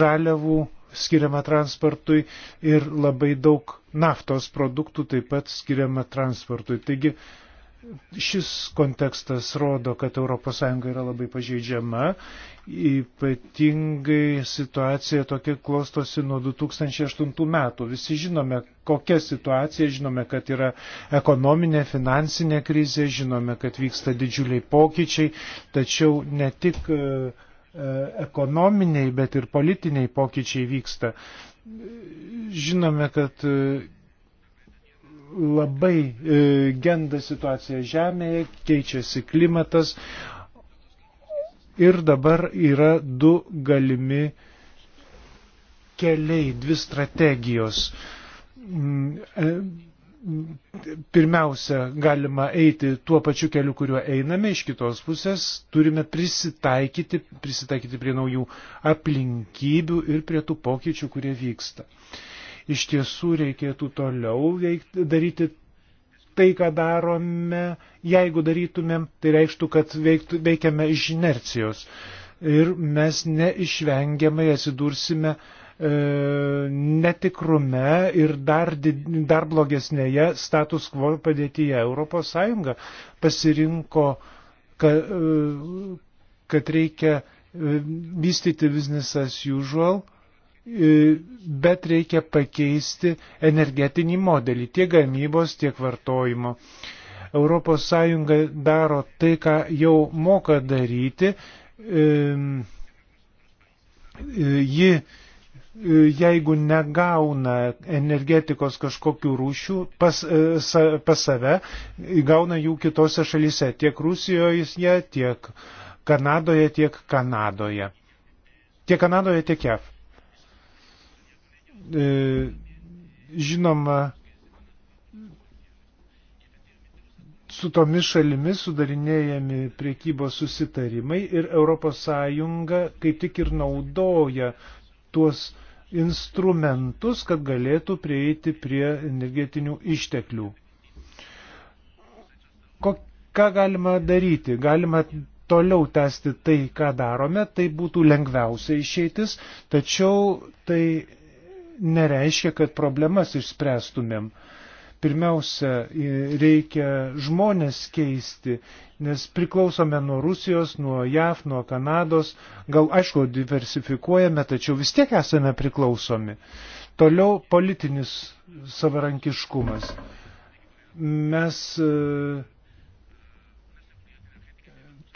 žaliavų skiriama transportui ir labai daug naftos produktų taip pat skiriama transportui. Taigi šis kontekstas rodo, kad ES yra labai pažeidžiama. Ypatingai situacija tokia klostosi nuo 2008 metų. Visi žinome, kokia situacija, žinome, kad yra ekonominė, finansinė krizė, žinome, kad vyksta didžiuliai pokyčiai, tačiau ne tik uh, E, ekonominiai, bet ir politiniai pokyčiai vyksta. Žinome, kad e, labai e, genda situacija Žemėje, keičiasi klimatas ir dabar yra du galimi keliai, dvi strategijos mm, pirmiausia, galima eiti tuo pačiu keliu, kuriuo einame, iš kitos pusės turime prisitaikyti, prisitaikyti prie naujų aplinkybių ir prie tų pokyčių, kurie vyksta. Iš tiesų reikėtų toliau veikti, daryti tai, ką darome, jeigu darytumėm, tai reikštų, kad veiktų, veikiame iš inercijos. Ir mes neišvengiamai atsidursime uh, E, netikrume ir dar, dar blogesnėje status quo padėtyje. ES pasirinko, kad, e, kad reikia e, vystyti business as usual, bet reikia pakeisti energetinį modelį tiek gamybos, tiek vartojimo. ES daro tai, ką jau moka daryti. Ji jeigu negauna energetikos kažkokių rūšių pas, e, sa, pas save, gauna jų kitose šalyse, tiek Rusijoje, tiek Kanadoje, tiek Kanadoje. Tiek Kanadoje, tiek JAV. E, žinoma, su tomis šalimis sudarinėjami priekybos susitarimai ir ES kaip tik ir naudoja tuos instrumentus, kad galėtų prieiti prie energetinių išteklių. Ko, ką galima daryti? Galima toliau tęsti tai, ką darome, tai būtų lengviausia išeitis, tačiau tai nereiškia, kad problemas išspręstumėm. Uh, Pirmiausia, reikia žmonės keisti, nes priklausome nuo Rusijos, nuo JAV, nuo Kanados, gal aišku, diversifikuojame, tačiau vis tiek esame priklausomi. Toliau politinis savarankiškumas. Mes e,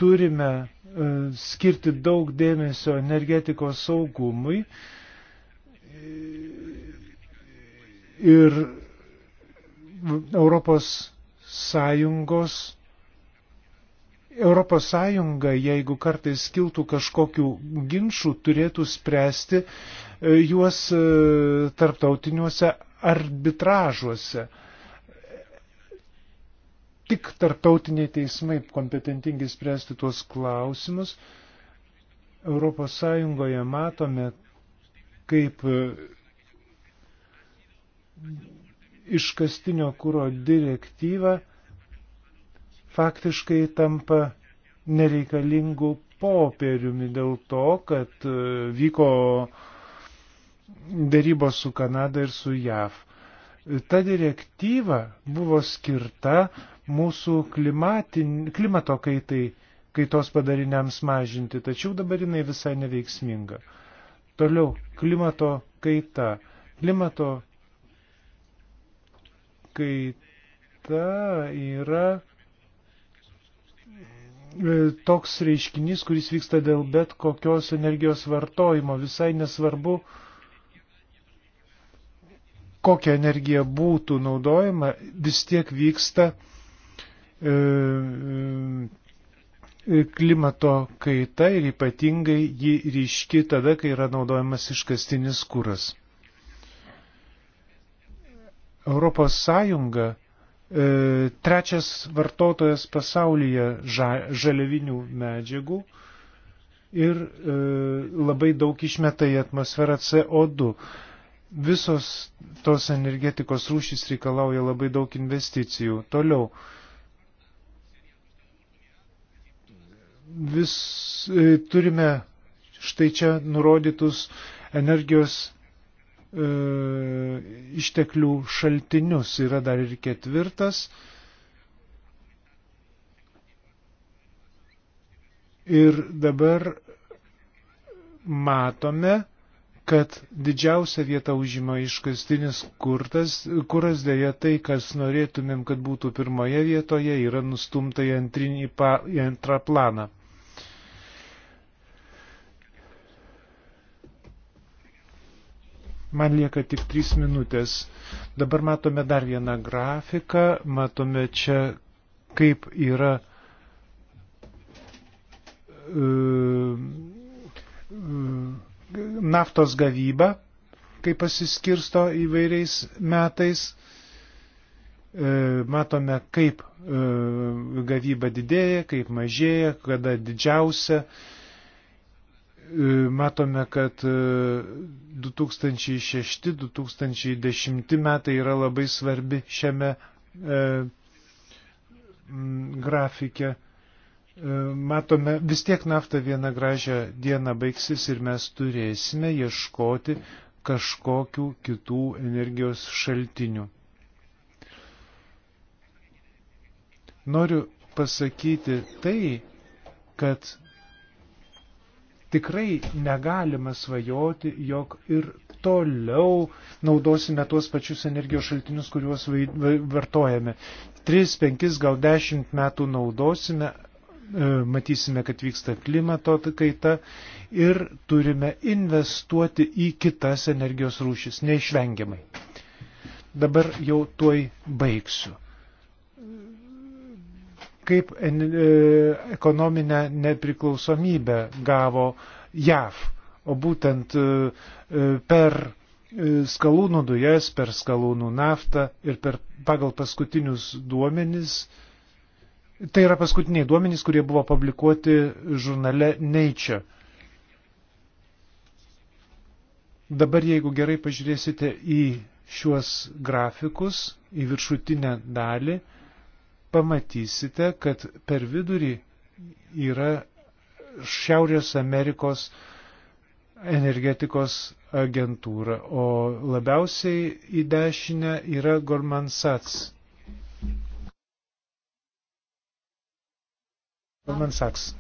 turime e, skirti daug dėmesio energetikos saugumui ir Europos Sąjungos Europos Sąjunga, jeigu kartais kiltų kažkokių ginčių, turėtų spręsti e, juos e, tarptautiniuose arbitražuose. Tik tarptautiniai teismai kompetentingi spręsti tuos klausimus. Europos Sąjungoje matome, kaip iškastinio kūro direktyva faktiškai tampa nereikalingų popieriumi dėl to, kad e, vyko dėrybos su Kanada ir su JAV. Ta direktyva buvo skirta mūsų klimatin, klimato kaitai, kaitos padariniams mažinti, tačiau dabar jinai visai neveiksminga. Toliau klimato kaita. Klimato kaita yra e, toks reiškinys, kuris vyksta dėl bet kokios energijos vartojimo. Visai nesvarbu, kokia energija būtų naudojama, vis tiek vyksta e, e, klimato kaita ir ypatingai ji ryški tada, kai yra naudojamas iškastinis kuras. Europos Sąjunga e, trečias vartotojas pasaulyje ža, žaliavinių medžiagų ir e, labai daug išmeta į atmosferą CO2. Visos tos energetikos rūšys reikalauja labai daug investicijų. Toliau. Vis e, turime štai čia nurodytus energijos E, išteklių šaltinius. Yra dar ir ketvirtas. Ir dabar matome, kad didžiausia vieta užima iškastinis kurtas, kuras dėja tai, kas norėtumėm, kad būtų pirmoje vietoje, yra nustumta į, antrinį, į antrą planą. Man lieka tik 3 minutės. Dabar matome dar vieną grafiką, matome čia, kaip yra e, e, naftos gavyba, kaip pasiskirsto įvairiais metais. E, matome, kaip gavyba didėja, kaip mažėja, kada didžiausia E, matome, kad 2006-2010 e, metai yra labai svarbi šiame e, grafike. E, matome, vis tiek nafta vieną gražią dieną baigsis ir mes turėsime ieškoti kažkokių kitų energijos šaltinių. Noriu pasakyti tai, kad tikrai negalima svajoti, jog ir toliau naudosime tuos pačius energijos šaltinius, kuriuos vartojame. 3, 5, gal 10 metų naudosime, e, matysime, kad vyksta klimato kaita ir turime investuoti į kitas energijos rūšis, neišvengiamai. Dabar jau tuoj baigsiu kaip e, ekonominę nepriklausomybę gavo JAV, o būtent e, e, per skalūnų dujas, per skalūnų naftą ir per, pagal paskutinius duomenis. Tai yra paskutiniai duomenys, kurie buvo publikuoti žurnale Nature. Dabar jeigu gerai pažiūrėsite į šiuos grafikus, į viršutinę dalį, pamatysite, kad per vidurį yra Šiaurės Amerikos energetikos agentūra, o labiausiai į dešinę yra Gorman Sachs. Goldman Sachs.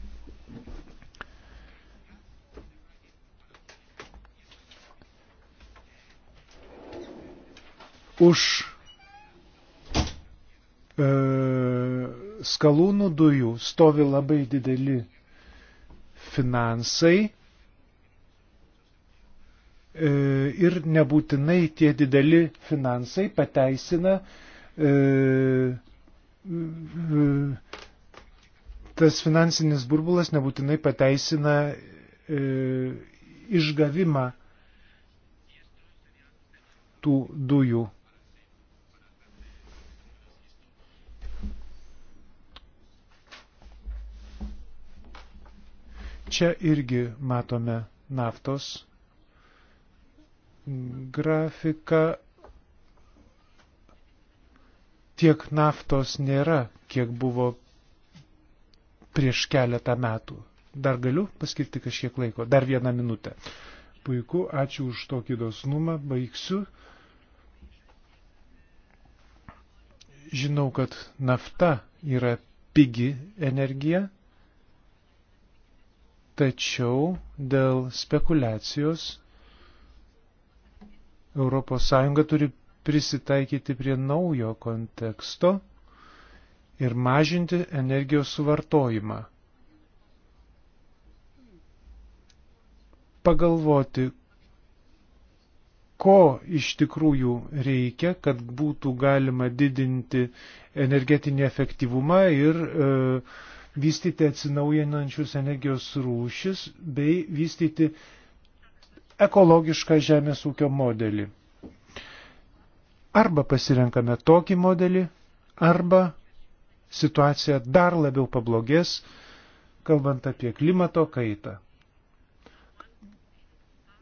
Už E, skalūnų dujų stovi labai dideli finansai e, ir nebūtinai tie dideli finansai pateisina e, tas finansinis burbulas nebūtinai pateisina išgavimą tų dujų. Čia irgi matome naftos grafiką. Tiek naftos nėra, kiek buvo prieš keletą metų. Dar galiu paskirti kažkiek laiko, dar vieną minutę. Puiku, ačiū už tokį dosnumą, baigsiu. Žinau, kad nafta yra pigi energija, Tačiau dėl spekulacijos ES turi prisitaikyti prie naujo konteksto ir mažinti energijos suvartojimą. Pagalvoti, ko iš tikrųjų reikia, kad būtų galima didinti energetinį efektyvumą ir e, vystyti atsinaujinančius energijos rūšis bei vystyti ekologišką žemės ūkio modelį. Arba pasirenkame tokį modelį, arba situacija dar labiau pablogės, kalbant apie klimato kaitą.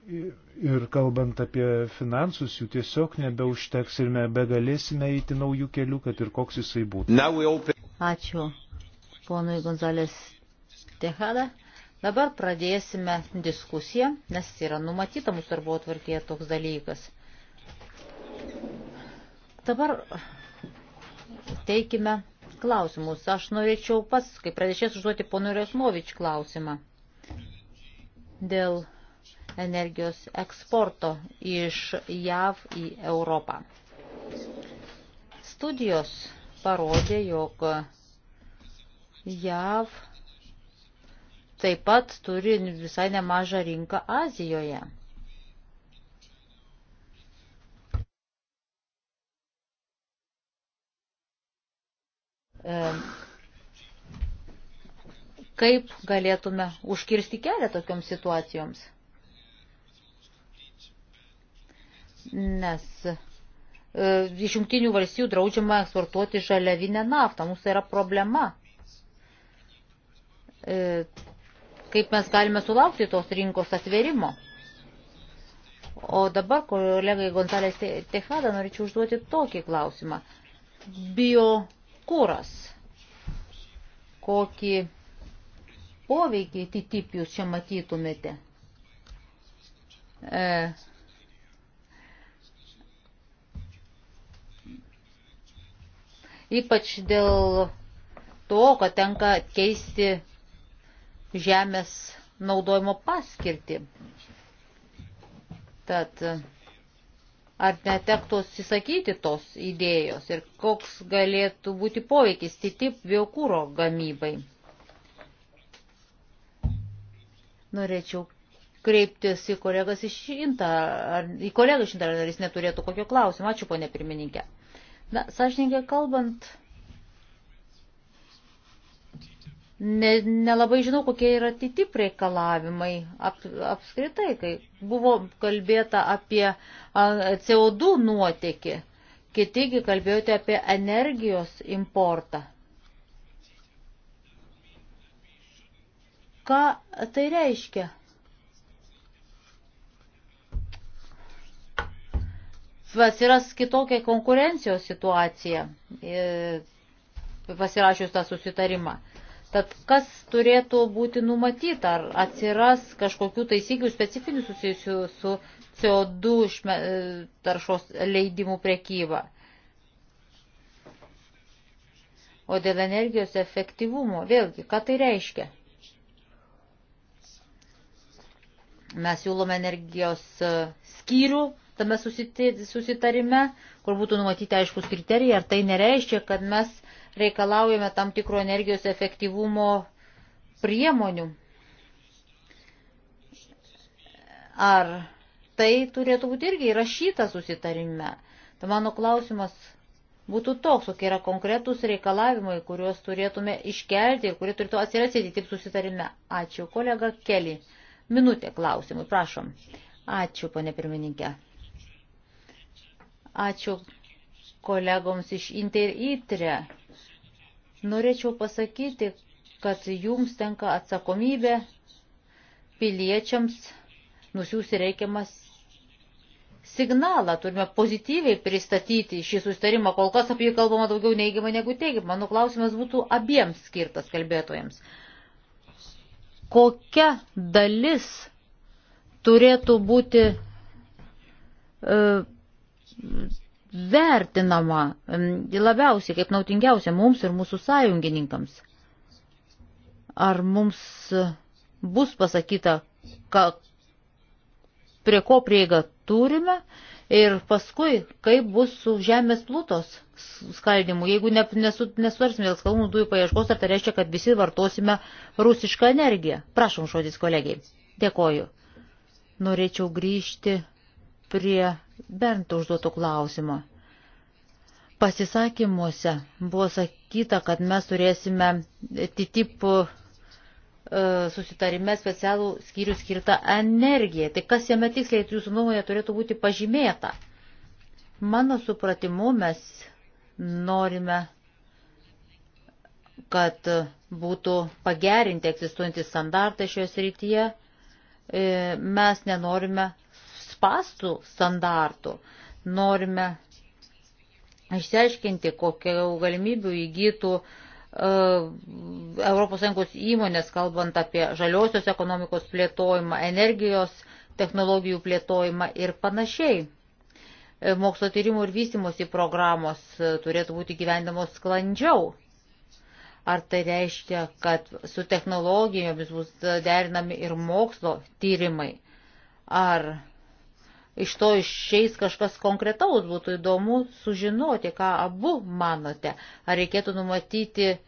Ir kalbant apie finansus, jų tiesiog nebeužteks ir nebegalėsime eiti naujų kelių, kad ir koks jisai būtų. Ačiū ponui Gonzalės Tehada. Dabar pradėsime diskusiją, nes yra numatyta mūsų darbo atvarkėje toks dalykas. Dabar teikime klausimus. Aš norėčiau pas, kaip pradėšės užduoti ponui Resmovič klausimą dėl energijos eksporto iš JAV į Europą. Studijos parodė, jog JAV taip pat turi visai nemažą rinką Azijoje. Kaip galėtume užkirsti kelią tokioms situacijoms? Nes e, iš jungtinių valstybių draudžiama eksportuoti žaliavinę naftą. Mūsų tai yra problema. E, kaip mes galime sulaukti tos rinkos atverimo. O dabar, kolegai Gonzalės Techada, norėčiau užduoti tokį klausimą. Biokūras. Kokį poveikį TTIP jūs čia matytumėte? E, ypač dėl to, kad tenka keisti žemės naudojimo paskirtį. Tad ar netektų atsisakyti tos idėjos ir koks galėtų būti poveikis TTIP biokūro gamybai? Norėčiau kreiptis į kolegas iš Inta, ar į kolegą iš Inta, ar jis neturėtų kokio klausimo. Ačiū, ponė pirmininkė. Na, sąžininkai kalbant, ne, nelabai žinau, kokie yra TTIP reikalavimai ap, apskritai, kai buvo kalbėta apie CO2 nuotėkį, kitigi kalbėjote apie energijos importą. Ką tai reiškia? Pasiras kitokia konkurencijos situacija, e, pasirašius tą susitarimą. Tad kas turėtų būti numatyta, ar atsiras kažkokių taisyklių specifinių susijusių su CO2 taršos leidimų prekyba. O dėl energijos efektyvumo, vėlgi, ką tai reiškia? Mes siūlome energijos e, skyrių tame susitarime, kur būtų numatyti aiškus kriterijai, ar tai nereiškia, kad mes reikalaujame tam tikro energijos efektyvumo priemonių. Ar tai turėtų būti irgi įrašyta susitarime? Tai mano klausimas būtų toks, kokie yra konkretūs reikalavimai, kuriuos turėtume iškelti ir kurie turėtų atsirasti tik susitarime. Ačiū, kolega Keli. Minutė klausimui, prašom. Ačiū, ponė pirmininkė. Ačiū kolegoms iš Inter Itre Norėčiau pasakyti, kad jums tenka atsakomybė piliečiams nusiųsti reikiamas signalą. Turime pozityviai pristatyti šį sustarimą. Kol kas apie jį kalbama daugiau neigiamai negu teigiamai. Mano klausimas būtų abiems skirtas kalbėtojams. Kokia dalis turėtų būti e, vertinama labiausiai kaip naudingiausia mums ir mūsų sąjungininkams? Ar mums bus pasakyta, ka, prie ko prieigą turime ir paskui, kaip bus su žemės plutos skaldimu. Jeigu ne, nesu, nesvarsime dėl skalūnų dujų paieškos, ar tai reiškia, kad visi vartosime rusišką energiją? Prašom žodis kolegiai. Dėkoju. Norėčiau grįžti prie bent užduoto klausimo. Pasisakymuose buvo sakyta, kad mes turėsime TTIP e, susitarime specialų skyrių skirtą energijai. Tai kas jame tiksliai tai jūsų nuomonė turėtų būti pažymėta? Mano supratimu mes norime, kad būtų pagerinti egzistuojantys standartai šioje srityje. E, mes nenorime pastų standartų. Norime išsiaiškinti, kokio galimybių įgytų e, ES įmonės, kalbant apie žaliosios ekonomikos plėtojimą, energijos technologijų plėtojimą ir panašiai. E, mokslo tyrimų ir vystimosi programos e, turėtų būti gyvendamos sklandžiau. Ar tai reiškia, kad su technologijomis bus derinami ir mokslo tyrimai? Ar iš to išeis kažkas konkretaus, būtų įdomu sužinoti, ką abu manote. Ar reikėtų numatyti e,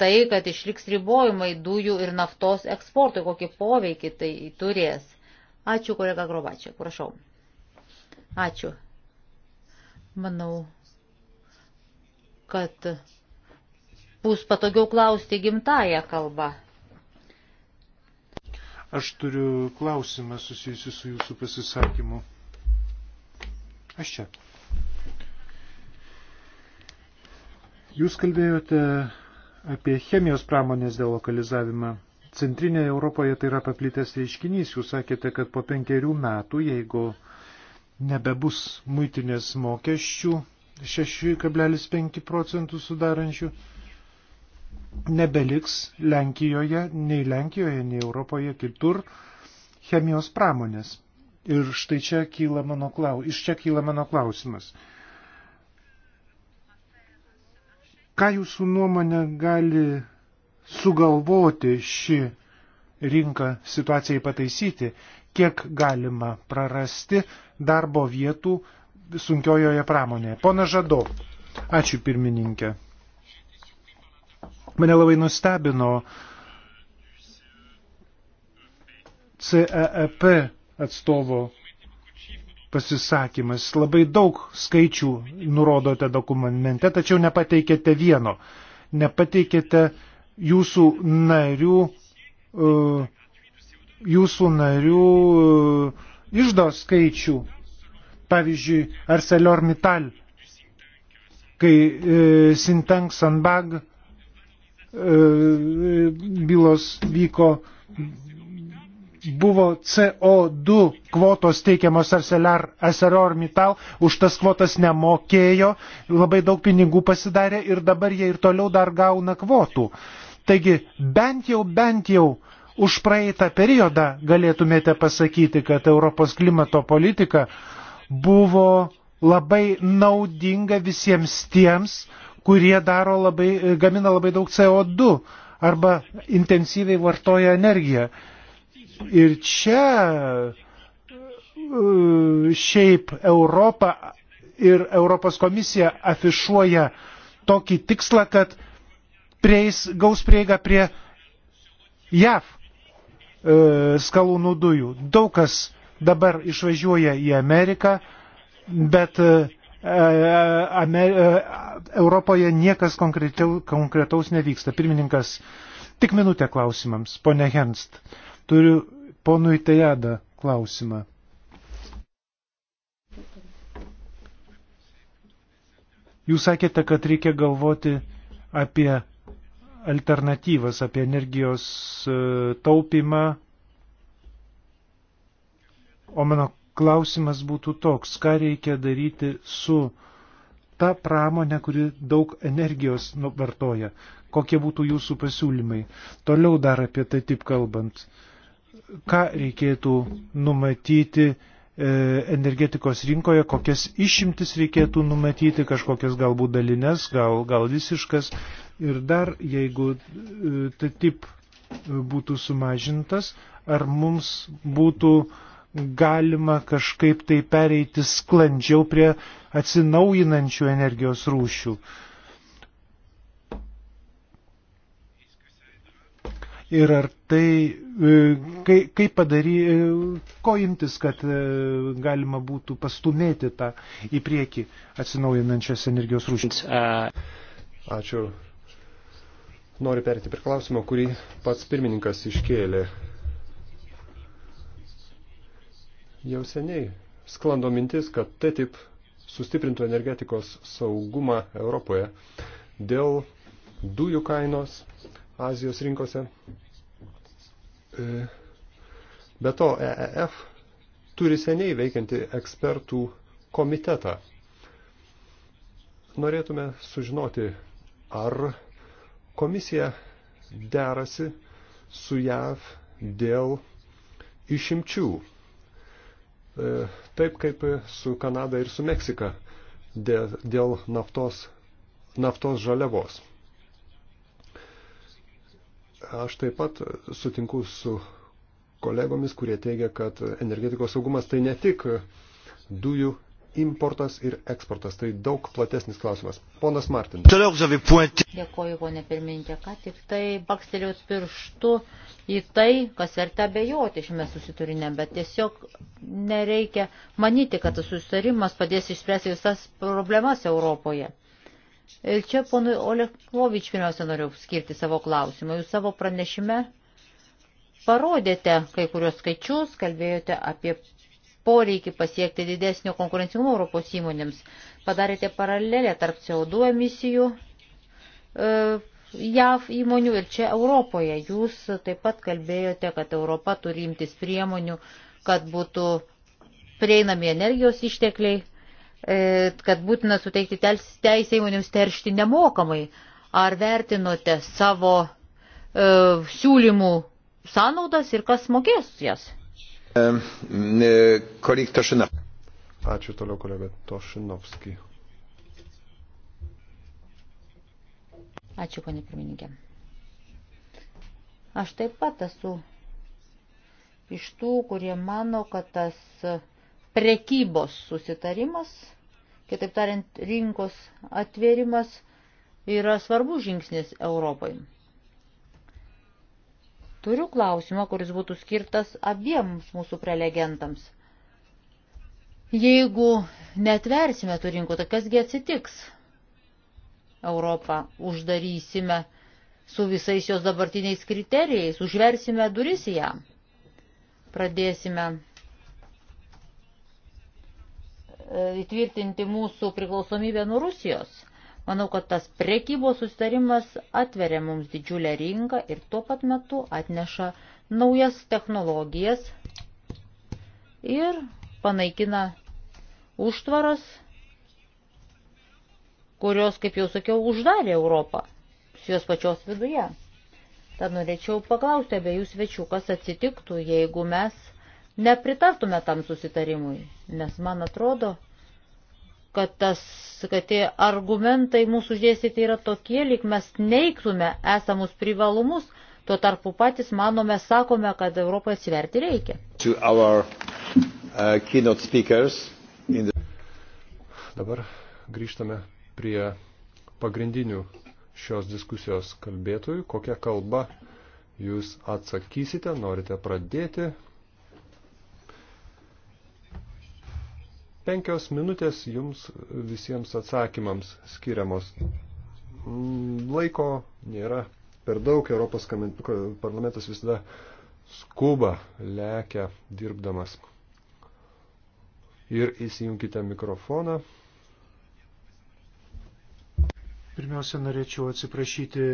tai, kad išliks ribojimai dujų ir naftos eksportui, kokį poveikį tai turės. Ačiū, kolega Grobačiai, prašau. Ačiū. Manau, kad bus patogiau klausti gimtają kalbą Aš turiu klausimą susijusiu su jūsų pasisakymu. Aš čia. Jūs kalbėjote apie chemijos pramonės delokalizavimą. Centrinėje Europoje tai yra paplitęs reiškinys. Jūs sakėte, kad po penkerių metų, jeigu nebebus muitinės mokesčių 6,5 procentų sudarančių, nebeliks Lenkijoje, nei Lenkijoje, nei Europoje kitur chemijos pramonės. Ir štai čia kyla mano, klaus... iš čia kyla mano klausimas. Ką jūsų nuomonė gali sugalvoti ši rinka situacijai pataisyti, kiek galima prarasti darbo vietų sunkiojoje pramonėje? Pona Žado, ačiū pirmininkė. Mane labai nustebino CEP e atstovo pasisakymas. Labai daug skaičių nurodote dokumente, tačiau nepateikėte vieno. Nepateikėte jūsų narių, e, jūsų narių e, išdo skaičių. Pavyzdžiui, ArcelorMittal, kai Sintang Sanbag E, bylos vyko, buvo CO2 kvotos teikiamos ArcelorMittal, už tas kvotas nemokėjo, labai daug pinigų pasidarė ir dabar jie ir toliau dar gauna kvotų. Taigi bent jau, bent jau už praeitą periodą galėtumėte pasakyti, kad Europos klimato politika buvo labai naudinga visiems tiems, kurie daro labai, gamina labai daug CO2 arba intensyviai vartoja energiją. Ir čia e, šiaip Europa ir Europos komisija afišuoja tokį tikslą, kad prieis, gaus prieigą prie JAV e, skalūnų dujų. Daug kas dabar išvažiuoja į Ameriką, bet uh, E, e, e, Europoje niekas konkretaus nevyksta. Pirmininkas, tik minutę klausimams, ponė Henst. Turiu ponui Tejadą klausimą. Jūs sakėte, kad reikia galvoti apie alternatyvas, apie energijos taupimą. O mano klausimas būtų toks, ką reikia daryti su ta pramonė, kuri daug energijos nu, vartoja. Kokie būtų jūsų pasiūlymai? Toliau dar apie tai taip kalbant. Ką reikėtų numatyti e, energetikos rinkoje, kokias išimtis reikėtų numatyti, kažkokias galbūt dalines, gal, gal visiškas. Ir dar, jeigu tai e, taip būtų sumažintas, ar mums būtų uh, galima kažkaip tai pereiti sklandžiau prie atsinaujinančių energijos rūšių. Ir ar tai, e, kaip kai padary, e, ko imtis, kad e, galima būtų pastumėti tą į priekį atsinaujinančias energijos rūšis? Ačiū. Noriu perėti prie klausimo, kurį pats pirmininkas iškėlė Jau seniai sklando mintis, kad TTIP sustiprintų energetikos saugumą Europoje dėl dujų kainos Azijos rinkose. E, be to, EEF turi seniai veikianti ekspertų komitetą. Norėtume sužinoti, ar komisija derasi su JAV dėl išimčių E, taip kaip su Kanada ir su Meksika dėl, dėl naftos, naftos žaliavos. Aš taip pat sutinku su kolegomis, kurie teigia, kad energetikos saugumas tai ne tik dujų importas ir eksportas. Tai daug platesnis klausimas. Ponas Martin. Dėkoju, ponė pirmininkė, kad tik tai bakstelėjau pirštu į tai, kas verta abejoti šiame susiturinė, bet tiesiog nereikia manyti, kad tas susitarimas padės išspręsti visas problemas Europoje. Ir čia ponui Olekovič pirmiausia noriu skirti savo klausimą. Jūs savo pranešime parodėte kai kurios skaičius, kalbėjote apie poreikį pasiekti didesnio konkurencingumo Europos įmonėms. Padarėte paralelę tarp CO2 emisijų e, JAV įmonių ir čia Europoje. Jūs taip pat kalbėjote, kad Europa turi imtis priemonių, kad būtų prieinami energijos ištekliai, e, kad būtina suteikti teisę įmonėms teršti nemokamai. Ar vertinote savo e, siūlymų sąnaudas ir kas mokės jas? E, kolik Tošinov. Ačiū toliau kolega Tošinovski. Ačiū, ponė pirmininkė. Aš taip pat esu iš tų, kurie mano, kad tas prekybos susitarimas, kitaip tariant, rinkos atvėrimas yra svarbus žingsnis Europai. Turiu klausimą, kuris būtų skirtas abiems mūsų prelegentams. Jeigu netversime tų rinkų, tai kasgi atsitiks? Europą uždarysime su visais jos dabartiniais kriterijais, užversime duris ją. Pradėsime e, įtvirtinti mūsų priklausomybę nuo Rusijos. Manau, kad tas prekybos sustarimas atveria mums didžiulę rinką ir tuo pat metu atneša naujas technologijas ir panaikina užtvaras, kurios, kaip jau sakiau, uždarė Europą jos pačios viduje. Tad norėčiau paklausti abiejų svečių, kas atsitiktų, jeigu mes nepritartume tam susitarimui, nes man atrodo, kad, tas, kad tie argumentai mūsų dėstyti yra tokie, lyg mes neiktume esamus privalumus, tuo tarpu patys manome, sakome, kad Europoje atsiverti reikia. Our, uh, the... Dabar grįžtame prie pagrindinių šios diskusijos kalbėtojų, kokią kalbą jūs atsakysite, norite pradėti, Penkios minutės jums visiems atsakymams skiriamos. Mm, laiko nėra per daug. Europos parlamentas visada skuba, lekia dirbdamas. Ir įsijunkite mikrofoną. Pirmiausia, norėčiau atsiprašyti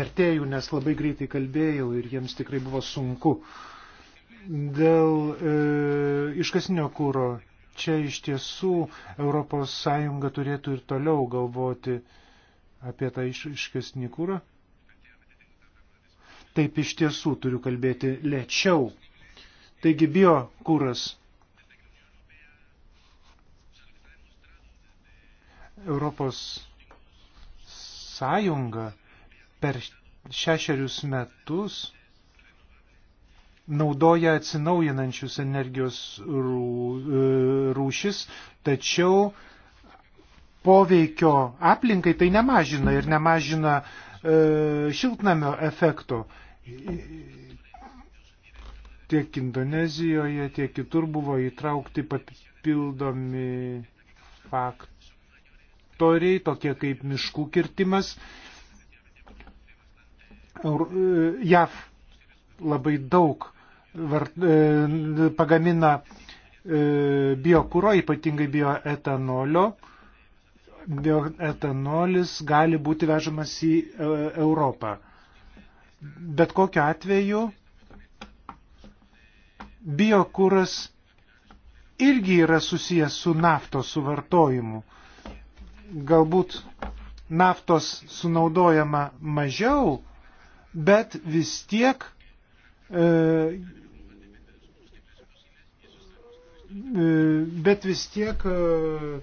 vertėjų, nes labai greitai kalbėjau ir jiems tikrai buvo sunku. Dėl e, iškasinio kūro čia iš tiesų ES turėtų ir toliau galvoti apie tą iškesnį kūrą. Taip iš tiesų turiu kalbėti lėčiau. Taigi bio kūras. Europos Sąjunga per šešerius metus naudoja atsinaujinančius energijos e, rūšis, tačiau poveikio aplinkai tai nemažina ir nemažina e, šiltnamio efekto. Tiek Indonezijoje, tiek kitur buvo įtraukti papildomi faktoriai, tokie kaip miškų kirtimas. E, JAV labai daug vart, e, pagamina e, biokūro, ypatingai bioetanolio. Bioetanolis gali būti vežamas į e, Europą. Bet kokiu atveju biokūras irgi yra susijęs su naftos suvartojimu. Galbūt naftos sunaudojama mažiau, bet vis tiek e, bet vis tiek e,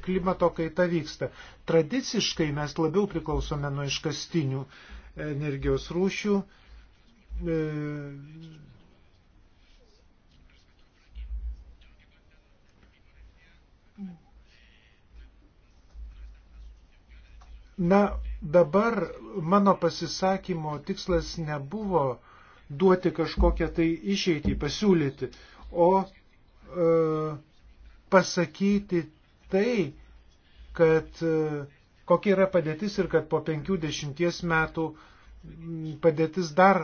klimato kaita vyksta. Tradiciškai mes labiau priklausome nuo iškastinių energijos rūšių. E, Na, dabar mano pasisakymo tikslas nebuvo duoti kažkokią tai išeitį, pasiūlyti, o E, pasakyti tai, kad e, kokia yra padėtis ir kad po 50 metų padėtis dar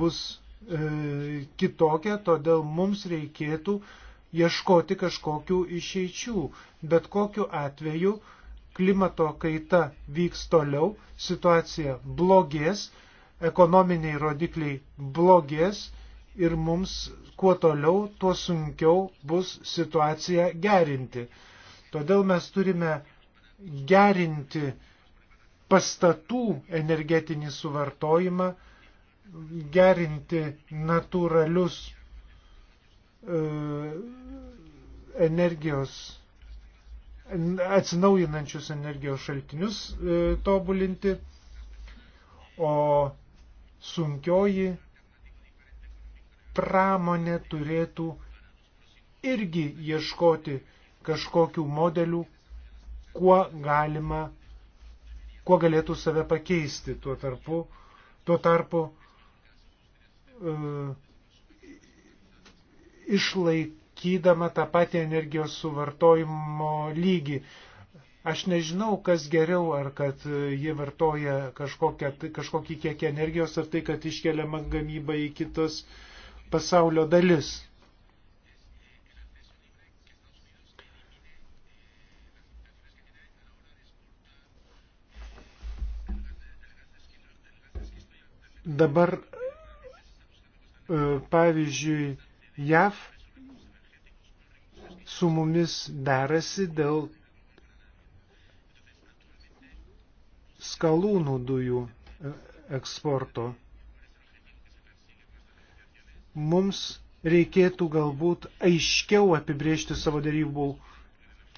bus e, kitokia, todėl mums reikėtų ieškoti kažkokių išeičių. Bet kokiu atveju klimato kaita vyks toliau, situacija blogės, ekonominiai rodikliai blogės ir mums kuo toliau, tuo sunkiau bus situaciją gerinti. Todėl mes turime gerinti pastatų energetinį suvartojimą, gerinti natūralius e, energijos, atsinaujinančius energijos šaltinius e, tobulinti, o sunkioji pramonė turėtų irgi ieškoti kažkokių modelių, kuo galima, kuo galėtų save pakeisti. Tuo tarpu, tuo tarpu e, išlaikydama tą patį energijos suvartojimo lygį. Aš nežinau, kas geriau, ar kad jie vartoja kažkokią, kažkokį kiekį energijos, ar tai, kad iškeliama gamyba į kitus uh, pasaulio dalis. Dabar, e, pavyzdžiui, JAV su mumis derasi dėl skalūnų dujų e, eksporto mums reikėtų galbūt aiškiau apibriežti savo darybų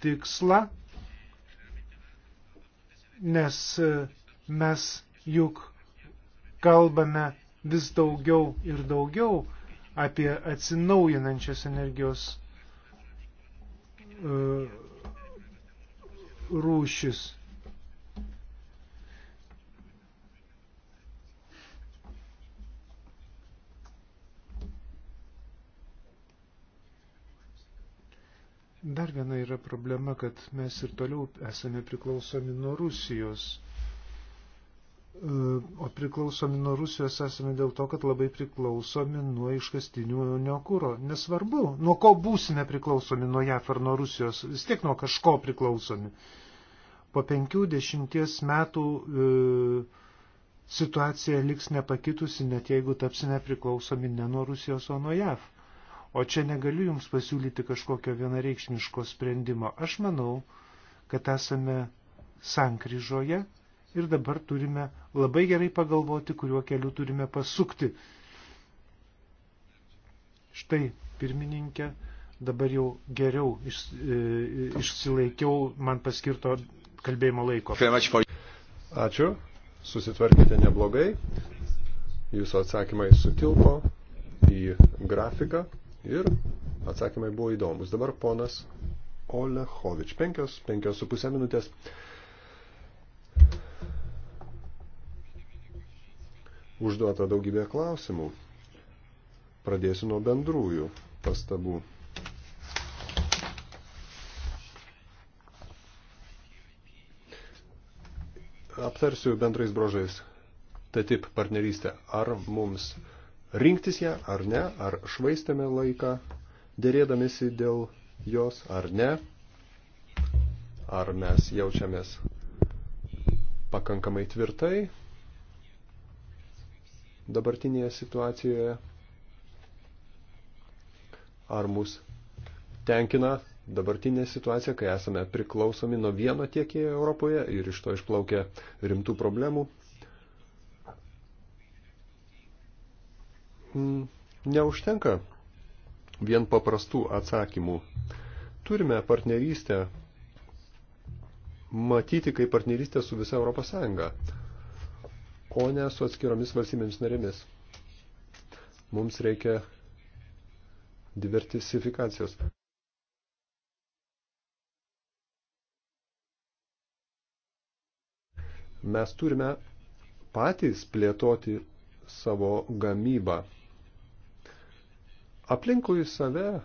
tikslą, nes e, mes juk kalbame vis daugiau ir daugiau apie atsinaujinančias energijos e, rūšis. Dar viena yra problema, kad mes ir toliau esame priklausomi nuo Rusijos. E, o priklausomi nuo Rusijos esame dėl to, kad labai priklausomi nuo iškastinių neokūro. Nesvarbu, nuo ko būsime priklausomi, nuo JAF ar nuo Rusijos, vis tiek nuo kažko priklausomi. Po penkių dešimties metų e, situacija liks nepakitusi, net jeigu tapsime priklausomi ne nuo Rusijos, o nuo JAF. O čia negaliu Jums pasiūlyti kažkokio vienareikšmiško sprendimo. Aš manau, kad esame sankryžoje ir dabar turime labai gerai pagalvoti, kuriuo keliu turime pasukti. Štai, pirmininkė, dabar jau geriau iš, e, išsilaikiau man paskirto kalbėjimo laiko. Ačiū, susitvarkėte neblogai, jūsų atsakymai sutilpo į grafiką. Ir atsakymai buvo įdomus. Dabar ponas Olechovič, penkios, penkios su pusę minutės. Užduota daugybė klausimų. Pradėsiu nuo bendrųjų pastabų. Aptarsiu bendrais brožais. Tai taip, partnerystė. Ar mums rinktis ją ar ne, ar švaistėme laiką dėrėdamėsi dėl jos ar ne, ar mes jaučiamės pakankamai tvirtai dabartinėje situacijoje, ar mus tenkina dabartinė situacija, kai esame priklausomi nuo vieno tiekėjo Europoje ir iš to išplaukia rimtų problemų Mm, neužtenka vien paprastų atsakymų. Turime partnerystę matyti kaip partnerystę su visa Europos Sąjunga, o ne su atskiromis valstybėmis narėmis. Mums reikia diversifikacijos. Mes turime patys plėtoti savo gamybą. Aplinkui save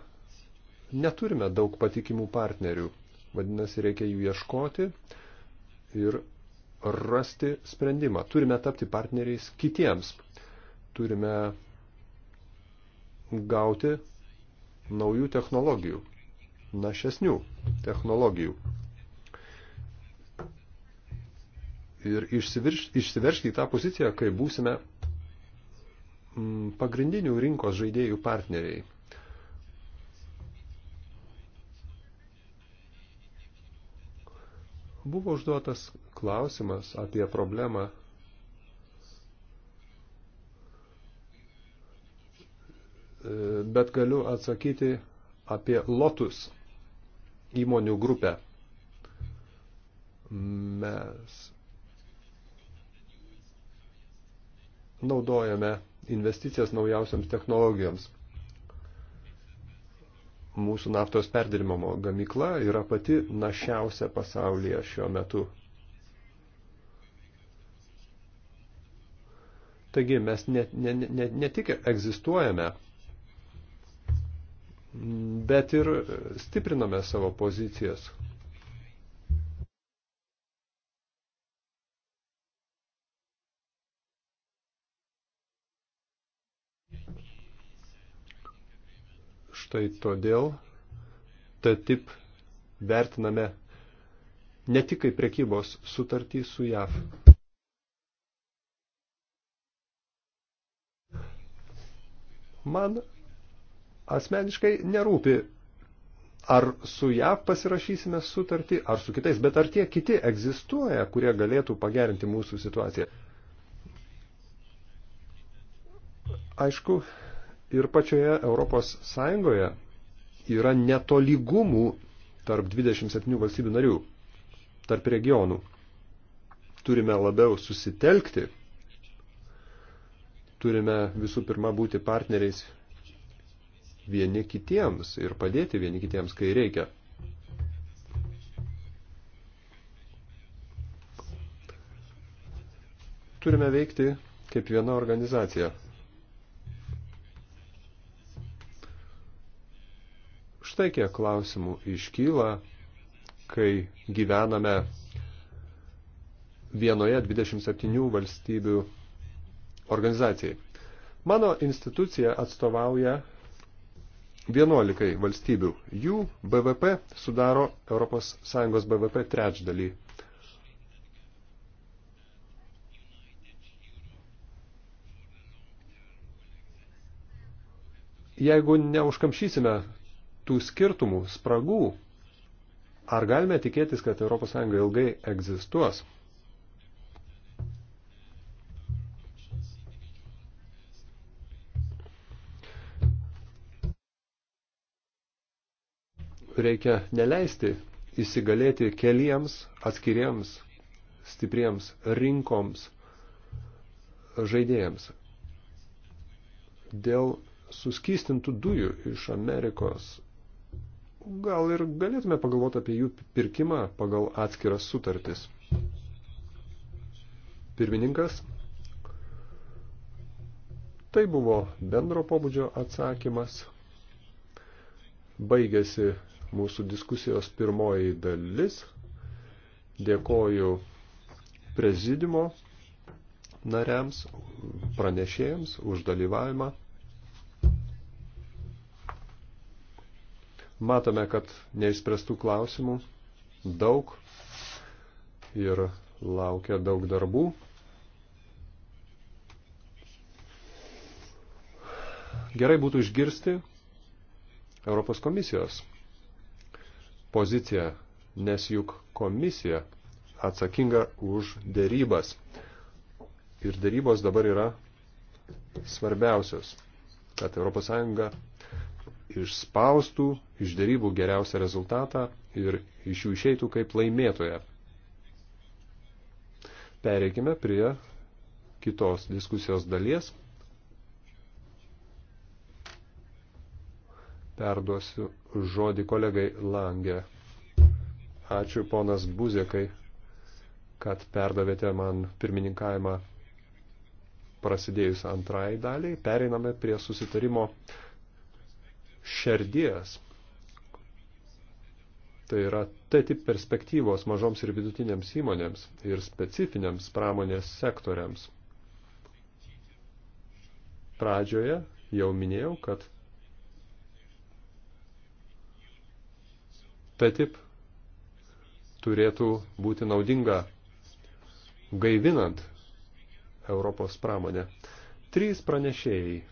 neturime daug patikimų partnerių. Vadinasi, reikia jų ieškoti ir rasti sprendimą. Turime tapti partneriais kitiems. Turime gauti naujų technologijų, našesnių technologijų. Ir išsiveršti į tą poziciją, kai būsime pagrindinių rinkos žaidėjų partneriai. Buvo užduotas klausimas apie problemą bet galiu atsakyti apie Lotus įmonių grupę. Mes naudojame investicijas naujausiams technologijoms. Mūsų naftos perdirbimo gamykla yra pati našiausia pasaulyje šiuo metu. Taigi mes ne, ne, ne, ne tik egzistuojame, bet ir stipriname savo pozicijas. Štai todėl TTIP vertiname ne tik kaip prekybos sutartį su JAV. Man asmeniškai nerūpi, ar su JAV pasirašysime sutartį, ar su kitais, bet ar tie kiti egzistuoja, kurie galėtų pagerinti mūsų situaciją. Aišku, ir pačioje Europos Sąjungoje yra netolygumų tarp 27 valstybių narių, tarp regionų. Turime labiau susitelkti, turime visų pirma būti partneriais vieni kitiems ir padėti vieni kitiems, kai reikia. Turime veikti kaip viena organizacija. Štai kiek klausimų iškyla, kai gyvename vienoje 27 valstybių organizacijai. Mano institucija atstovauja 11 valstybių. Jų BVP sudaro ES BVP trečdalį. Jeigu neužkamšysime tų skirtumų, spragų, ar galime tikėtis, kad ES ilgai egzistuos? Reikia neleisti įsigalėti keliems atskiriems stipriems rinkoms žaidėjams. Dėl suskystintų dujų iš Amerikos gal ir galėtume pagalvoti apie jų pirkimą pagal atskiras sutartis. Pirmininkas. Tai buvo bendro pobūdžio atsakymas. Baigėsi mūsų diskusijos pirmoji dalis. Dėkoju prezidimo nariams, pranešėjams už dalyvavimą. Matome, kad neišspręstų klausimų daug ir laukia daug darbų. Gerai būtų išgirsti Europos komisijos poziciją, nes juk komisija atsakinga už dėrybas. Ir dėrybos dabar yra svarbiausios, kad ES išspaustų iš dėrybų geriausią rezultatą ir iš jų išeitų kaip laimėtoja. Pereikime prie kitos diskusijos dalies. Perduosiu žodį kolegai Langė. Ačiū ponas Buzekai, kad perdavėte man pirmininkavimą prasidėjus antrai daliai. Pereiname prie susitarimo šerdies. Tai yra T-tip perspektyvos mažoms ir vidutinėms įmonėms ir specifiniams pramonės sektoriams. Pradžioje jau minėjau, kad T-tip turėtų būti naudinga gaivinant Europos pramonę. Trys pranešėjai.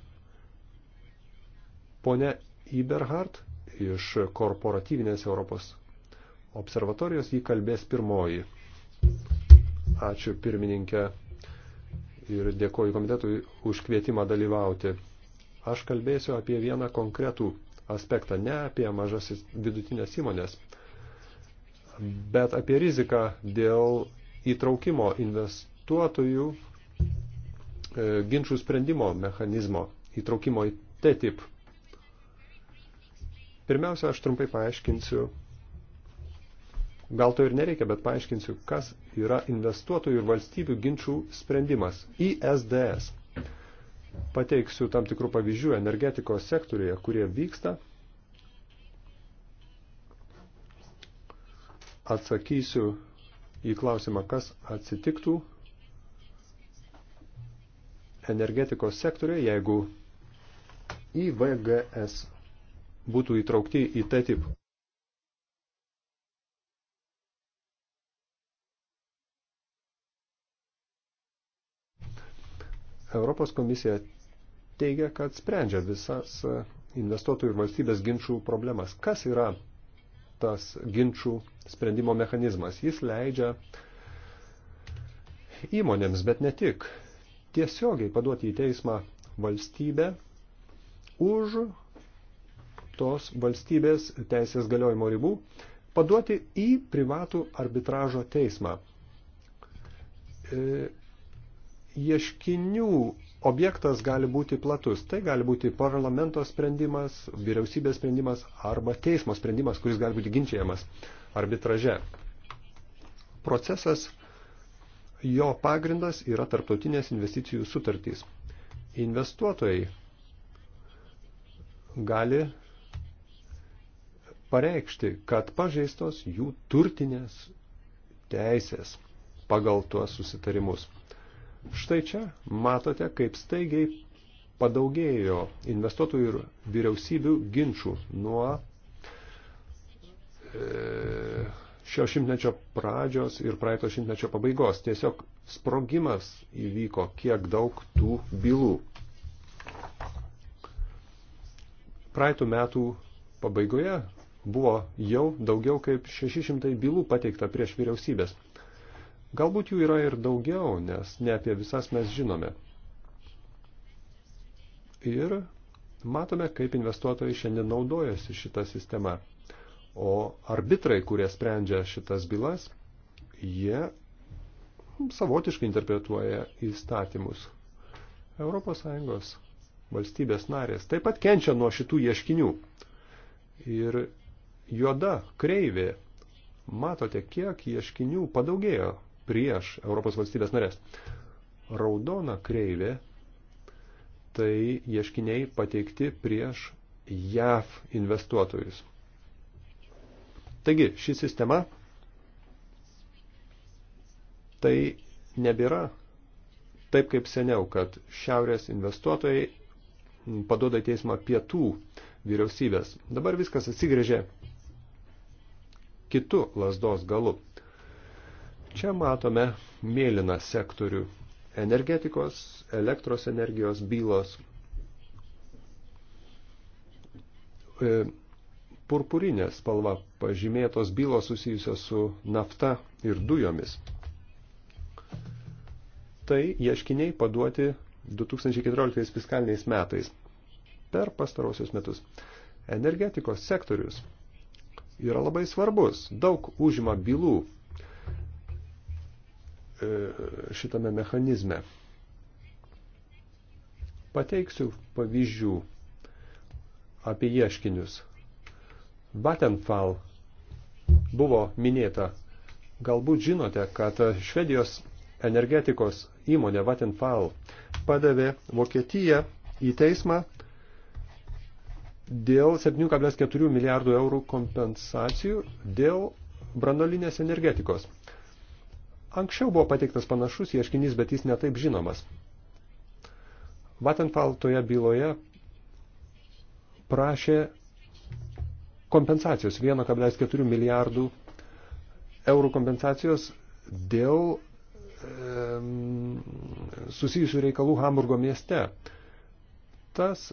Pone Iberhardt iš korporatyvinės Europos observatorijos. Jį kalbės pirmoji. Ačiū pirmininkė ir dėkoju komitetui už kvietimą dalyvauti. Aš kalbėsiu apie vieną konkretų aspektą, ne apie mažasis vidutinės įmonės, bet apie riziką dėl įtraukimo investuotojų e, ginčių sprendimo mechanizmo, įtraukimo į TTIP. Pirmiausia, aš trumpai paaiškinsiu, gal to ir nereikia, bet paaiškinsiu, kas yra investuotojų ir valstybių ginčių sprendimas į SDS. Pateiksiu tam tikrų pavyzdžių energetikos sektorėje, kurie vyksta. Atsakysiu į klausimą, kas atsitiktų energetikos sektorėje, jeigu į VGS būtų įtraukti į TTIP. Europos komisija teigia, kad sprendžia visas investuotojų ir valstybės ginčių problemas. Kas yra tas ginčių sprendimo mechanizmas? Jis leidžia įmonėms, bet ne tik, tiesiogiai paduoti į teismą valstybę už tos valstybės teisės galiojimo ribų paduoti į privatų arbitražo teismą. E, ieškinių objektas gali būti platus. Tai gali būti parlamento sprendimas, vyriausybės sprendimas arba teismo sprendimas, kuris gali būti ginčiamas arbitraže. Procesas, jo pagrindas yra tarptautinės investicijų sutartys. Investuotojai gali pareikšti, kad pažeistos jų turtinės teisės pagal tuos susitarimus. Štai čia matote, kaip staigiai padaugėjo investuotojų ir vyriausybių ginčių nuo e, šio šimtmečio pradžios ir praeito šimtmečio pabaigos. Tiesiog sprogimas įvyko kiek daug tų bylų. Praeitų metų pabaigoje Buvo jau daugiau kaip 600 bylų pateikta prieš vyriausybės. Galbūt jų yra ir daugiau, nes ne apie visas mes žinome. Ir matome, kaip investuotojai šiandien naudojasi šitą sistemą. O arbitrai, kurie sprendžia šitas bylas, jie savotiškai interpretuoja įstatymus. ES valstybės narės taip pat kenčia nuo šitų ieškinių. Ir juoda kreivė. Matote, kiek ieškinių padaugėjo prieš Europos valstybės narės. Raudona kreivė tai ieškiniai pateikti prieš JAV investuotojus. Taigi, ši sistema tai nebėra taip kaip seniau, kad šiaurės investuotojai paduoda į teismą pietų vyriausybės. Dabar viskas atsigrėžė kitų lasdos galų. Čia matome mėlyną sektorių - energetikos, elektros energijos bylos. E, purpurinė spalva pažymėtos bylos susijusios su nafta ir dujomis. Tai ieškiniai paduoti 2014 fiskaliniais metais per pastarosius metus. Energetikos sektorius yra labai svarbus. Daug užima bylų e, šitame mechanizme. Pateiksiu pavyzdžių apie ieškinius. Vattenfall buvo minėta. Galbūt žinote, kad Švedijos energetikos įmonė Vattenfall padavė Vokietiją į teismą dėl 7,4 milijardų eurų kompensacijų dėl brandolinės energetikos. Anksčiau buvo pateiktas panašus ieškinys, bet jis netaip žinomas. Vattenfall toje byloje prašė kompensacijos 1,4 milijardų eurų kompensacijos dėl e, susijusių reikalų Hamburgo mieste. Tas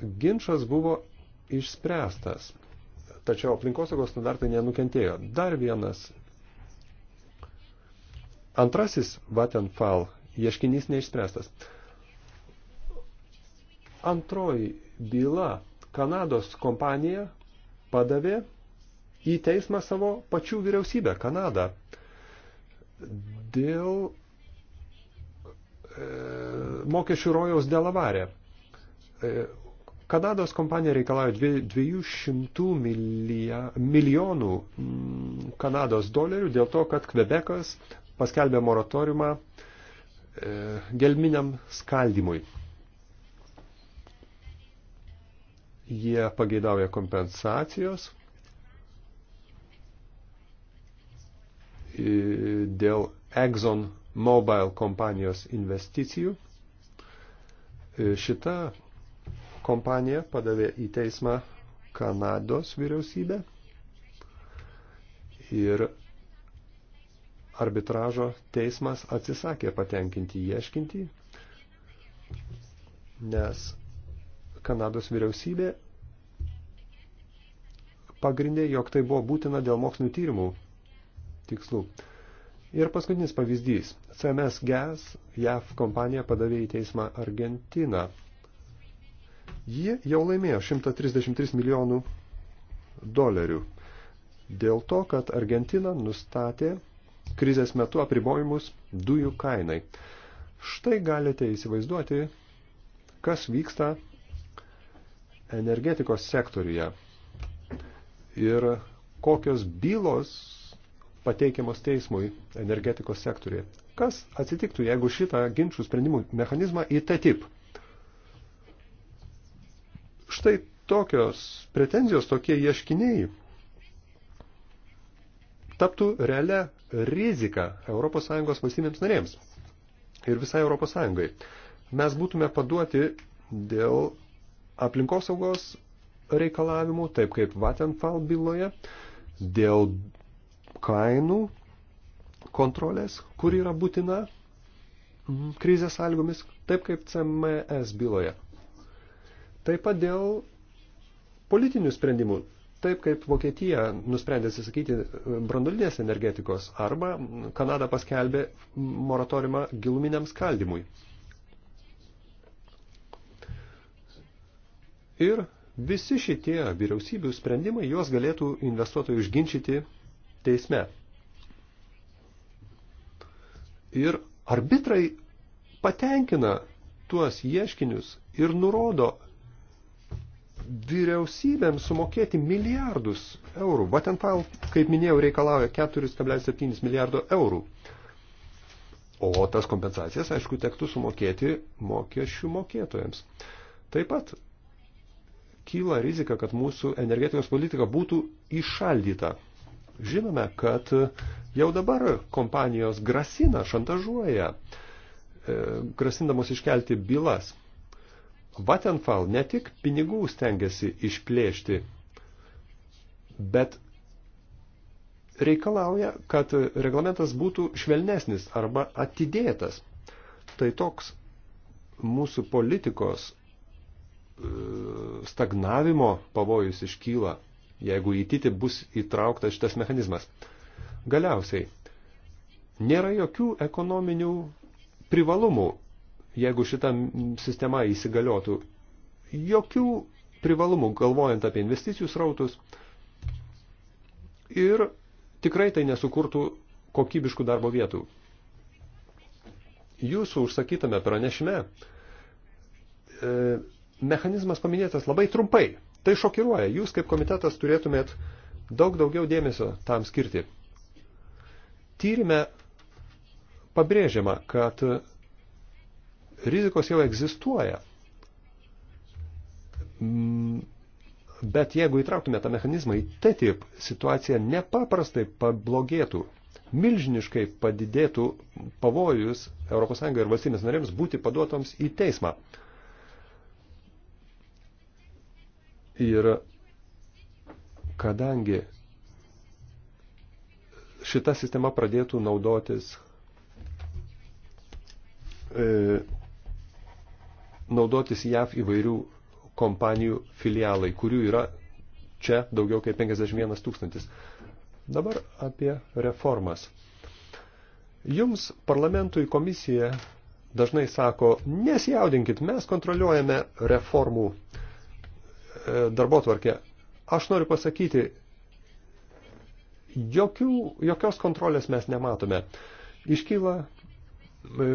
Ginčas buvo išspręstas, tačiau aplinkosaugos standartai nenukentėjo. Dar vienas antrasis Vattenfall ieškinys neišspręstas. Antroji byla Kanados kompanija padavė į teismą savo pačių vyriausybę Kanadą dėl e, mokesčių rojaus Delavarė. E, Kanados kompanija reikalauja 200 milija, milijonų mm, Kanados dolerių dėl to, kad Kvebekas paskelbė moratoriumą e, gelminiam skaldimui. Jie pageidauja kompensacijos dėl Exxon Mobile kompanijos investicijų. E, šita kompanija padavė į teismą Kanados vyriausybę ir arbitražo teismas atsisakė patenkinti ieškinti, nes Kanados vyriausybė pagrindė, jog tai buvo būtina dėl mokslinių tyrimų tikslų. Ir paskutinis pavyzdys. CMS GAS JAV kompanija padavė į teismą Argentiną Jie jau laimėjo 133 milijonų dolerių dėl to, kad Argentina nustatė krizės metu apribojimus dujų kainai. Štai galite įsivaizduoti, kas vyksta energetikos sektoriuje ir kokios bylos pateikiamos teismui energetikos sektoriuje. Kas atsitiktų, jeigu šitą ginčių sprendimų mechanizmą į TTIP Štai tokios pretenzijos, tokie ieškiniai taptų realią riziką ES valstybėms narėms ir visai ES. Mes būtume paduoti dėl aplinkosaugos reikalavimų, taip kaip Vattenfall byloje, dėl kainų kontrolės, kur yra būtina krizės sąlygomis, taip kaip CMS byloje. Taip pat dėl politinių sprendimų. Taip kaip Vokietija nusprendė atsisakyti e, brandulinės energetikos arba Kanada paskelbė moratoriumą giluminiam skaldimui. Ir visi šitie vyriausybių sprendimai juos galėtų investuotojai užginčyti teisme. Ir arbitrai patenkina tuos ieškinius ir nurodo vyriausybėms sumokėti milijardus eurų. Vattenfall, kaip minėjau, reikalauja 4,7 milijardo eurų. O tas kompensacijas, aišku, tektų sumokėti mokesčių mokėtojams. Taip pat kyla rizika, kad mūsų energetikos politika būtų išaldyta. Žinome, kad jau dabar kompanijos grasina, šantažuoja, e, grasindamos iškelti bylas. Vattenfall ne tik pinigų stengiasi išplėšti, bet reikalauja, kad reglamentas būtų švelnesnis arba atidėtas. Tai toks mūsų politikos e, stagnavimo pavojus iškyla, jeigu įtyti bus įtrauktas šitas mechanizmas. Galiausiai, nėra jokių ekonominių privalumų jeigu šita sistema įsigaliotų. Jokių privalumų, galvojant apie investicijų srautus. Ir tikrai tai nesukurtų kokybiškų darbo vietų. Jūsų užsakytame pranešime e, mechanizmas paminėtas labai trumpai. Tai šokiruoja. Jūs kaip komitetas turėtumėt daug daugiau dėmesio tam skirti. Tyrime pabrėžiama, kad rizikos jau egzistuoja. Mm, bet jeigu įtrauktume tą mechanizmą į TTIP, situacija nepaprastai pablogėtų. Milžiniškai padidėtų pavojus ES ir valstybės narėms būti paduotoms į teismą. Ir kadangi šita sistema pradėtų naudotis e, naudotis JAV įvairių kompanijų filialai, kurių yra čia daugiau kaip 51 tūkstantis. Dabar apie reformas. Jums parlamentui komisija dažnai sako, nesijaudinkit, mes kontroliuojame reformų e, darbotvarkę. Aš noriu pasakyti, jokių, jokios kontrolės mes nematome. Iškyla e,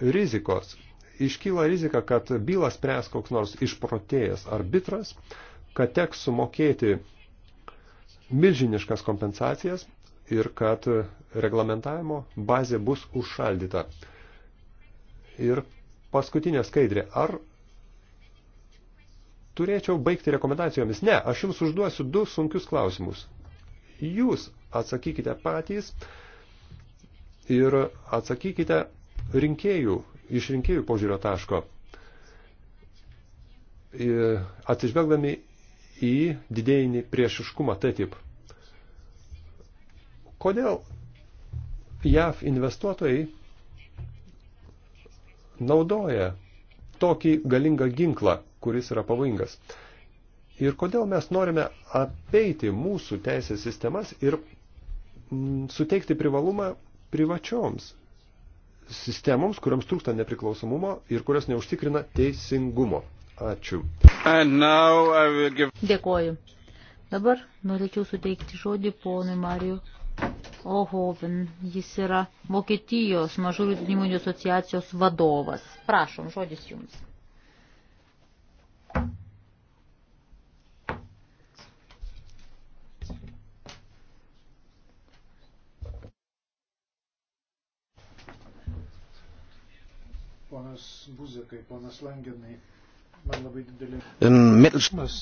rizikos iškyla rizika, kad bylą spręs koks nors išprotėjęs arbitras, kad teks sumokėti milžiniškas kompensacijas ir kad reglamentavimo bazė bus užšaldyta. Ir paskutinė skaidrė. Ar turėčiau baigti rekomendacijomis? Ne, aš jums užduosiu du sunkius klausimus. Jūs atsakykite patys ir atsakykite rinkėjų iš rinkėjų požiūrio taško. Atsižvelgdami į didėjinį priešiškumą TTIP. Kodėl JAV investuotojai naudoja tokį galingą ginklą, kuris yra pavojingas? Ir kodėl mes norime apeiti mūsų teisės sistemas ir mm, suteikti privalumą privačioms sistemoms, kuriams trūksta nepriklausomumo ir kurios neužtikrina teisingumo. Ačiū. Give... Dėkoju. Dabar norėčiau suteikti žodį ponui Mariju Ohoven. Jis yra Vokietijos mažų įmonių asociacijos vadovas. Prašom, žodis jums. ponas Buzekai, ponas Langenai. Man labai didelė. Malonumas.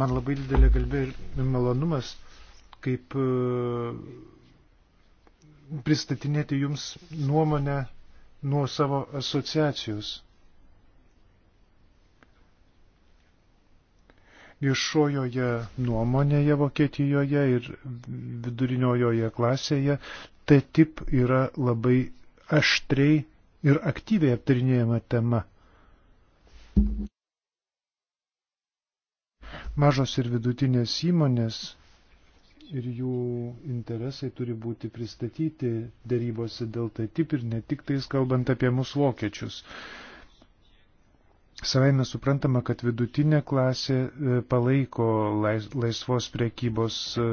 Man labai didelė galbė ir malonumas, kaip e, pristatinėti jums nuomonę nuo savo asociacijos. viešojoje nuomonėje Vokietijoje ir viduriniojoje klasėje TTIP yra labai aštriai ir aktyviai aptarinėjama tema. Mažos ir vidutinės įmonės ir jų interesai turi būti pristatyti darybose dėl tai tip ir ne tik tais kalbant apie mūsų vokiečius. Savai mes suprantame, kad vidutinė klasė e, palaiko laisvos priekybos e,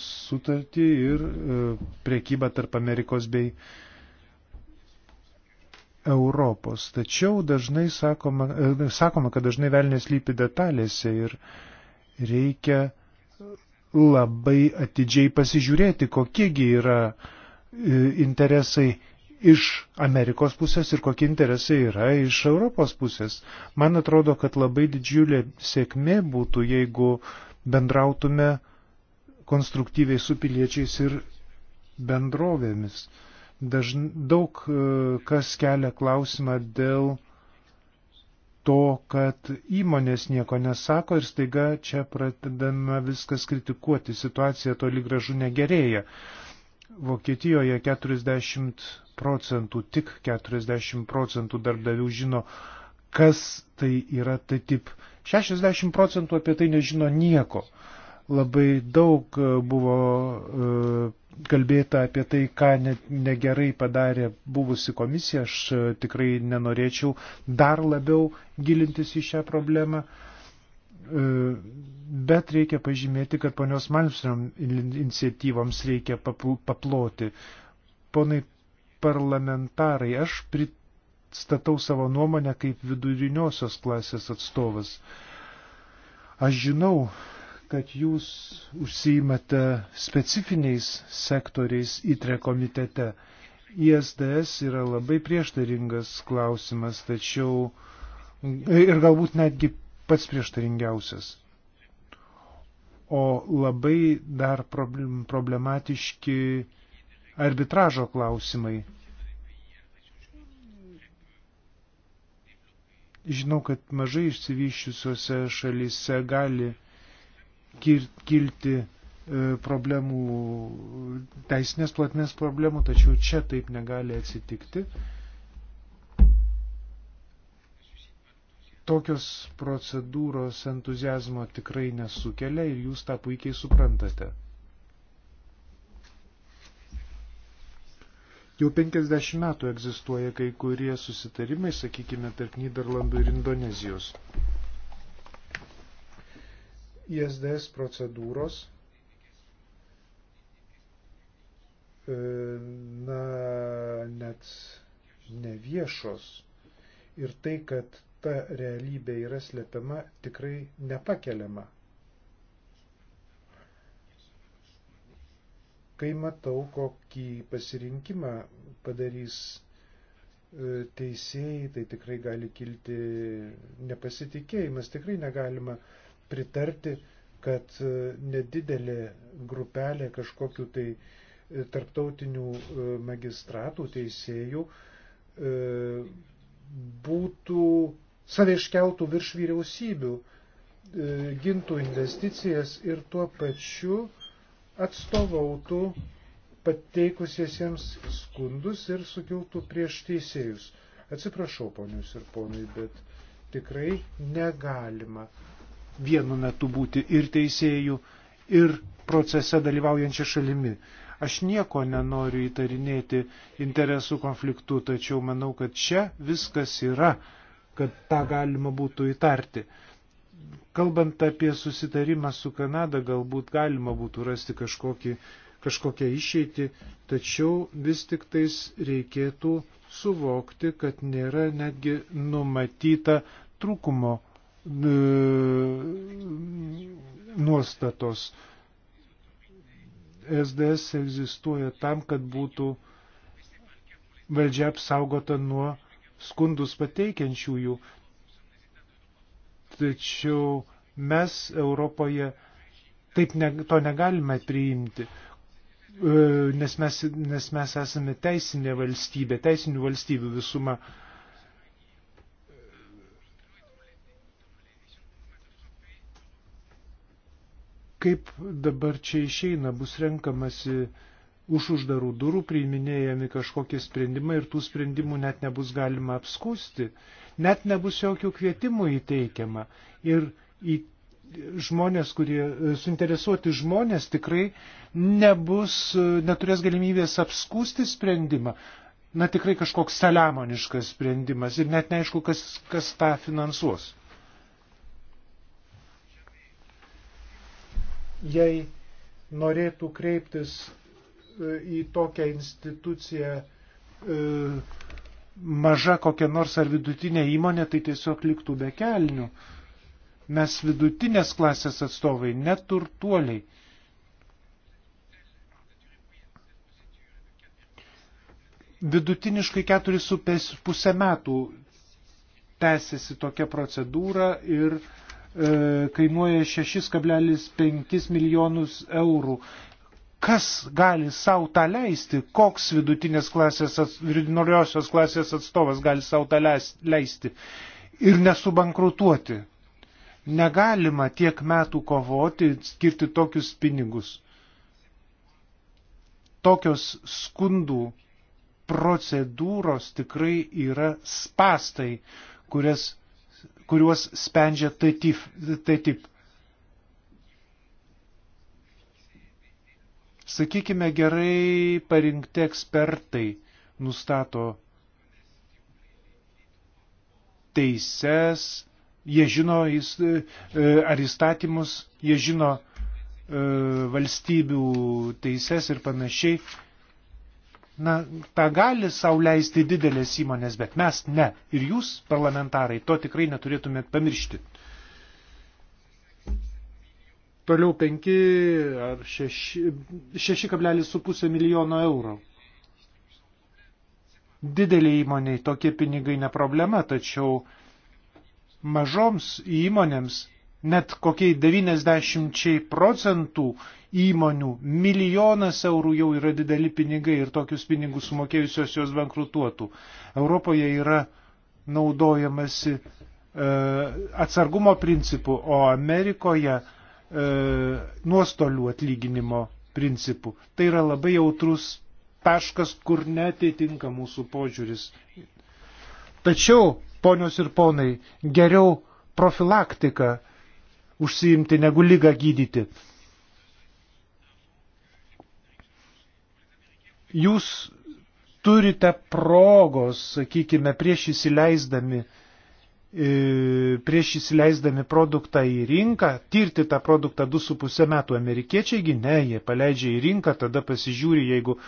sutartį ir e, priekybą tarp Amerikos bei Europos. Tačiau dažnai sakoma, e, sakoma kad dažnai velnės lypi detalėse ir reikia labai atidžiai pasižiūrėti, kokiegi yra e, interesai iš Amerikos pusės ir kokie interesai yra iš Europos pusės. Man atrodo, kad labai didžiulė sėkmė būtų, jeigu bendrautume konstruktyviai su piliečiais ir bendrovėmis. Dažn, daug e, kas kelia klausimą dėl to, kad įmonės nieko nesako ir staiga čia pradedama viskas kritikuoti. Situacija toli gražu negerėja. Vokietijoje 40 procentų, tik 40 procentų darbdavių žino, kas tai yra TTIP. Tai 60 procentų apie tai nežino nieko. Labai daug e, buvo e, kalbėta apie tai, ką negerai padarė buvusi komisija. Aš e, tikrai nenorėčiau dar labiau gilintis į šią problemą. Bet reikia pažymėti, kad ponios Malmström iniciatyvoms reikia paploti. Ponai parlamentarai, aš pristatau savo nuomonę kaip viduriniosios klasės atstovas. Aš žinau, kad jūs užsiimate specifiniais sektoriais įtre komitete. ISDS yra labai prieštaringas klausimas, tačiau ir galbūt netgi pats prieštaringiausias. O labai dar problematiški arbitražo klausimai. Žinau, kad mažai išsivyščiusiuose šalyse gali kilti e, problemų, teisinės platmės problemų, tačiau čia taip negali atsitikti. Tokios procedūros entuzijazmo tikrai nesukelia ir jūs tą puikiai suprantate. Jau 50 metų egzistuoja kai kurie susitarimai, sakykime, tarp Niderlandų ir Indonezijos. ISDS procedūros e, na, net neviešos ir tai, kad ta realybė yra slepiama, tikrai nepakeliama. Kai matau, kokį pasirinkimą padarys e, teisėjai, tai tikrai gali kilti nepasitikėjimas, tikrai negalima uh, pritarti, kad e, nedidelė grupelė kažkokių tai e, tarptautinių e, magistratų, teisėjų būtų saviškeltų virš vyriausybių, gintų investicijas ir tuo pačiu atstovautų pateikusiesiems skundus ir sukiltų prieš teisėjus. Atsiprašau, ponius ir ponai, bet tikrai negalima vienu metu būti ir teisėjų, ir procese dalyvaujančia šalimi. Aš nieko nenoriu įtarinėti interesų konfliktų, tačiau manau, kad čia viskas yra, kad tą galima būtų įtarti. Kalbant apie susitarimą su Kanada, galbūt galima būtų rasti kažkokį, kažkokią išeitį, tačiau vis tik tais reikėtų suvokti, kad nėra netgi numatyta trūkumo E, nuostatos. SDS egzistuoja tam, kad būtų valdžia apsaugota nuo skundus pateikiančiųjų. Tačiau mes Europoje taip ne, to negalime priimti, e, nes mes, nes mes esame teisinė valstybė, teisinių valstybių visuma. Kaip dabar čia išeina, bus renkamasi už uždarų durų, priiminėjami kažkokie sprendimai ir tų sprendimų net nebus galima apskusti, net nebus jokių kvietimų įteikiama. Ir į žmonės, kurie e, suinteresuoti žmonės tikrai nebus, e, neturės galimybės apskūsti sprendimą. Na tikrai kažkoks saliamoniškas sprendimas ir net neaišku, kas, kas tą finansuos. jei norėtų kreiptis e, į tokią instituciją e, maža kokia nors ar vidutinė įmonė, tai tiesiog liktų be kelnių. Mes vidutinės klasės atstovai, neturtuoliai. Vidutiniškai 4,5 metų tęsiasi tokia procedūra ir uh, E, kainuoja 6,5 milijonus eurų. Kas gali savo tą leisti? Koks vidutinės klasės, vidutiniosios klasės atstovas gali savo tą leisti? Ir nesubankrutuoti. Negalima tiek metų kovoti, skirti tokius pinigus. Tokios skundų procedūros tikrai yra spastai, kurias kuriuos spendžia TTIP. TTIP. Sakykime, gerai parinkti ekspertai nustato teises, jie žino e, ar įstatymus, jie žino e, valstybių teises ir panašiai. Na, tą gali sauliaisti didelės įmonės, bet mes ne. Ir jūs, parlamentarai, to tikrai neturėtumėt pamiršti. Toliau 5 ar 6,5 milijono eurų. Didelė įmoniai tokie pinigai ne problema, tačiau mažoms įmonėms net kokiai 90 procentų įmonių. Milijonas eurų jau yra dideli pinigai ir tokius pinigus sumokėjusios jos bankrutuotų. Europoje yra naudojamasi e, atsargumo principu, o Amerikoje e, nuostolių atlyginimo principu. Tai yra labai jautrus taškas, kur netitinka mūsų požiūris. Tačiau, ponios ir ponai, geriau profilaktiką užsiimti negu lygą gydyti. jūs turite progos, sakykime, prieš įsileisdami, e, prieš įsileisdami produktą į rinką, tirti tą produktą 2,5 metų. Amerikiečiaigi ne, jie paleidžia į rinką, tada pasižiūri, jeigu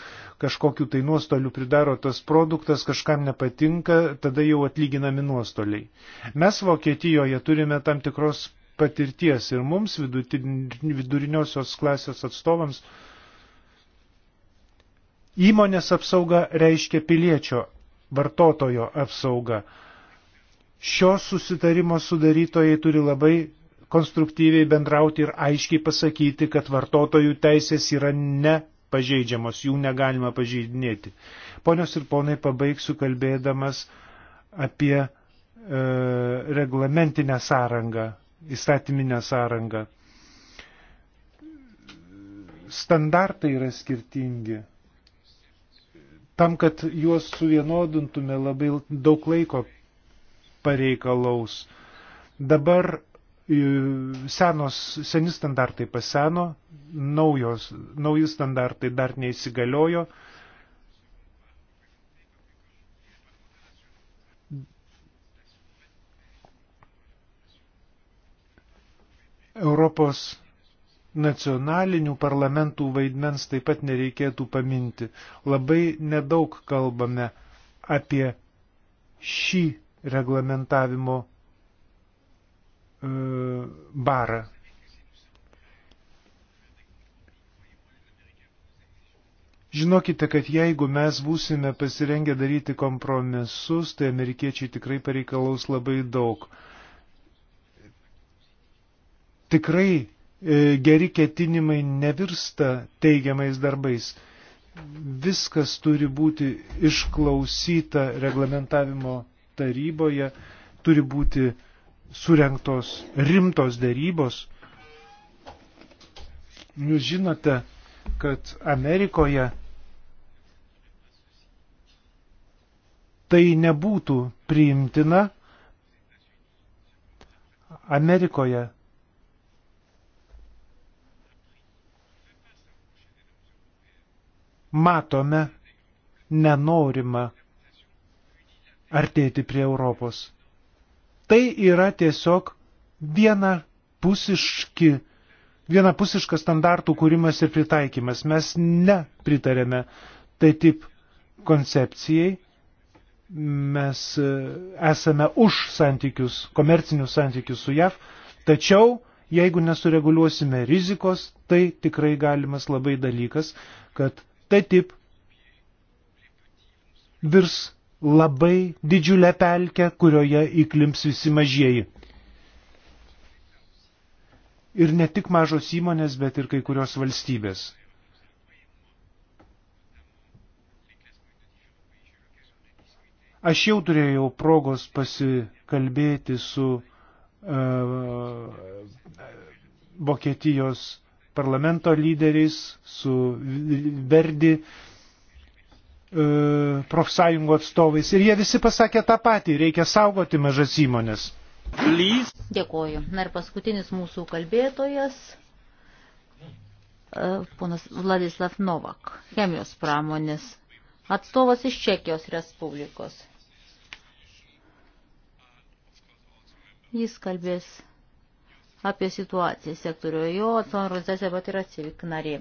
kažkokiu tai nuostoliu pridaro tas produktas, kažkam nepatinka, tada jau atlyginami nuostoliai. Mes Vokietijoje turime tam tikros patirties ir mums viduriniosios klasės atstovams Įmonės apsauga reiškia piliečio, vartotojo apsauga. Šios susitarimo sudarytojai turi labai konstruktyviai bendrauti ir aiškiai pasakyti, kad vartotojų teisės yra nepažeidžiamos, jų negalima pažeidinėti. Ponios ir ponai, pabaigsiu kalbėdamas apie e, reglamentinę sąrangą, įstatyminę sąrangą. Standartai yra skirtingi. Tam, kad juos suvienodintume, labai daug laiko pareikalaus. Dabar senos, seni standartai paseno, naujos, nauji standartai dar neįsigaliojo. Europos nacionalinių parlamentų vaidmens taip pat nereikėtų paminti. Labai nedaug kalbame apie šį reglamentavimo e, barą. Žinokite, kad jeigu mes būsime pasirengę daryti kompromisus, tai amerikiečiai tikrai pareikalaus labai daug. Tikrai E, geri ketinimai nevirsta teigiamais darbais. Viskas turi būti išklausyta reglamentavimo taryboje, turi būti surenktos rimtos dėrybos. Jūs žinote, kad Amerikoje tai nebūtų priimtina. Amerikoje matome nenorimą artėti prie Europos. Tai yra tiesiog viena pusiški, viena pusiška standartų kūrimas ir pritaikymas. Mes nepritarėme tai tip koncepcijai, mes e, esame už santykius, komercinius santykius su JAV, tačiau jeigu nesureguliuosime rizikos, tai tikrai galimas labai dalykas, kad tai taip virs labai didžiulę pelkę, kurioje įklimps visi mažieji. Ir ne tik mažos įmonės, bet ir kai kurios valstybės. Aš jau turėjau progos pasikalbėti su uh, Vokietijos parlamento lyderiais, su Verdi e, profsąjungų atstovais ir jie visi pasakė tą patį, reikia saugoti mažas įmonės. Please. Dėkoju. Na ir paskutinis mūsų kalbėtojas, e, ponas Vladislav Novak, chemijos pramonės atstovas iš Čekijos Respublikos. Jis kalbės apie situaciją sektoriuje. Jo atstovų organizacija pat yra CIVIC nari.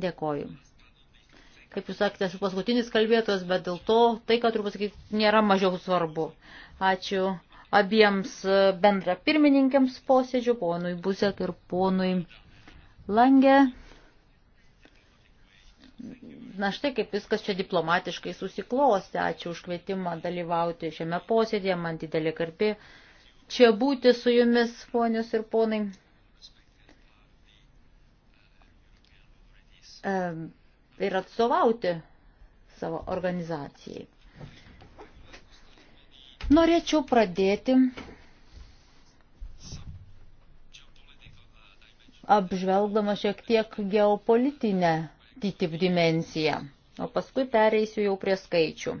Dėkoju. Kaip jūs sakėte, esu paskutinis kalbėtojas, bet dėl to tai, ką turiu pasakyti, nėra mažiau svarbu. Ačiū abiems bendra pirmininkėms posėdžių, ponui Buzek ir ponui Lange. Na štai kaip viskas čia diplomatiškai susiklosti. Ačiū už kvietimą dalyvauti šiame posėdėje. Man didelė karpi čia būti su jumis, ponios ir ponai. Ir atstovauti savo organizacijai. Norėčiau pradėti apžvelgdama šiek tiek geopolitinę TTIP dimensiją. O paskui pereisiu jau prie skaičių.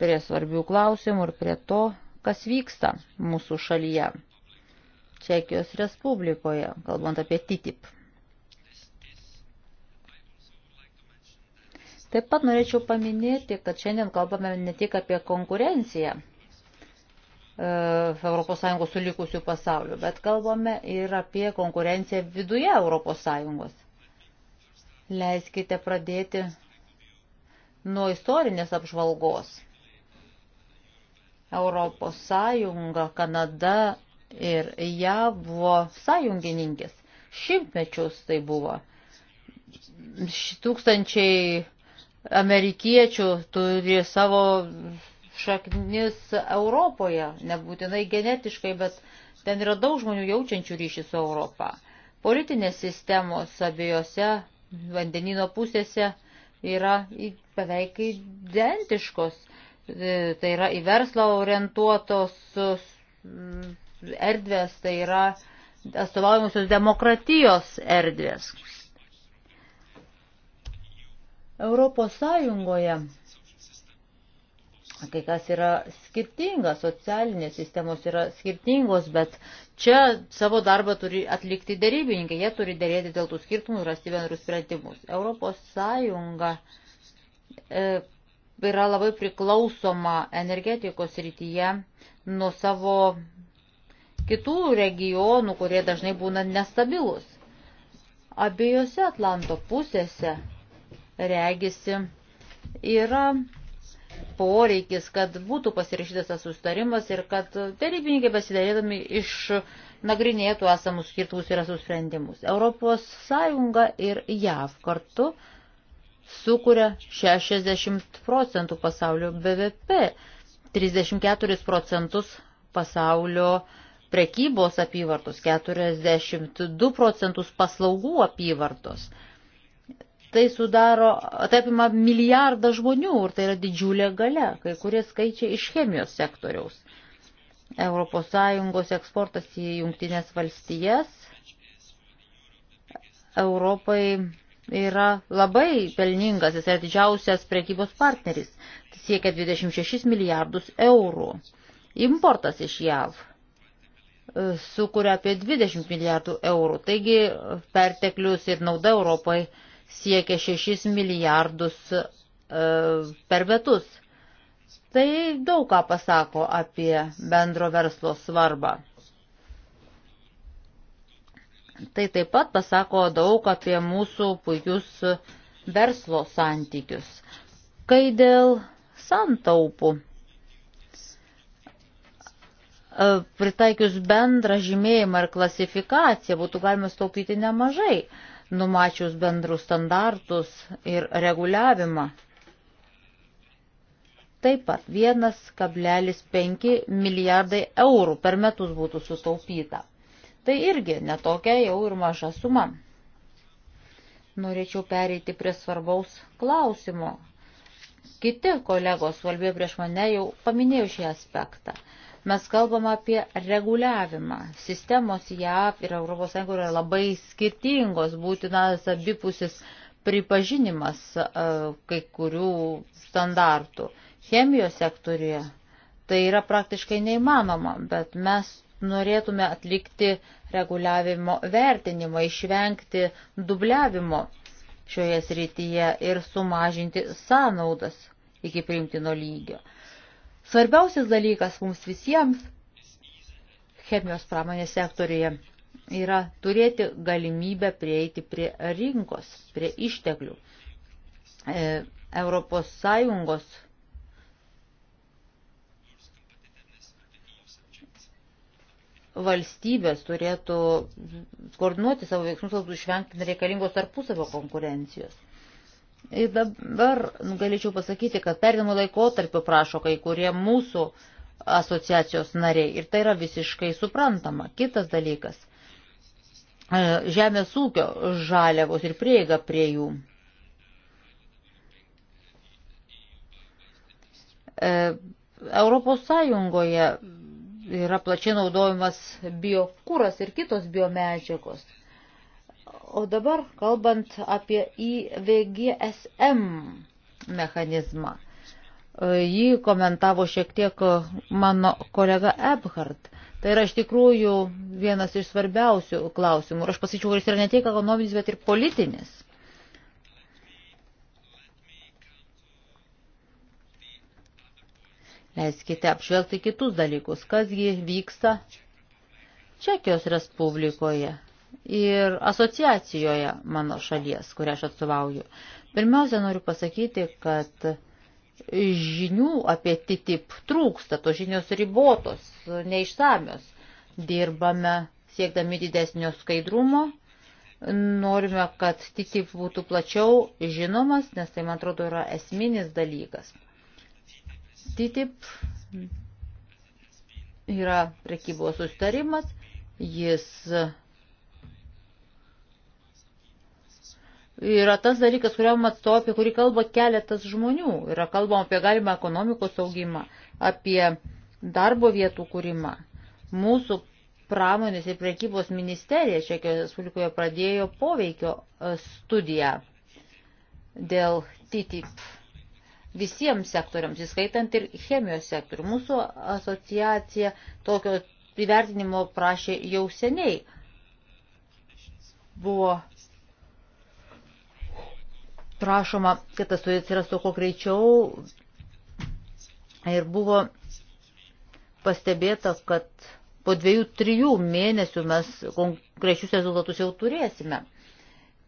Prie svarbių klausimų ir prie to, kas vyksta mūsų šalyje. Čekijos Respublikoje, kalbant apie TTIP. Taip pat norėčiau paminėti, kad šiandien kalbame ne tik apie konkurenciją, ES su likusiu pasauliu, bet kalbame ir apie konkurenciją viduje ES. Leiskite pradėti nuo istorinės apžvalgos. Europos Sąjunga, Kanada ir JAV buvo sąjungininkės. Šimtmečius tai buvo. Tūkstančiai amerikiečių turi savo šaknis Europoje, nebūtinai genetiškai, bet ten yra daug žmonių jaučiančių ryšį su Europą. Politinės sistemos abiejose vandenino pusėse yra beveik identiškos. E, tai yra į verslą orientuotos mm, erdvės, tai yra atstovaujamusios demokratijos erdvės. Europos Sąjungoje kai kas yra skirtinga, socialinės sistemos yra skirtingos, bet čia savo darbą turi atlikti dėrybininkai, jie turi dėrėti dėl tų skirtumų ir rasti bendrus sprendimus. Europos Sąjunga e, yra labai priklausoma energetikos rytyje nuo savo kitų regionų, kurie dažnai būna nestabilus. Abiejose Atlanto pusėse regisi yra poreikis, kad būtų pasirašytas tas sustarimas ir kad tarybininkai pasidarėdami išnagrinėtų esamus skirtus ir esus sprendimus. Europos Sąjunga ir JAV kartu sukuria 60 procentų pasaulio BVP, 34 procentus pasaulio prekybos apyvartos, 42 procentus paslaugų apyvartos tai sudaro, tai apima milijardą žmonių ir tai yra didžiulė gale, kai kurie skaičiai iš chemijos sektoriaus. ES eksportas į jungtinės valstijas Europai yra labai pelningas, jis yra didžiausias prekybos partneris, tai siekia 26 milijardus eurų. Importas iš JAV e, sukuria apie 20 milijardų eurų, taigi perteklius ir nauda Europai siekia 6 milijardus e, per metus. Tai daug ką pasako apie bendro verslo svarbą. Tai taip pat pasako daug apie mūsų puikius verslo santykius. Kai dėl santaupų e, pritaikius bendrą žymėjimą ir klasifikaciją būtų galima staupyti nemažai numačius bendrus standartus ir reguliavimą. Taip pat 1,5 milijardai eurų per metus būtų sutaupyta. Tai irgi netokia jau ir maža suma. Norėčiau pereiti prie svarbaus klausimo. Kiti kolegos valbė prieš mane jau paminėjo šį aspektą. Mes kalbam apie reguliavimą. Sistemos JAV ir ES yra labai skirtingos, būtinas abipusis pripažinimas e, kai kurių standartų. Chemijos sektorija tai yra praktiškai neįmanoma, bet mes norėtume atlikti reguliavimo vertinimą, išvengti dubliavimo šioje srityje ir sumažinti sąnaudas iki priimtino lygio. Svarbiausias dalykas mums visiems chemijos pramonės sektorėje yra turėti galimybę prieiti prie rinkos, prie išteklių. E, Europos Sąjungos valstybės turėtų koordinuoti savo veiksmus, kad išvengti nereikalingos tarpusavio konkurencijos. Ir dabar nu, galėčiau pasakyti, kad perinimo laikotarpio prašo kai kurie mūsų asociacijos nariai. Ir tai yra visiškai suprantama. Kitas dalykas e, - žemės ūkio žaliavos ir prieiga prie jų. E, Europos Sąjungoje yra plačiai naudojamas biokūras ir kitos biomedžiagos. O dabar kalbant apie IVGSM mechanizmą. E, jį komentavo šiek tiek mano kolega Ebhardt. Tai yra iš tikrųjų vienas iš svarbiausių klausimų. Ir aš pasakyčiau, kad jis yra ne tiek ekonominis, bet ir politinis. Leiskite apžvelgti kitus dalykus, kasgi vyksta Čekijos Respublikoje ir asociacijoje mano šalies, kurią aš atstovauju. Pirmiausia, noriu pasakyti, kad žinių apie TTIP trūksta, to žinios ribotos, neišsamios. Dirbame siekdami didesnio skaidrumo, norime, kad TTIP būtų plačiau žinomas, nes tai, man atrodo, yra esminis dalykas. TTIP yra prekybos sustarimas, jis yra tas dalykas, kuriam atstovau, apie kurį kalba keletas žmonių. Yra kalbama apie galimą ekonomikos augimą, apie darbo vietų kūrimą. Mūsų pramonės ir prekybos ministerija Čekijos Respublikoje pradėjo poveikio e, studiją dėl TTIP visiems sektoriams, įskaitant ir chemijos sektorių. Mūsų asociacija tokio įvertinimo prašė jau seniai. Buvo prašoma, kad tas turi atsirastų kuo greičiau. Ir buvo pastebėta, kad po dviejų, trijų mėnesių mes konkrečius rezultatus jau turėsime.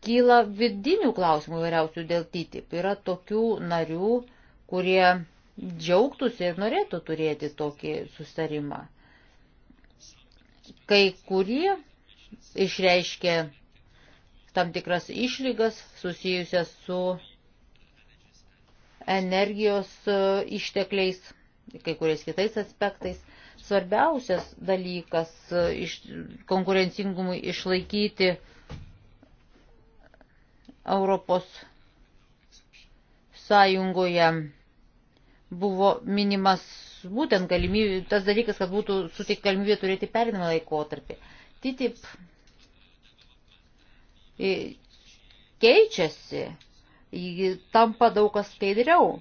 Kyla vidinių klausimų vairiausių dėl TTIP. Yra tokių narių, kurie džiaugtųsi ir norėtų turėti tokį sustarimą. Kai kurie išreiškia tam tikras išlygas susijusias su energijos e, ištekliais, kai kuriais kitais aspektais. Svarbiausias dalykas e, iš, konkurencingumui išlaikyti Europos Sąjungoje buvo minimas būtent galimybė, tas dalykas, kad būtų suteikta galimybė turėti perinamą laikotarpį. TTIP keičiasi, jį tampa daug kas skaidriau.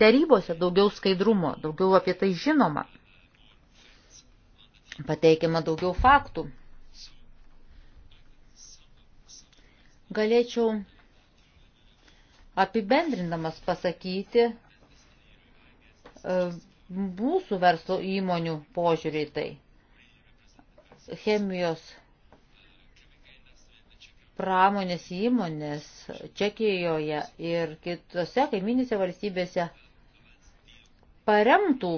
Darybose daugiau skaidrumo, daugiau apie tai žinoma, pateikiama daugiau faktų. Galėčiau apibendrindamas pasakyti e, mūsų verslo įmonių požiūrį tai. Chemijos pramonės įmonės Čekijoje ir kitose kaiminėse valstybėse paremtų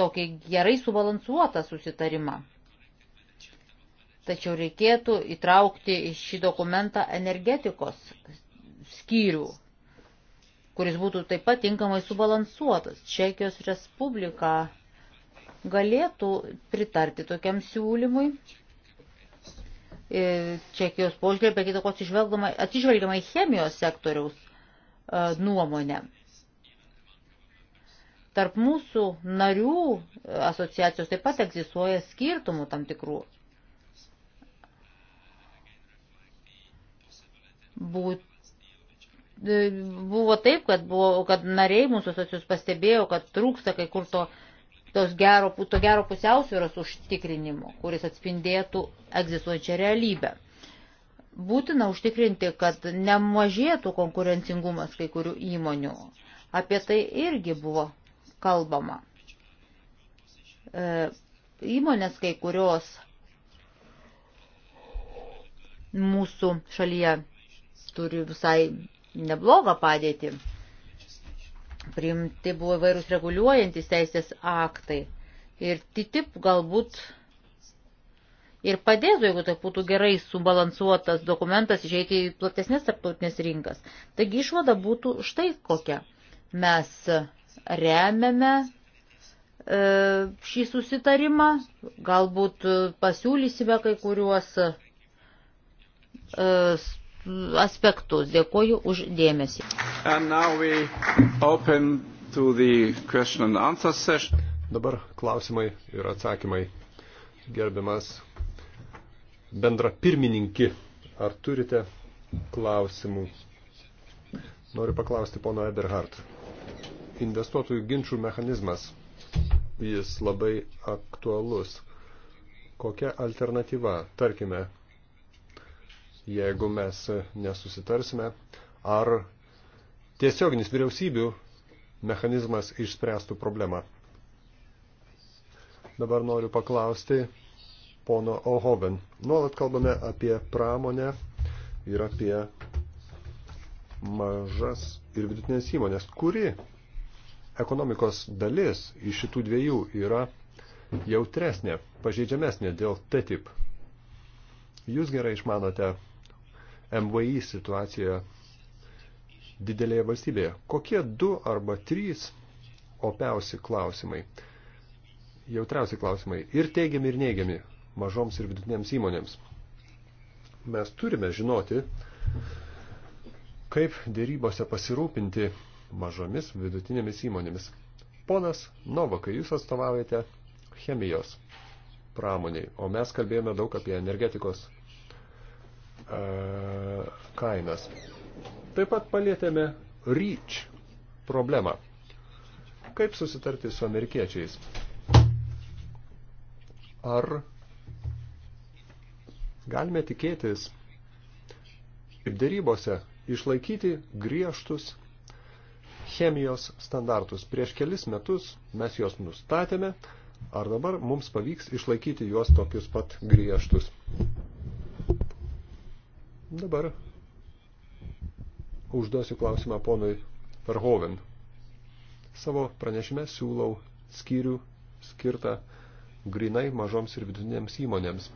tokį gerai subalansuotą susitarimą. Tačiau reikėtų įtraukti į šį dokumentą energetikos skyrių, kuris būtų taip pat tinkamai subalansuotas. Čekijos Respublika galėtų pritarti tokiam siūlymui E, Čekijos požiūrį, be kitokos atsižvelgiama į chemijos sektoriaus e, nuomonę. Tarp mūsų narių e, asociacijos taip pat egzistuoja skirtumų tam tikrų. Būt buvo taip, kad, buvo, kad nariai mūsų asociacijos pastebėjo, kad trūksta kai kur to gero, to gero pusiausvėros užtikrinimo, kuris atspindėtų egzistuojančią realybę. Būtina užtikrinti, kad nemažėtų konkurencingumas kai kurių įmonių. Apie tai irgi buvo kalbama. E, įmonės kai kurios mūsų šalyje turi visai neblogą padėtį Primti buvo vairūs reguliuojantis teisės aktai. Ir TTIP galbūt ir padėtų, jeigu tai būtų gerai subalansuotas dokumentas, išeiti į platesnės tarptautinės rinkas. Taigi išvada būtų štai kokia. Mes remiame e, šį susitarimą, galbūt pasiūlysime kai kuriuos e, aspektus. Dėkoju už dėmesį. Dabar klausimai ir atsakymai. Gerbiamas bendra pirmininki, ar turite klausimų? Noriu paklausti pono Eberhardt. Investuotojų ginčių mechanizmas, jis labai aktualus. Kokia alternatyva, tarkime, jeigu mes nesusitarsime, ar tiesioginis vyriausybių mechanizmas išspręstų problemą. Dabar noriu paklausti pono Ohoven. Nuolat kalbame apie pramonę ir apie mažas ir vidutinės įmonės. Kuri ekonomikos dalis iš šitų dviejų yra jautresnė, pažeidžiamesnė dėl TTIP? Jūs gerai išmanote MVI situaciją didelėje valstybėje. Kokie du arba trys opiausi klausimai, jautriausi klausimai ir teigiami ir neigiami mažoms ir vidutinėms įmonėms? Mes turime žinoti, kaip dėrybose pasirūpinti mažomis vidutinėmis įmonėmis. Ponas Novakai, jūs atstovaujate chemijos pramoniai, o mes kalbėjome daug apie energetikos kainas. Taip pat palėtėme REACH problemą. Kaip susitarti su amerikiečiais? Ar galime tikėtis dėrybose išlaikyti griežtus chemijos standartus? Prieš kelis metus mes juos nustatėme, ar dabar mums pavyks išlaikyti juos tokius pat griežtus? Dabar užduosiu klausimą ponui Verhoven. Savo pranešime siūlau skyrių skirtą grinai mažoms ir vidutinėms įmonėms,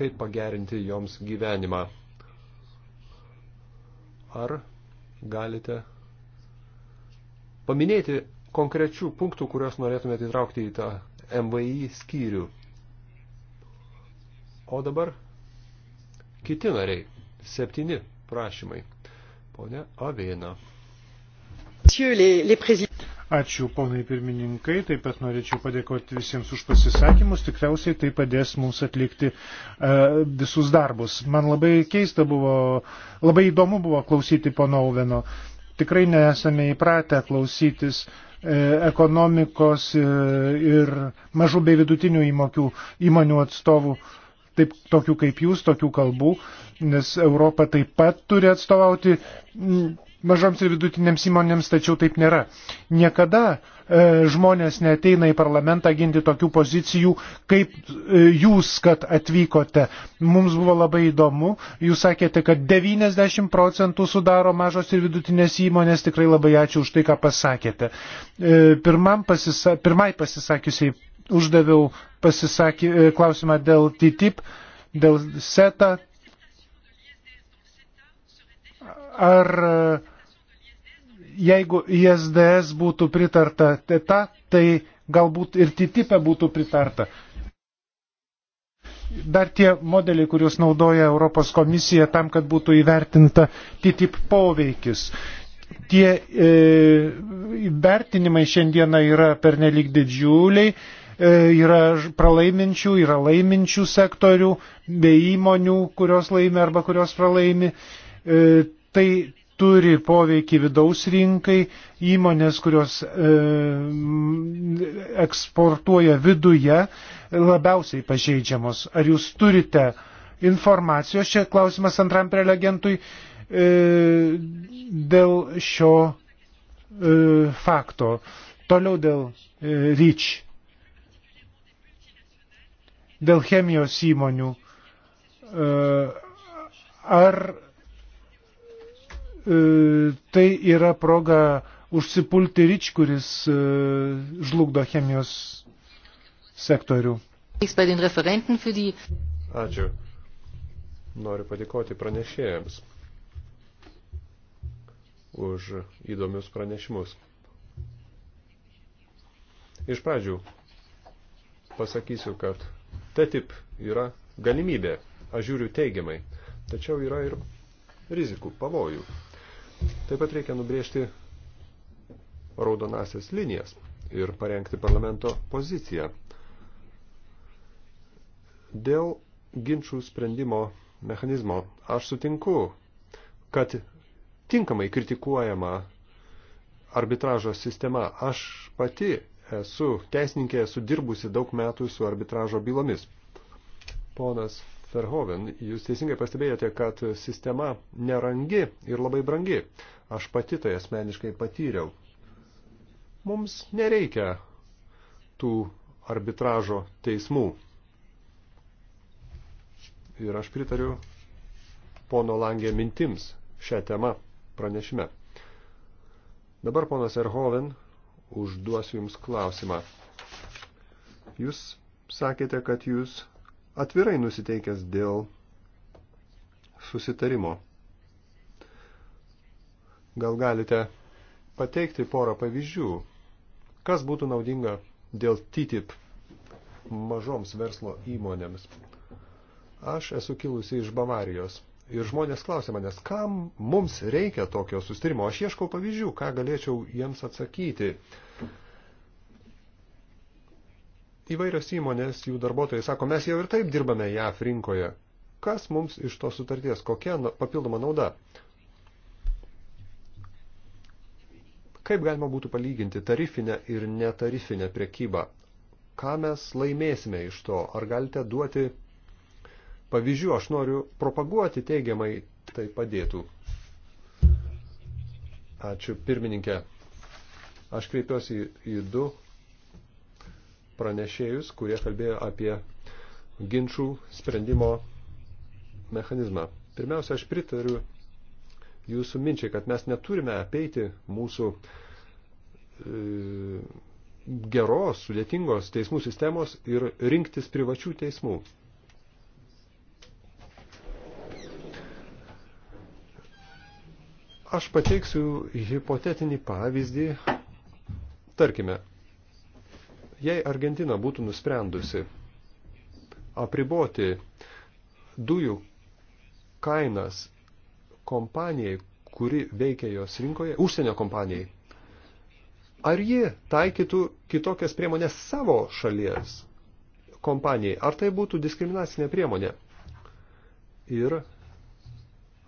kaip pagerinti joms gyvenimą. Ar galite paminėti konkrečių punktų, kuriuos norėtumėte įtraukti į tą MVI skyrių? O dabar kiti nariai. Septyni prašymai. Pone Avėna. Ačiū, ponai pirmininkai, taip pat norėčiau padėkoti visiems už pasisakymus, tikriausiai tai padės mums atlikti e, visus darbus. Man labai keista buvo, labai įdomu buvo klausyti pono Auveno. Tikrai nesame įpratę klausytis e, ekonomikos e, ir mažų bei vidutinių įmokių, įmonių atstovų. E, taip tokių kaip jūs, tokių kalbų, nes Europa taip pat turi atstovauti mažoms ir vidutinėms įmonėms, tačiau taip nėra. Niekada e, žmonės neteina į parlamentą ginti tokių pozicijų, kaip e, jūs, kad atvykote. Mums buvo labai įdomu, jūs sakėte, kad 90 procentų sudaro mažos ir vidutinės įmonės, tikrai labai ačiū už tai, ką pasakėte. E, pirmam pasisa, pirmai pasisakiusiai uždaviau pasisakį, e, klausimą dėl TTIP, dėl SETA. Ar e, jeigu ISDS būtų pritarta TETA, tai galbūt ir TTIP e būtų pritarta. Dar tie modeliai, kuriuos naudoja Europos komisija tam, kad būtų įvertinta TTIP poveikis tie e, vertinimai šiandieną yra pernelyg didžiuliai E, yra pralaiminčių, yra laiminčių sektorių, bei įmonių, kurios laimi arba kurios pralaimi. E, tai turi poveikį vidaus rinkai, įmonės, kurios e, eksportuoja viduje, labiausiai pažeidžiamos. Ar jūs turite informacijos, čia klausimas antram prelegentui, e, dėl šio e, fakto. Toliau dėl e, ryč dėl chemijos įmonių. E, ar e, tai yra proga užsipulti ryč, kuris e, žlugdo chemijos sektorių? Ačiū. Noriu padėkoti pranešėjams už įdomius pranešimus. Iš pradžių pasakysiu, kad TTIP yra galimybė, aš žiūriu teigiamai, tačiau yra ir rizikų, pavojų. Taip pat reikia nubrėžti raudonasias linijas ir parengti parlamento poziciją. Dėl ginčių sprendimo mechanizmo aš sutinku, kad tinkamai kritikuojama arbitražo sistema. Aš pati esu teisininkė, esu dirbusi daug metų su arbitražo bylomis. Ponas Verhoven, jūs teisingai pastebėjote, kad sistema nerangi ir labai brangi. Aš pati tai asmeniškai patyriau. Mums nereikia tų arbitražo teismų. Ir aš pritariu pono Langė mintims šią temą pranešime. Dabar ponas Erhoven užduosiu Jums klausimą. Jūs sakėte, kad Jūs atvirai nusiteikęs dėl susitarimo. Gal galite pateikti porą pavyzdžių, kas būtų naudinga dėl TTIP mažoms verslo įmonėms. Aš esu kilusi iš Bavarijos ir žmonės klausia manęs, kam mums reikia tokio sustarimo. Aš ieškau pavyzdžių, ką galėčiau jiems atsakyti. Įvairios įmonės, jų darbuotojai sako, mes jau ir taip dirbame JAF rinkoje. Kas mums iš to sutarties, kokia papildoma nauda? Kaip galima būtų palyginti tarifinę ir netarifinę prekybą? Ką mes laimėsime iš to? Ar galite duoti pavyzdžių, aš noriu propaguoti teigiamai, tai padėtų. Ačiū pirmininkė. Aš kreipiuosi į, į du pranešėjus, kurie kalbėjo apie ginčių sprendimo mechanizmą. Pirmiausia, aš pritariu jūsų minčiai, kad mes neturime apeiti mūsų e, geros, sudėtingos teismų sistemos ir rinktis privačių teismų. Aš pateiksiu hipotetinį pavyzdį. Tarkime, jei Argentina būtų nusprendusi apriboti dujų kainas kompanijai, kuri veikia jos rinkoje, užsienio kompanijai, ar ji taikytų kitokias priemonės savo šalies kompanijai, ar tai būtų diskriminacinė priemonė? Ir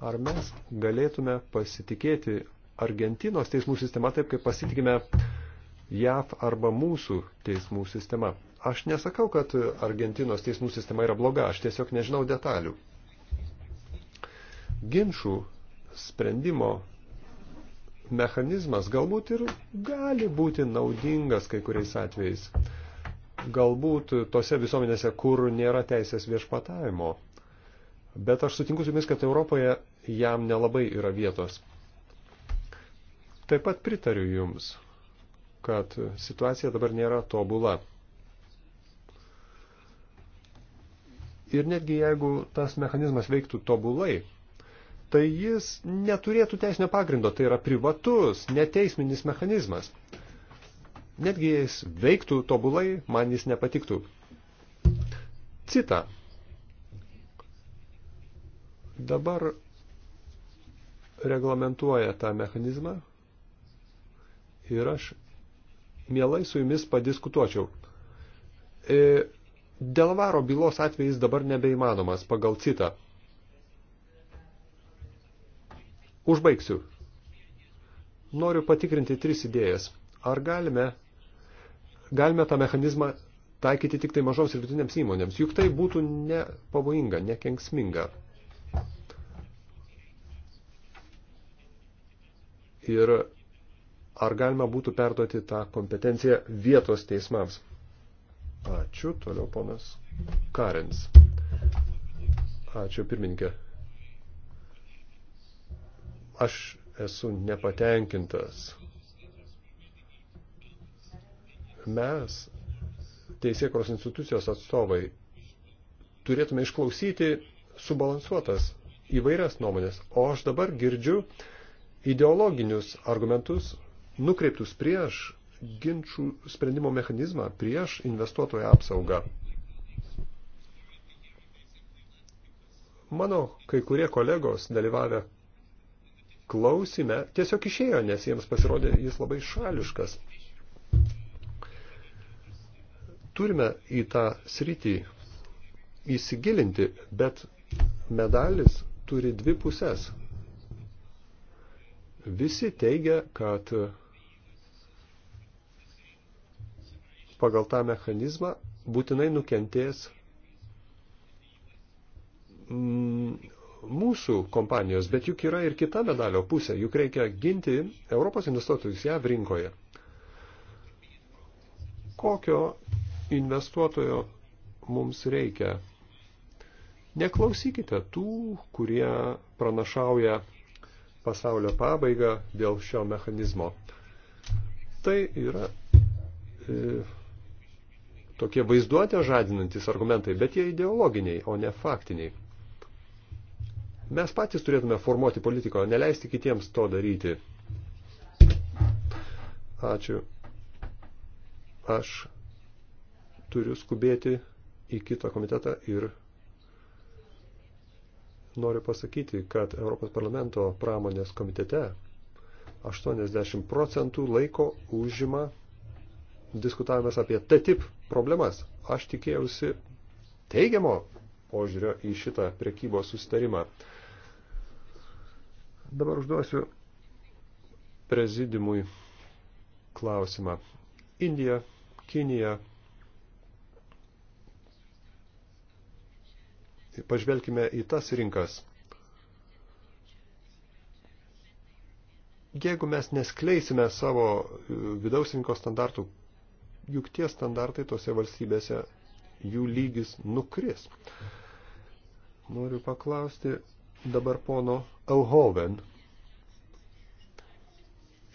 Ar mes galėtume pasitikėti Argentinos teismų sistema taip, kaip pasitikime JAV arba mūsų teismų sistema? Aš nesakau, kad Argentinos teismų sistema yra bloga, aš tiesiog nežinau detalių. Ginčių sprendimo mechanizmas galbūt ir gali būti naudingas kai kuriais atvejais. Galbūt tose visuomenėse, kur nėra teisės viešpatavimo, Bet aš sutinku su jumis, kad Europoje jam nelabai yra vietos. Taip pat pritariu jums, kad situacija dabar nėra tobula. Ir netgi jeigu tas mechanizmas veiktų tobulai, tai jis neturėtų teisinio pagrindo, tai yra privatus, neteisminis mechanizmas. Netgi jis veiktų tobulai, man jis nepatiktų. Cita dabar reglamentuoja tą mechanizmą ir aš mielai su jumis padiskutuočiau. E, Delvaro bylos atvejis dabar nebeįmanomas pagal citą. Užbaigsiu. Noriu patikrinti tris idėjas. Ar galime, galime tą mechanizmą taikyti tik tai mažoms ir vidutinėms įmonėms? Juk tai būtų nepavojinga, nekenksminga. ir ar galima būtų perduoti tą kompetenciją vietos teismams. Ačiū, toliau ponas Karens. Ačiū, pirmininkė. Aš esu nepatenkintas. Mes, teisėkros institucijos atstovai, turėtume išklausyti subalansuotas įvairias nuomonės. O aš dabar girdžiu, uh, ideologinius argumentus nukreiptus prieš ginčių sprendimo mechanizmą, prieš investuotojo apsaugą. Mano kai kurie kolegos dalyvavę klausime tiesiog išėjo, nes jiems pasirodė jis labai šališkas. Turime į tą sritį įsigilinti, bet medalis turi dvi pusės Visi teigia, kad pagal tą mechanizmą būtinai nukentės mūsų kompanijos, bet juk yra ir kita medalio pusė, juk reikia ginti Europos investuotojus JAV rinkoje. Kokio investuotojo mums reikia? Neklausykite tų, kurie pranašauja pasaulio pabaigą dėl šio mechanizmo. Tai yra e, tokie vaizduotė žadinantis argumentai, bet jie ideologiniai, o ne faktiniai. Mes patys turėtume formuoti politiką, o neleisti kitiems to daryti. Ačiū. Aš turiu skubėti į kitą komitetą ir noriu pasakyti, kad Europos parlamento pramonės komitete 80 procentų laiko užima diskutavimas apie TTIP problemas. Aš tikėjausi teigiamo požiūrio į šitą prekybos sustarimą. Dabar užduosiu prezidimui klausimą. Indija, Kinija, Tai pažvelkime į tas rinkas. Jeigu mes neskleisime savo e, vidaus rinkos standartų, juk tie standartai tose valstybėse, jų lygis nukris. Noriu paklausti dabar pono Elhoven.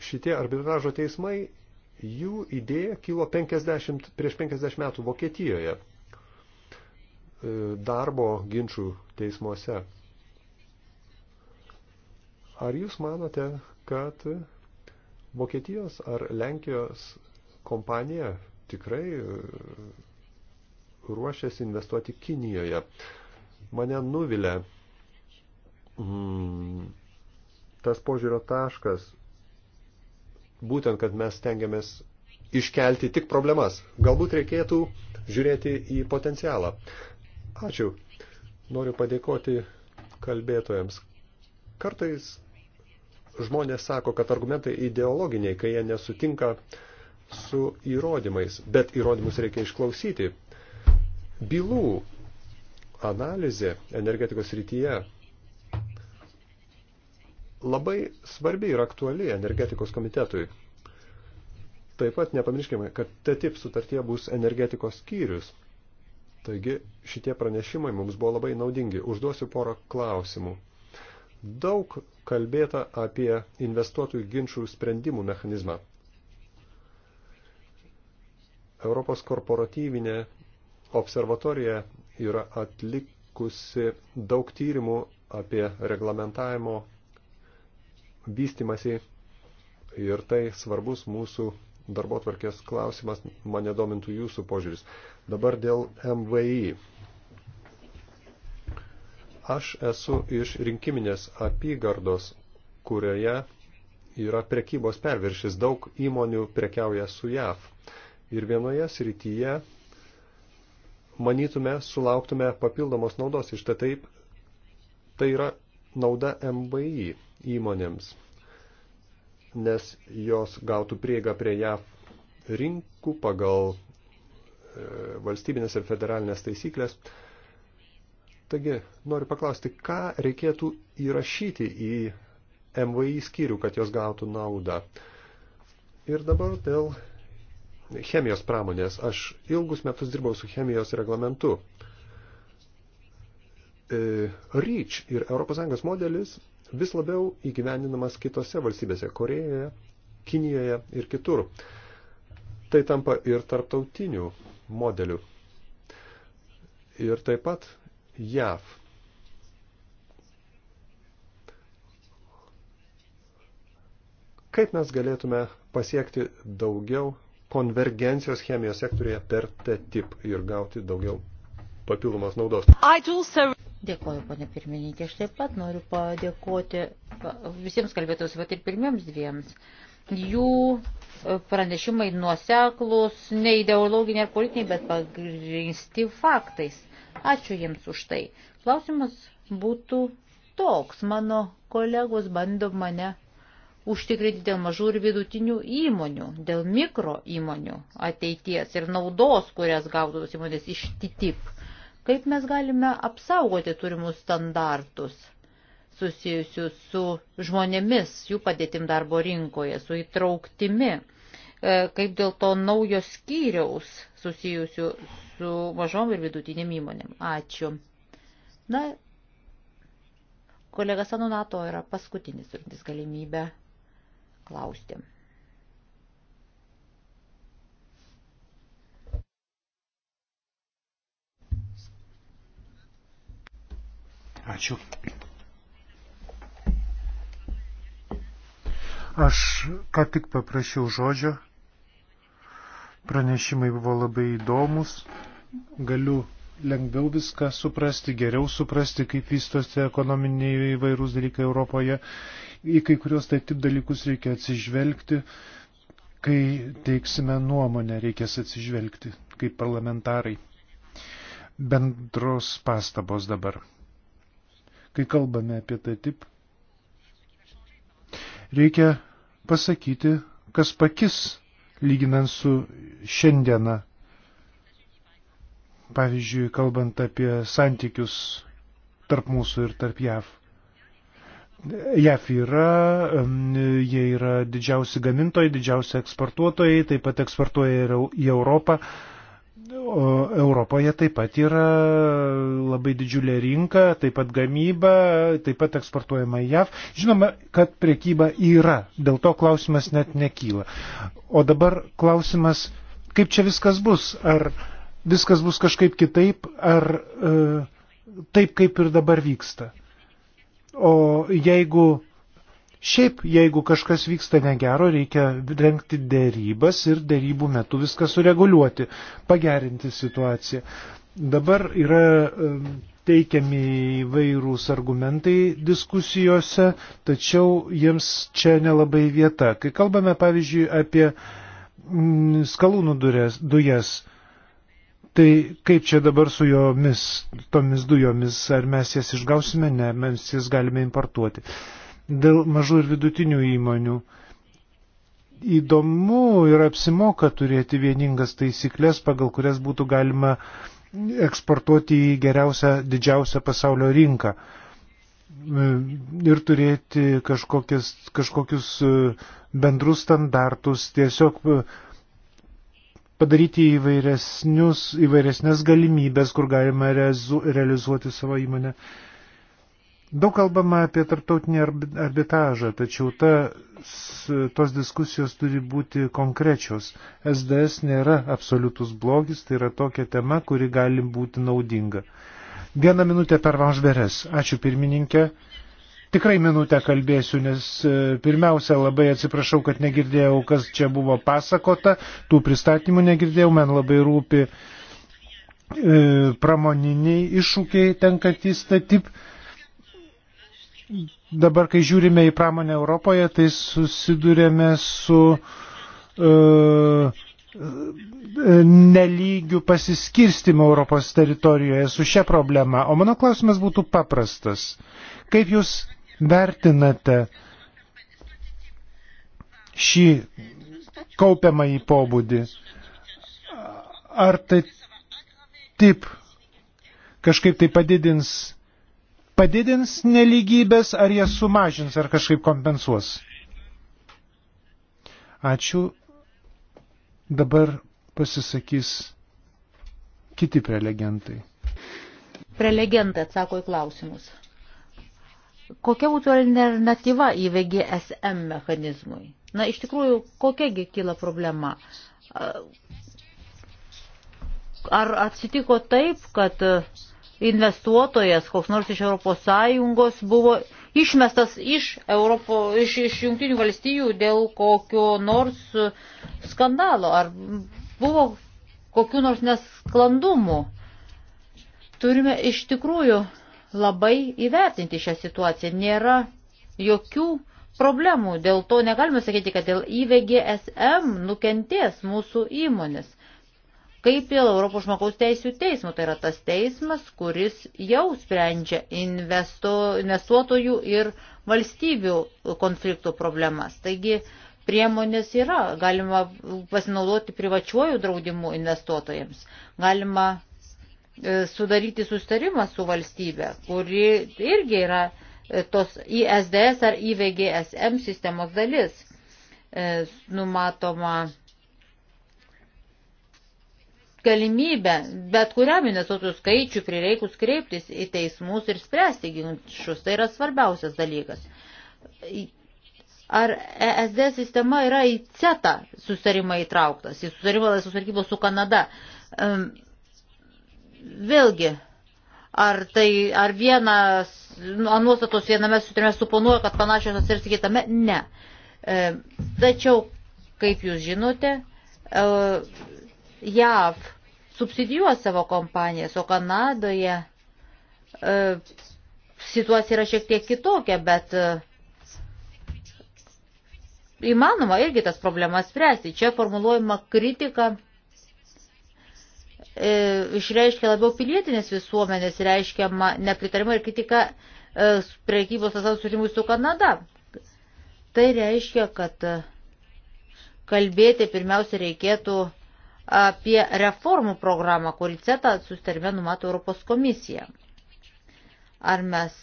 Šitie arbitražo teismai, jų idėja kilo 50, prieš 50 metų Vokietijoje. E, darbo ginčių teismuose. Ar jūs manote, kad Vokietijos ar Lenkijos kompanija tikrai e, ruošiasi investuoti Kinijoje? Mane nuvilia mm, tas požiūrio taškas, būtent, kad mes tengiamės iškelti tik problemas. Galbūt reikėtų žiūrėti į potencialą. Ačiū. Noriu padėkoti kalbėtojams. Kartais žmonės sako, kad argumentai ideologiniai, kai jie nesutinka su įrodymais, bet įrodymus reikia išklausyti. Bylų analizė energetikos rytyje labai svarbi ir aktuali energetikos komitetui. Taip pat nepamirškime, kad TTIP sutartie bus energetikos skyrius. Taigi šitie pranešimai mums buvo labai naudingi. Užduosiu porą klausimų. Daug kalbėta apie investuotojų ginčių sprendimų mechanizmą. Europos korporatyvinė observatorija yra atlikusi daug tyrimų apie reglamentavimo vystimasi ir tai svarbus mūsų darbo tvarkės klausimas, mane domintų jūsų požiūris. Dabar dėl MVI. Aš esu iš rinkiminės apygardos, kurioje yra prekybos perviršis. Daug įmonių prekiauja su JAV. Ir vienoje srityje, manytume, sulauktume papildomos naudos iš tai taip. Tai yra nauda MVI įmonėms, nes jos gautų prieigą prie JAV rinkų pagal E, valstybinės ir federalinės taisyklės. Taigi, noriu paklausti, ką reikėtų įrašyti į MVI skyrių, kad jos gautų naudą. Ir dabar dėl chemijos pramonės. Aš ilgus metus dirbau su chemijos reglamentu. E, REACH ir ES modelis vis labiau įgyvendinamas kitose valstybėse – Korejoje, Kinijoje ir kitur. Tai tampa ir tarptautiniu modelių. Ir taip pat JAV. Kaip mes galėtume pasiekti daugiau konvergencijos chemijos sektorėje per T-tip ir gauti daugiau papildomos naudos? Dėkoju, pane pirmininkė. Aš taip pat noriu padėkoti visiems kalbėtojams, bet ir pirmiems dviems. Uh, jų e, pranešimai nuoseklus, ne ideologiniai ar politiniai, bet pagrinsti faktais. Ačiū jiems už tai. Klausimas būtų toks. Mano kolegos bando mane užtikrinti dėl mažų ir vidutinių įmonių, dėl mikro įmonių ateities ir naudos, kurias gautų tos įmonės iš TTIP. Kaip mes galime apsaugoti turimus standartus? susijusių su žmonėmis, jų padėtim darbo rinkoje, su įtrauktimi, e, kaip dėl to naujo skyriaus susijusių su mažom ir vidutinėm įmonėm. Ačiū. Na, kolega Sanunato yra paskutinis turintis galimybę klausti. Ačiū. Aš ką tik paprašiau žodžio. Pranešimai buvo labai įdomus. Galiu lengviau viską suprasti, geriau suprasti, kaip vystosi ekonominiai įvairūs dalykai Europoje. Į kai kurios tai tip dalykus reikia atsižvelgti, kai teiksime nuomonę, reikės atsižvelgti, kaip parlamentarai. Bendros pastabos dabar. Kai kalbame apie tai tip, reikia pasakyti, kas pakis lyginant su šiandiena. Pavyzdžiui, kalbant apie santykius tarp mūsų ir tarp JAV. JAV yra, jie yra didžiausi gamintojai, didžiausi eksportuotojai, taip pat eksportuoja ir į Europą. O Europoje taip pat yra labai didžiulė rinka, taip pat gamyba, taip pat eksportuojama į JAV. Žinoma, kad priekyba yra, dėl to klausimas net nekyla. O dabar klausimas, kaip čia viskas bus? Ar viskas bus kažkaip kitaip, ar e, taip kaip ir dabar vyksta? O jeigu Šiaip, jeigu kažkas vyksta negero, reikia rengti dėrybas ir dėrybų metu viską sureguliuoti, pagerinti situaciją. Dabar yra teikiami įvairūs argumentai diskusijose, tačiau jiems čia nelabai vieta. Kai kalbame, pavyzdžiui, apie mm, skalūnų durės, dujas, Tai kaip čia dabar su jomis, tomis dujomis, ar mes jas išgausime, ne, mes jas galime importuoti. Uh, dėl mažų ir vidutinių įmonių. Įdomu ir apsimoka turėti vieningas taisyklės, pagal kurias būtų galima eksportuoti į geriausią, didžiausią pasaulio rinką ir turėti kažkokias, kažkokius e, bendrus standartus, tiesiog e, padaryti įvairesnius, įvairesnės galimybės, kur galima rezu, realizuoti savo įmonę. Uh, Daug kalbama apie tarptautinį arbitražą, tačiau ta, tos diskusijos turi būti konkrečios. SDS nėra absoliutus blogis, tai yra tokia tema, kuri gali būti naudinga. Vieną minutę per Vanžveres. Ačiū pirmininkė. Tikrai minutę kalbėsiu, nes e, pirmiausia labai atsiprašau, kad negirdėjau, kas čia buvo pasakota, tų pristatymų negirdėjau, man labai rūpi e, pramoniniai iššūkiai tenkantys statip. Tai dabar, kai žiūrime į pramonę Europoje, tai susidurėme su uh, e, e, nelygių pasiskirstimų Europos teritorijoje su šia problema. O mano klausimas būtų paprastas. Kaip Jūs vertinate šį kaupiamą į pobūdį? Ar tai taip kažkaip tai padidins padidins neligybės, ar jas sumažins, ar kažkaip kompensuos? Ačiū. Dabar pasisakys kiti prelegentai. Prelegentai atsako į klausimus. Kokia būtų alternatyva į VGSM mechanizmui? Na, iš tikrųjų, kokiagi kyla problema? Ar atsitiko taip, kad uh, investuotojas, koks nors iš ES, buvo išmestas iš, Europo, iš, iš Junktinių valstijų dėl kokio nors skandalo ar buvo kokiu nors nesklandumu. Turime iš tikrųjų labai įvertinti šią situaciją. Nėra jokių problemų. Dėl to negalime sakyti, kad dėl IVGSM nukentės mūsų įmonės. Kaip dėl Europos žmogaus teisų teismo, tai yra tas teismas, kuris jau sprendžia investo, investuotojų ir valstybių konfliktų problemas. Taigi priemonės yra, galima pasinaudoti privačiuoju draudimu investuotojams, galima e, sudaryti sustarimą su valstybe, kuri irgi yra e, tos ISDS ar IVGSM sistemos dalis. E, numatoma galimybę bet kuriam investuotojų skaičių prireikus kreiptis į teismus ir spręsti ginčius. Tai yra svarbiausias dalykas. Ar ESD sistema yra į CETA susitarimą įtrauktas, į susitarimą laisvos varkybos su Kanada? Vėlgi, ar, tai, ar vienas, nuostatos viename sutarime suponuoja, kad panašios atsirs kitame? Ne. Tačiau, kaip jūs žinote, e, JAV subsidijuos savo kompanijas, o Kanadoje e, situacija yra šiek tiek kitokia, bet e, įmanoma irgi tas problemas spręsti. Čia formuluojama kritika e, išreiškia labiau pilietinės visuomenės, reiškiama nepritarimą ir kritika e, priekybos asasurimui su Kanada. Tai reiškia, kad e, kalbėti pirmiausia reikėtų apie reformų programą, kurį CETA sustarime numato Europos komisija. Ar mes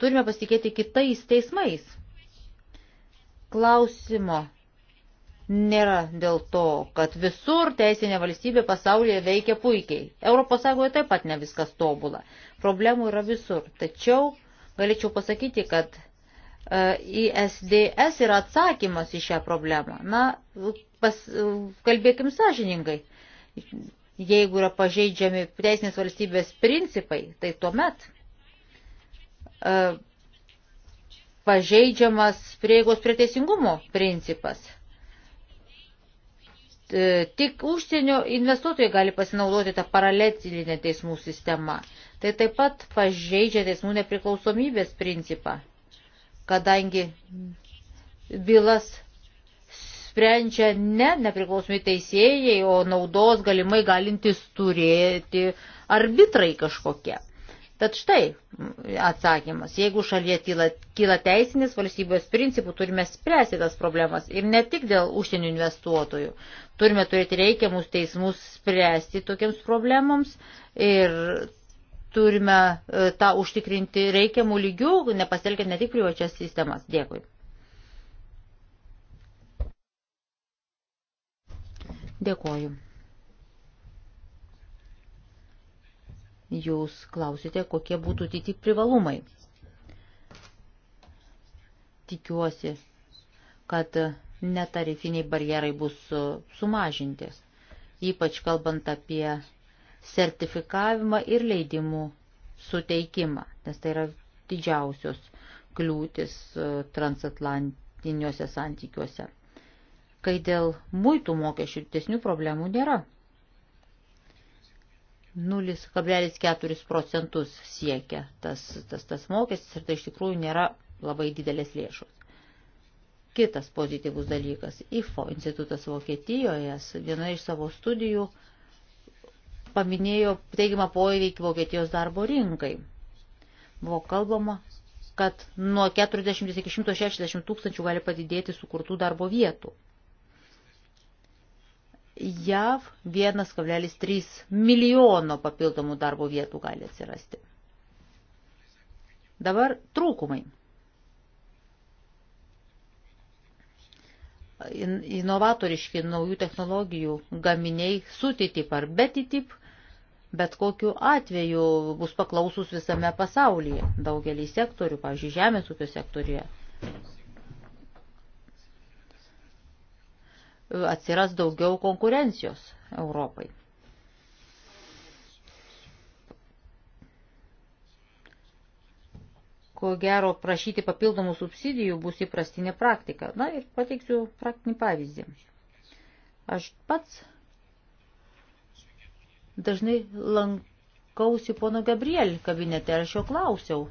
turime pasitikėti kitais teismais? Klausimo nėra dėl to, kad visur teisinė valstybė pasaulyje veikia puikiai. ES taip pat ne viskas tobula. Problemų yra visur. Tačiau galėčiau pasakyti, kad E, ISDS yra atsakymas į šią problemą. Na, pas, kalbėkim sąžiningai. Jeigu yra pažeidžiami teisinės valstybės principai, tai tuomet uh, pažeidžiamas prieigos prie teisingumo principas. E, tik užsienio investuotojai gali pasinaudoti tą paralelinę teismų sistemą. Tai taip pat pažeidžia teismų nepriklausomybės principą kadangi bylas sprendžia ne nepriklausomi teisėjai, o naudos galimai galintys turėti arbitrai kažkokie. Tad štai atsakymas. Jeigu šalyje kyla, kyla teisinis valstybės principų, turime spręsti tas problemas ir ne tik dėl užsienio investuotojų. Turime turėti reikiamus teismus spręsti tokiems problemams ir turime e, tą užtikrinti reikiamų lygių, nepasitelkiant ne tik privačias sistemas. Dėkui. Dėkoju. Jūs klausite, kokie būtų tik privalumai. Tikiuosi, kad netarifiniai barjerai bus sumažinti, ypač kalbant apie sertifikavimą ir leidimų suteikimą, nes tai yra didžiausios kliūtis e, transatlantiniuose santykiuose, kai dėl muitų mokesčių didesnių problemų nėra. 0,4 procentus siekia tas, tas, tas mokestis ir tai iš tikrųjų nėra labai didelės lėšos. Kitas pozityvus dalykas - IFO institutas Vokietijoje vienoje iš savo studijų uh, paminėjo teigiamą poveikį Vokietijos darbo rinkai. Buvo kalbama, kad nuo 40 iki 160 tūkstančių gali padidėti sukurtų darbo vietų. JAV 1,3 milijono papildomų darbo vietų gali atsirasti. Dabar trūkumai. Inovatoriški naujų technologijų gaminiai su TTIP ar be TTIP bet kokiu atveju bus paklausus visame pasaulyje, daugelį sektorių, pavyzdžiui, žemės ūkio sektoriuje. Atsiras daugiau konkurencijos Europai. Ko gero, prašyti papildomų subsidijų bus įprastinė praktika. Na ir pateiksiu praktinį pavyzdį. Aš pats Dažnai lankausi pono Gabriel kabinete ir aš jo klausiau.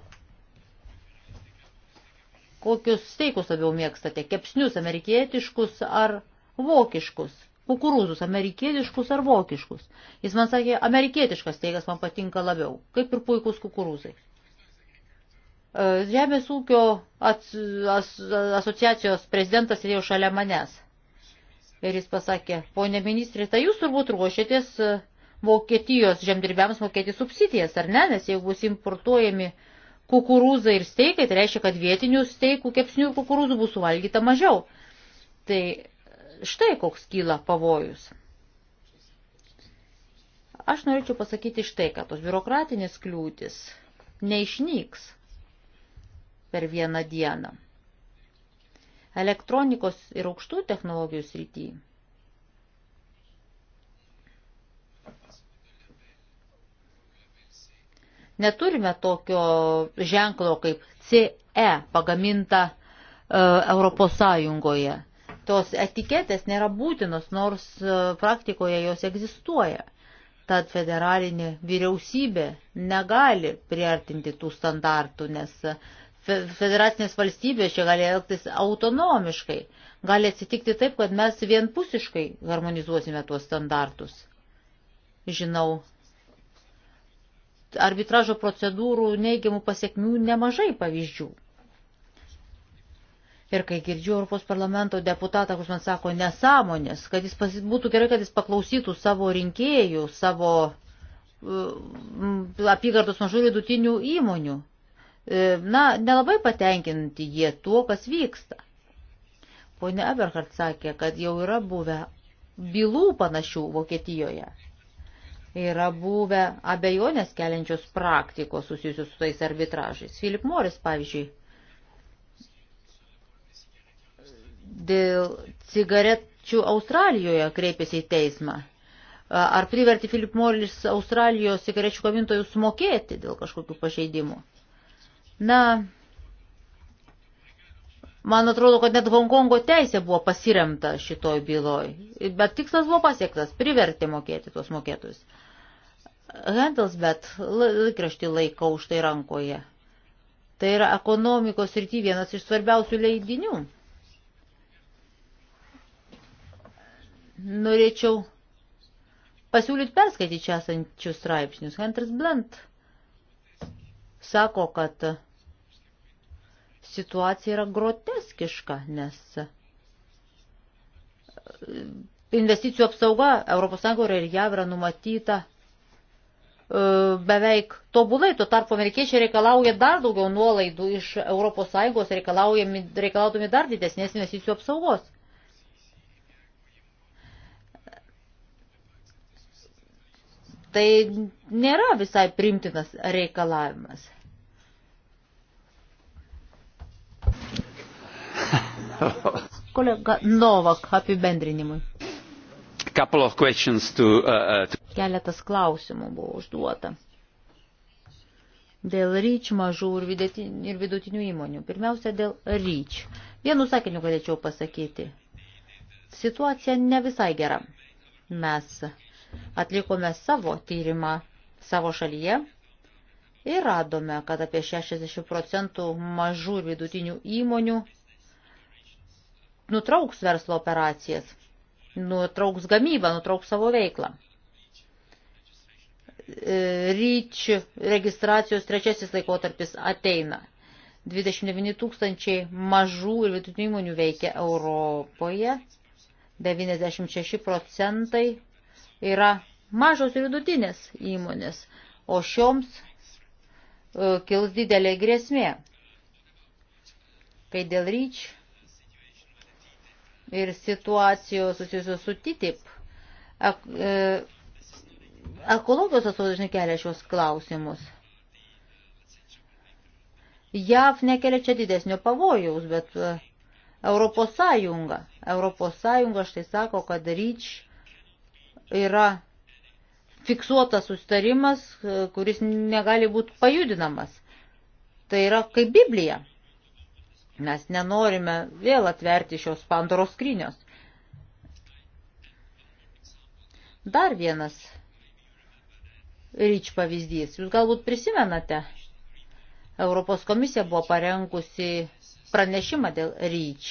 Kokius steikus labiau mėgstate? Kepsnius amerikietiškus ar vokiškus? Kukurūzus amerikietiškus ar vokiškus? Jis man sakė, amerikietiškas steikas man patinka labiau, kaip ir puikus kukurūzai. E, žemės ūkio as, as, asociacijos prezidentas sėdėjo šalia manęs. Ir jis pasakė, ponė ministrė, tai jūs turbūt ruošiatės Vokietijos žemdirbiams mokėti subsidijas, ar ne? Nes jeigu bus importuojami kukurūzai ir steikai, tai reiškia, kad vietinių steikų, kepsnių ir kukurūzų bus suvalgyta mažiau. Tai štai koks kyla pavojus. Aš norėčiau pasakyti štai, kad tos biurokratinės kliūtis neišnyks per vieną dieną. Elektronikos ir aukštų technologijų srityje Neturime tokio ženklo kaip CE pagaminta e, Europos Sąjungoje. Tos etiketės nėra būtinos, nors e, praktikoje jos egzistuoja. Tad federalinė vyriausybė negali priartinti tų standartų, nes federacinės valstybės čia gali elgtis autonomiškai. Gali atsitikti taip, kad mes vienpusiškai harmonizuosime tuos standartus. Žinau, arbitražo procedūrų neigiamų pasiekmių nemažai pavyzdžių. Ir kai girdžiu Europos parlamento deputatą, kuris man sako nesąmonės, kad jis pas, būtų gerai, kad jis paklausytų savo rinkėjų, savo uh, apygardos mažų vidutinių įmonių. Uh, na, nelabai patenkinti jie tuo, kas vyksta. Pone Eberhardt sakė, kad jau yra buvę bylų panašių Vokietijoje yra buvę abejonės keliančios praktikos susijusios su tais arbitražais. Filip Moris, pavyzdžiui, dėl cigarečių Australijoje kreipėsi į teismą. Ar priverti Filip Moris Australijos cigarečių gamintojus sumokėti dėl kažkokių pažeidimų? Na, Man atrodo, kad net Hongkongo teisė buvo pasiremta šitoj byloj, bet tikslas buvo pasiektas - privertė mokėti tuos mokėtojus. Handelsbet laikraštį laikau štai rankoje. Tai yra ekonomikos rytį vienas iš svarbiausių leidinių. Norėčiau pasiūlyti perskaityti čia esančius straipsnius. Hunters Blunt sako, kad situacija yra groteskiška, nes e, investicijų apsauga ES ir JAV yra numatyta E, beveik tobulai, tuo tarpu amerikiečiai reikalauja dar daugiau nuolaidų iš ES, reikalaudami dar didesnės investicijų apsaugos. Tai nėra visai primtinas reikalavimas. Kolega Novak apibendrinimui. To, uh, uh, to... Keletas klausimų buvo užduota. Dėl ryč mažų ir, vidėtinių, ir vidutinių įmonių. Pirmiausia, dėl ryč. Vienu sakiniu galėčiau pasakyti. Situacija ne visai gera. Mes atlikome savo tyrimą savo šalyje ir radome, kad apie 60 procentų mažų ir vidutinių įmonių nutrauks verslo operacijas nutrauks gamybą, nutrauks savo veiklą. E, ryč registracijos trečiasis laikotarpis ateina. 29 tūkstančiai mažų ir vidutinių įmonių veikia Europoje. 96 procentai yra mažos ir vidutinės įmonės, o šioms e, kils didelė grėsmė. Kai dėl ryčių ir situacijos susijusios su TTIP. Ek, e, ekologijos atstovai dažnai kelia šios klausimus. JAV nekelia čia didesnio pavojaus, bet e, Europos Sąjunga. Europos Sąjunga štai sako, kad ryč yra fiksuotas sustarimas, e, kuris negali būti pajudinamas. Tai yra kaip Biblija. Mes nenorime vėl atverti šios Pandoros skrynios. Dar vienas ryč pavyzdys. Jūs galbūt prisimenate, Europos komisija buvo parengusi pranešimą dėl ryč,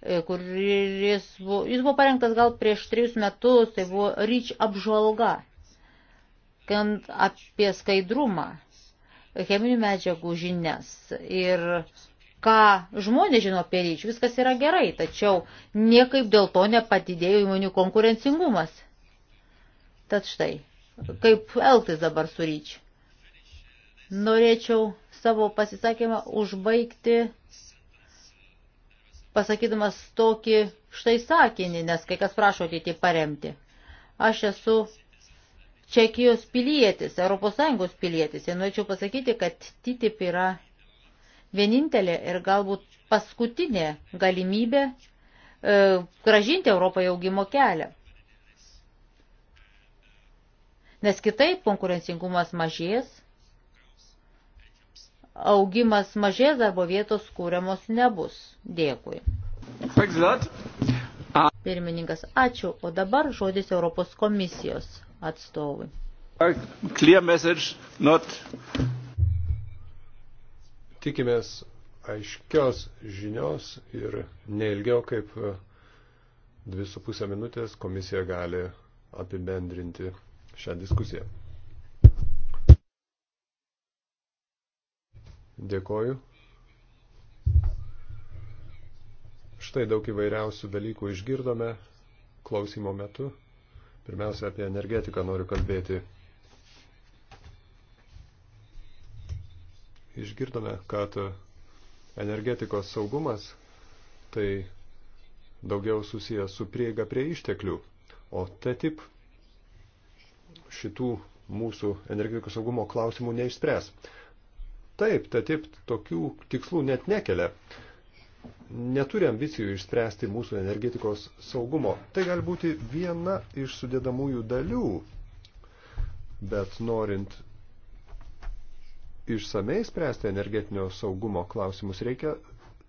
e, kuris buvo, jis buvo parengtas gal prieš trejus metus, tai buvo ryč apžvalga, kant apie skaidrumą cheminių medžiagų žinias ir ką žmonės žino apie ryčių, viskas yra gerai, tačiau niekaip dėl to nepatidėjo įmonių konkurencingumas. Tad štai, kaip elgtis dabar su ryčiu. Norėčiau savo pasisakymą užbaigti pasakydamas tokį štai sakinį, nes kai kas prašo ateitį paremti. Aš esu Čekijos pilietis, ES pilietis ir norėčiau pasakyti, kad TTIP yra vienintelė ir galbūt paskutinė galimybė e, gražinti Europą į augimo kelią. Nes kitaip konkurencingumas mažės, augimas mažės, darbo vietos kūriamos nebus. Dėkui. Uh, Pirmininkas, ačiū. O dabar žodis Europos komisijos atstovui. Clear message, not Tikimės aiškios žinios ir neilgiau kaip e, dvi su pusę minutės komisija gali apibendrinti šią diskusiją. Dėkoju. Štai daug įvairiausių dalykų išgirdome klausimo metu. Pirmiausia, apie energetiką noriu kalbėti. išgirdome, kad energetikos saugumas tai daugiau susijęs su prieiga prie išteklių, o TTIP šitų mūsų energetikos saugumo klausimų neišspręs. Taip, TTIP tokių tikslų net nekelia. Neturi ambicijų išspręsti mūsų energetikos saugumo. Tai gali būti viena iš sudėdamųjų dalių, bet norint išsamei spręsti energetinio saugumo klausimus, reikia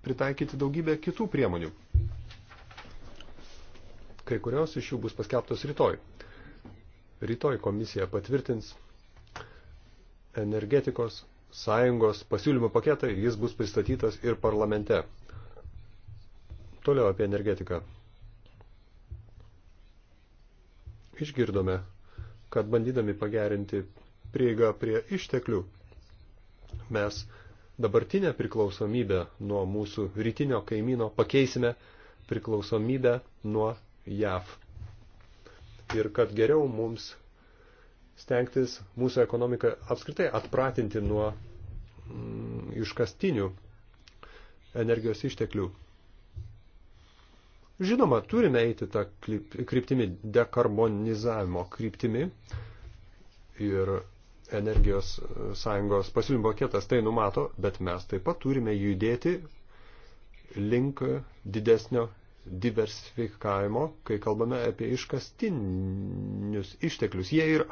pritaikyti daugybę kitų priemonių. Kai kurios iš jų bus paskelbtos rytoj. Rytoj komisija patvirtins energetikos sąjungos pasiūlymų paketą ir jis bus pristatytas ir parlamente. Toliau apie energetiką. Išgirdome, kad bandydami pagerinti prieigą prie išteklių, mes dabartinę priklausomybę nuo mūsų rytinio kaimyno pakeisime priklausomybę nuo JAV. Ir kad geriau mums stengtis mūsų ekonomiką apskritai atpratinti nuo mm, iškastinių energijos išteklių. Žinoma, turime eiti tą kryptimį dekarbonizavimo kryptimį ir energijos e, sąjungos pasiūlymo paketas tai numato, bet mes taip pat turime judėti link didesnio diversifikavimo, kai kalbame apie iškastinius išteklius. Jie ir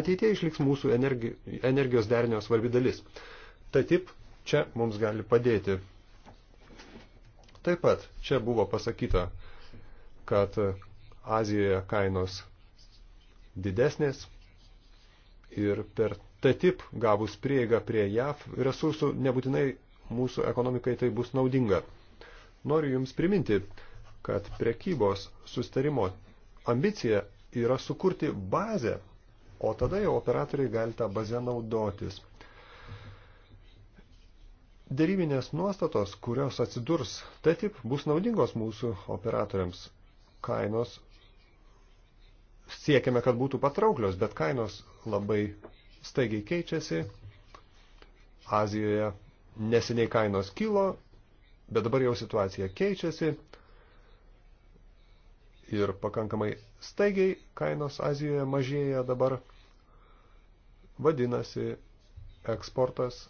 ateitie išliks mūsų energi, energijos derinio svarbi dalis. Tai taip, čia mums gali padėti. Taip pat čia buvo pasakyta, kad Azijoje kainos didesnės, ir per TTIP gavus prieigą prie JAV resursų nebūtinai mūsų ekonomikai tai bus naudinga. Noriu Jums priminti, kad prekybos sustarimo ambicija yra sukurti bazę, o tada jau operatoriai gali tą bazę naudotis. Dėrybinės nuostatos, kurios atsidurs TTIP, bus naudingos mūsų operatoriams. Kainos siekiame, kad būtų patrauklios, bet kainos labai staigiai keičiasi. Azijoje neseniai kainos kilo, bet dabar jau situacija keičiasi ir pakankamai staigiai kainos Azijoje mažėja dabar. Vadinasi, eksportas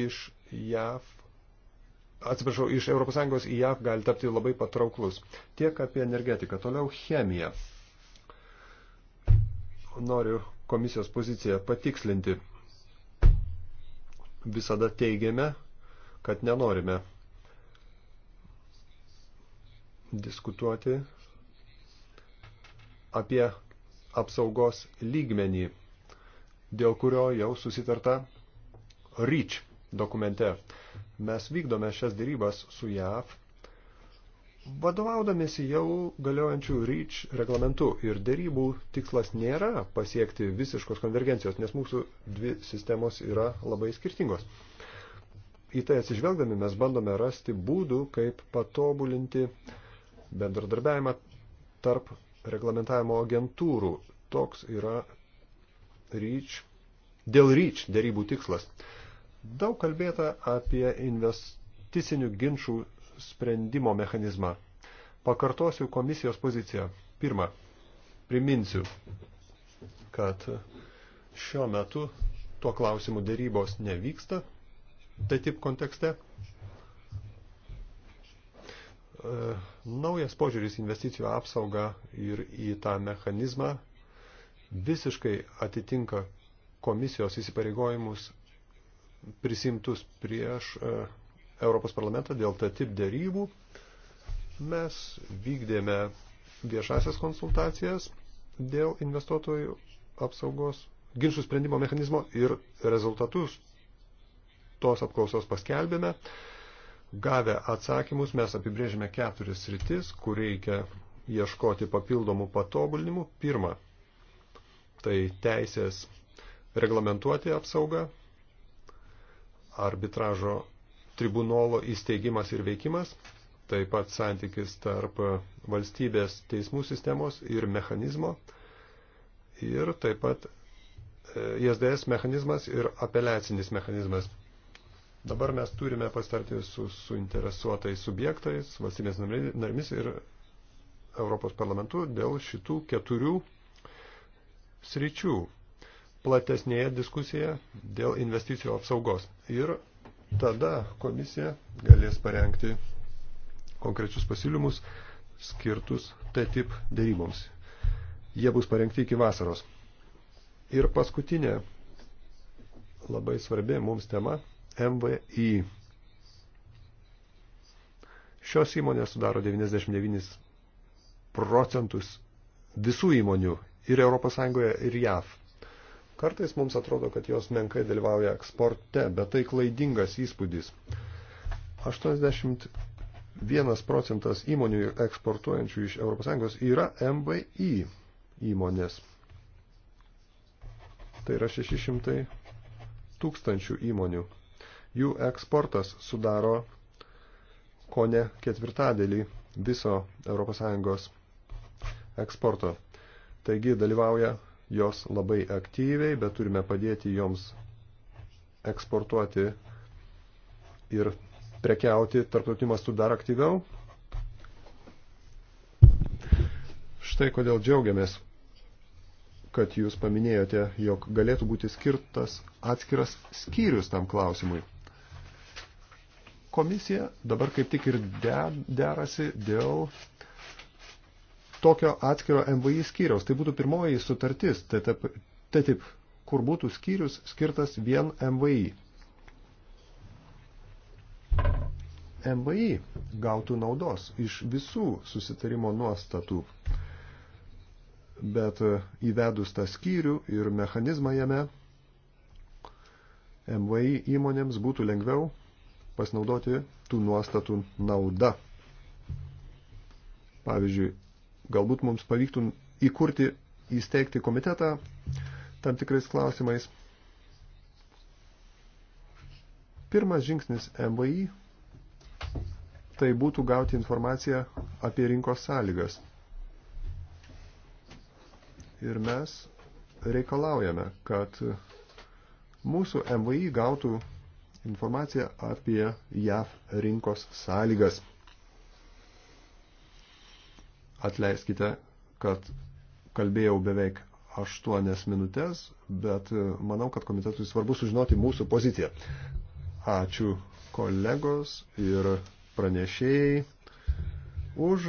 iš JAV, atsiprašau, iš ES į JAV gali tapti labai patrauklus. Tiek apie energetiką, toliau chemiją noriu komisijos poziciją patikslinti. Visada teigiame, kad nenorime diskutuoti apie apsaugos lygmenį, dėl kurio jau susitarta REACH dokumente. Mes vykdome šias dėrybas su JAV Vadovaudomėsi jau galiojančių REACH reglamentų ir dėrybų tikslas nėra pasiekti visiškos konvergencijos, nes mūsų dvi sistemos yra labai skirtingos. Į tai atsižvelgdami mes bandome rasti būdų, kaip patobulinti bendradarbiavimą tarp reglamentavimo agentūrų. Toks yra REACH, dėl REACH dėrybų tikslas. Daug kalbėta apie investicinių ginčių sprendimo mechanizmą. Pakartosiu komisijos poziciją. Pirma, priminsiu, kad šiuo metu tuo klausimu dėrybos nevyksta, tai tip kontekste. E, naujas požiūris investicijų apsaugą ir į tą mechanizmą visiškai atitinka komisijos įsipareigojimus prisimtus prieš e, Europos parlamentą dėl TTIP dėrybų. Mes vykdėme viešasias konsultacijas dėl investuotojų apsaugos ginčių sprendimo mechanizmo ir rezultatus tos apklausos paskelbėme. Gavę atsakymus mes apibrėžėme keturis sritis, kur reikia ieškoti papildomų patobulinimų. Pirma, tai teisės reglamentuoti apsaugą, arbitražo tribunolo įsteigimas ir veikimas, taip pat santykis tarp valstybės teismų sistemos ir mechanizmo ir taip pat e, ISDS mechanizmas ir apeliacinis mechanizmas. Dabar mes turime pastarti su suinteresuotais subjektais, valstybės narimis ir Europos parlamentu dėl šitų keturių sričių platesnėje diskusijoje dėl investicijų apsaugos. Ir Tada komisija galės parengti konkrečius pasiūlymus skirtus T-tip dėryboms. Jie bus parengti iki vasaros. Ir paskutinė labai svarbi mums tema – MVI. Šios įmonės sudaro 99 procentus visų įmonių ir ES ir JAV. Kartais mums atrodo, kad jos menkai dalyvauja eksporte, bet tai klaidingas įspūdis. 81 procentas įmonių eksportuojančių iš ES yra MVI įmonės. Tai yra 600 tūkstančių įmonių. Jų eksportas sudaro ko ne ketvirtadėlį viso ES eksporto. Taigi dalyvauja jos labai aktyviai, bet turime padėti joms eksportuoti ir prekiauti tarptautiniu mastu dar aktyviau. Štai kodėl džiaugiamės, kad jūs paminėjote, jog galėtų būti skirtas atskiras skyrius tam klausimui. Komisija dabar kaip tik ir derasi dėl tokio atskiro MVI skyriaus. Tai būtų pirmoji sutartis TTIP, kur būtų skyrius skirtas vien MVI. MVI gautų naudos iš visų susitarimo nuostatų, bet e, įvedus tą skyrių ir mechanizmą jame, MVI įmonėms būtų lengviau pasinaudoti tų nuostatų nauda. Pavyzdžiui, galbūt mums pavyktų įkurti, įsteigti komitetą tam tikrais klausimais. Pirmas žingsnis MVI tai būtų gauti informaciją apie rinkos sąlygas. Ir mes reikalaujame, kad mūsų MVI gautų informaciją apie JAV rinkos sąlygas. Atleiskite, kad kalbėjau beveik aštuonias minutės, bet e, manau, kad komitetui svarbu sužinoti mūsų poziciją. Ačiū kolegos ir pranešėjai už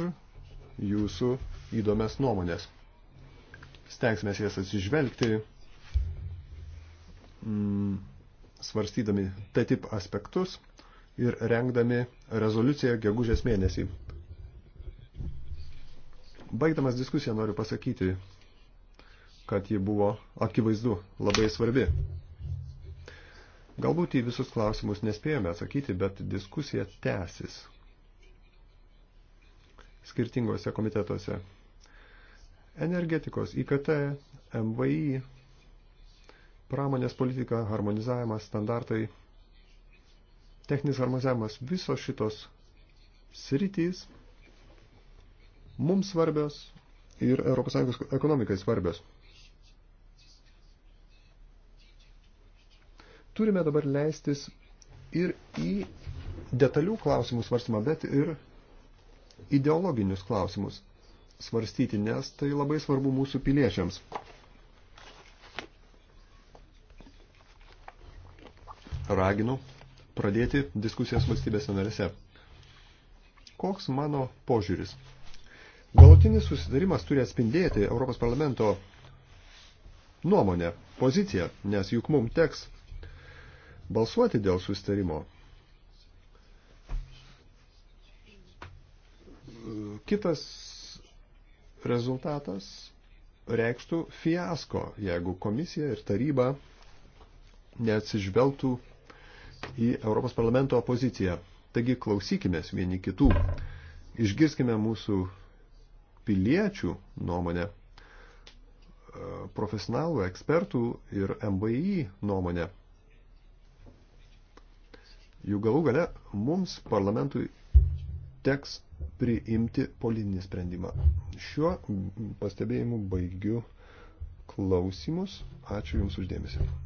jūsų įdomias nuomonės. Stengsime jas atsižvelgti, mm, svarstydami TTIP aspektus ir rengdami rezoliuciją gegužės mėnesį. Baigdamas diskusiją noriu pasakyti, kad ji buvo akivaizdu labai svarbi. Galbūt į visus klausimus nespėjome atsakyti, bet diskusija tęsis skirtingose komitetuose. Energetikos, IKT, MVI, pramonės politika, harmonizavimas, standartai, techninis harmonizavimas, visos šitos sritys mums svarbios ir ES ekonomikai svarbios. Turime dabar leistis ir į detalių klausimų svarstymą, bet ir ideologinius klausimus svarstyti, nes tai labai svarbu mūsų piliečiams. Raginu pradėti diskusijas valstybėse narėse. Koks mano požiūris? Galutinis susidarimas turi atspindėti Europos parlamento nuomonę, poziciją, nes juk mums teks balsuoti dėl susitarimo. Kitas rezultatas reikštų fiasko, jeigu komisija ir taryba neatsižvelgtų į Europos parlamento opoziciją. Taigi klausykime vieni kitų, išgirskime mūsų piliečių nuomonė, e, profesionalų, ekspertų ir MBI nuomonė. Jų galų gale mums, parlamentui, teks priimti politinį sprendimą. Šiuo pastebėjimu baigiu klausimus. Ačiū Jums uždėmesi.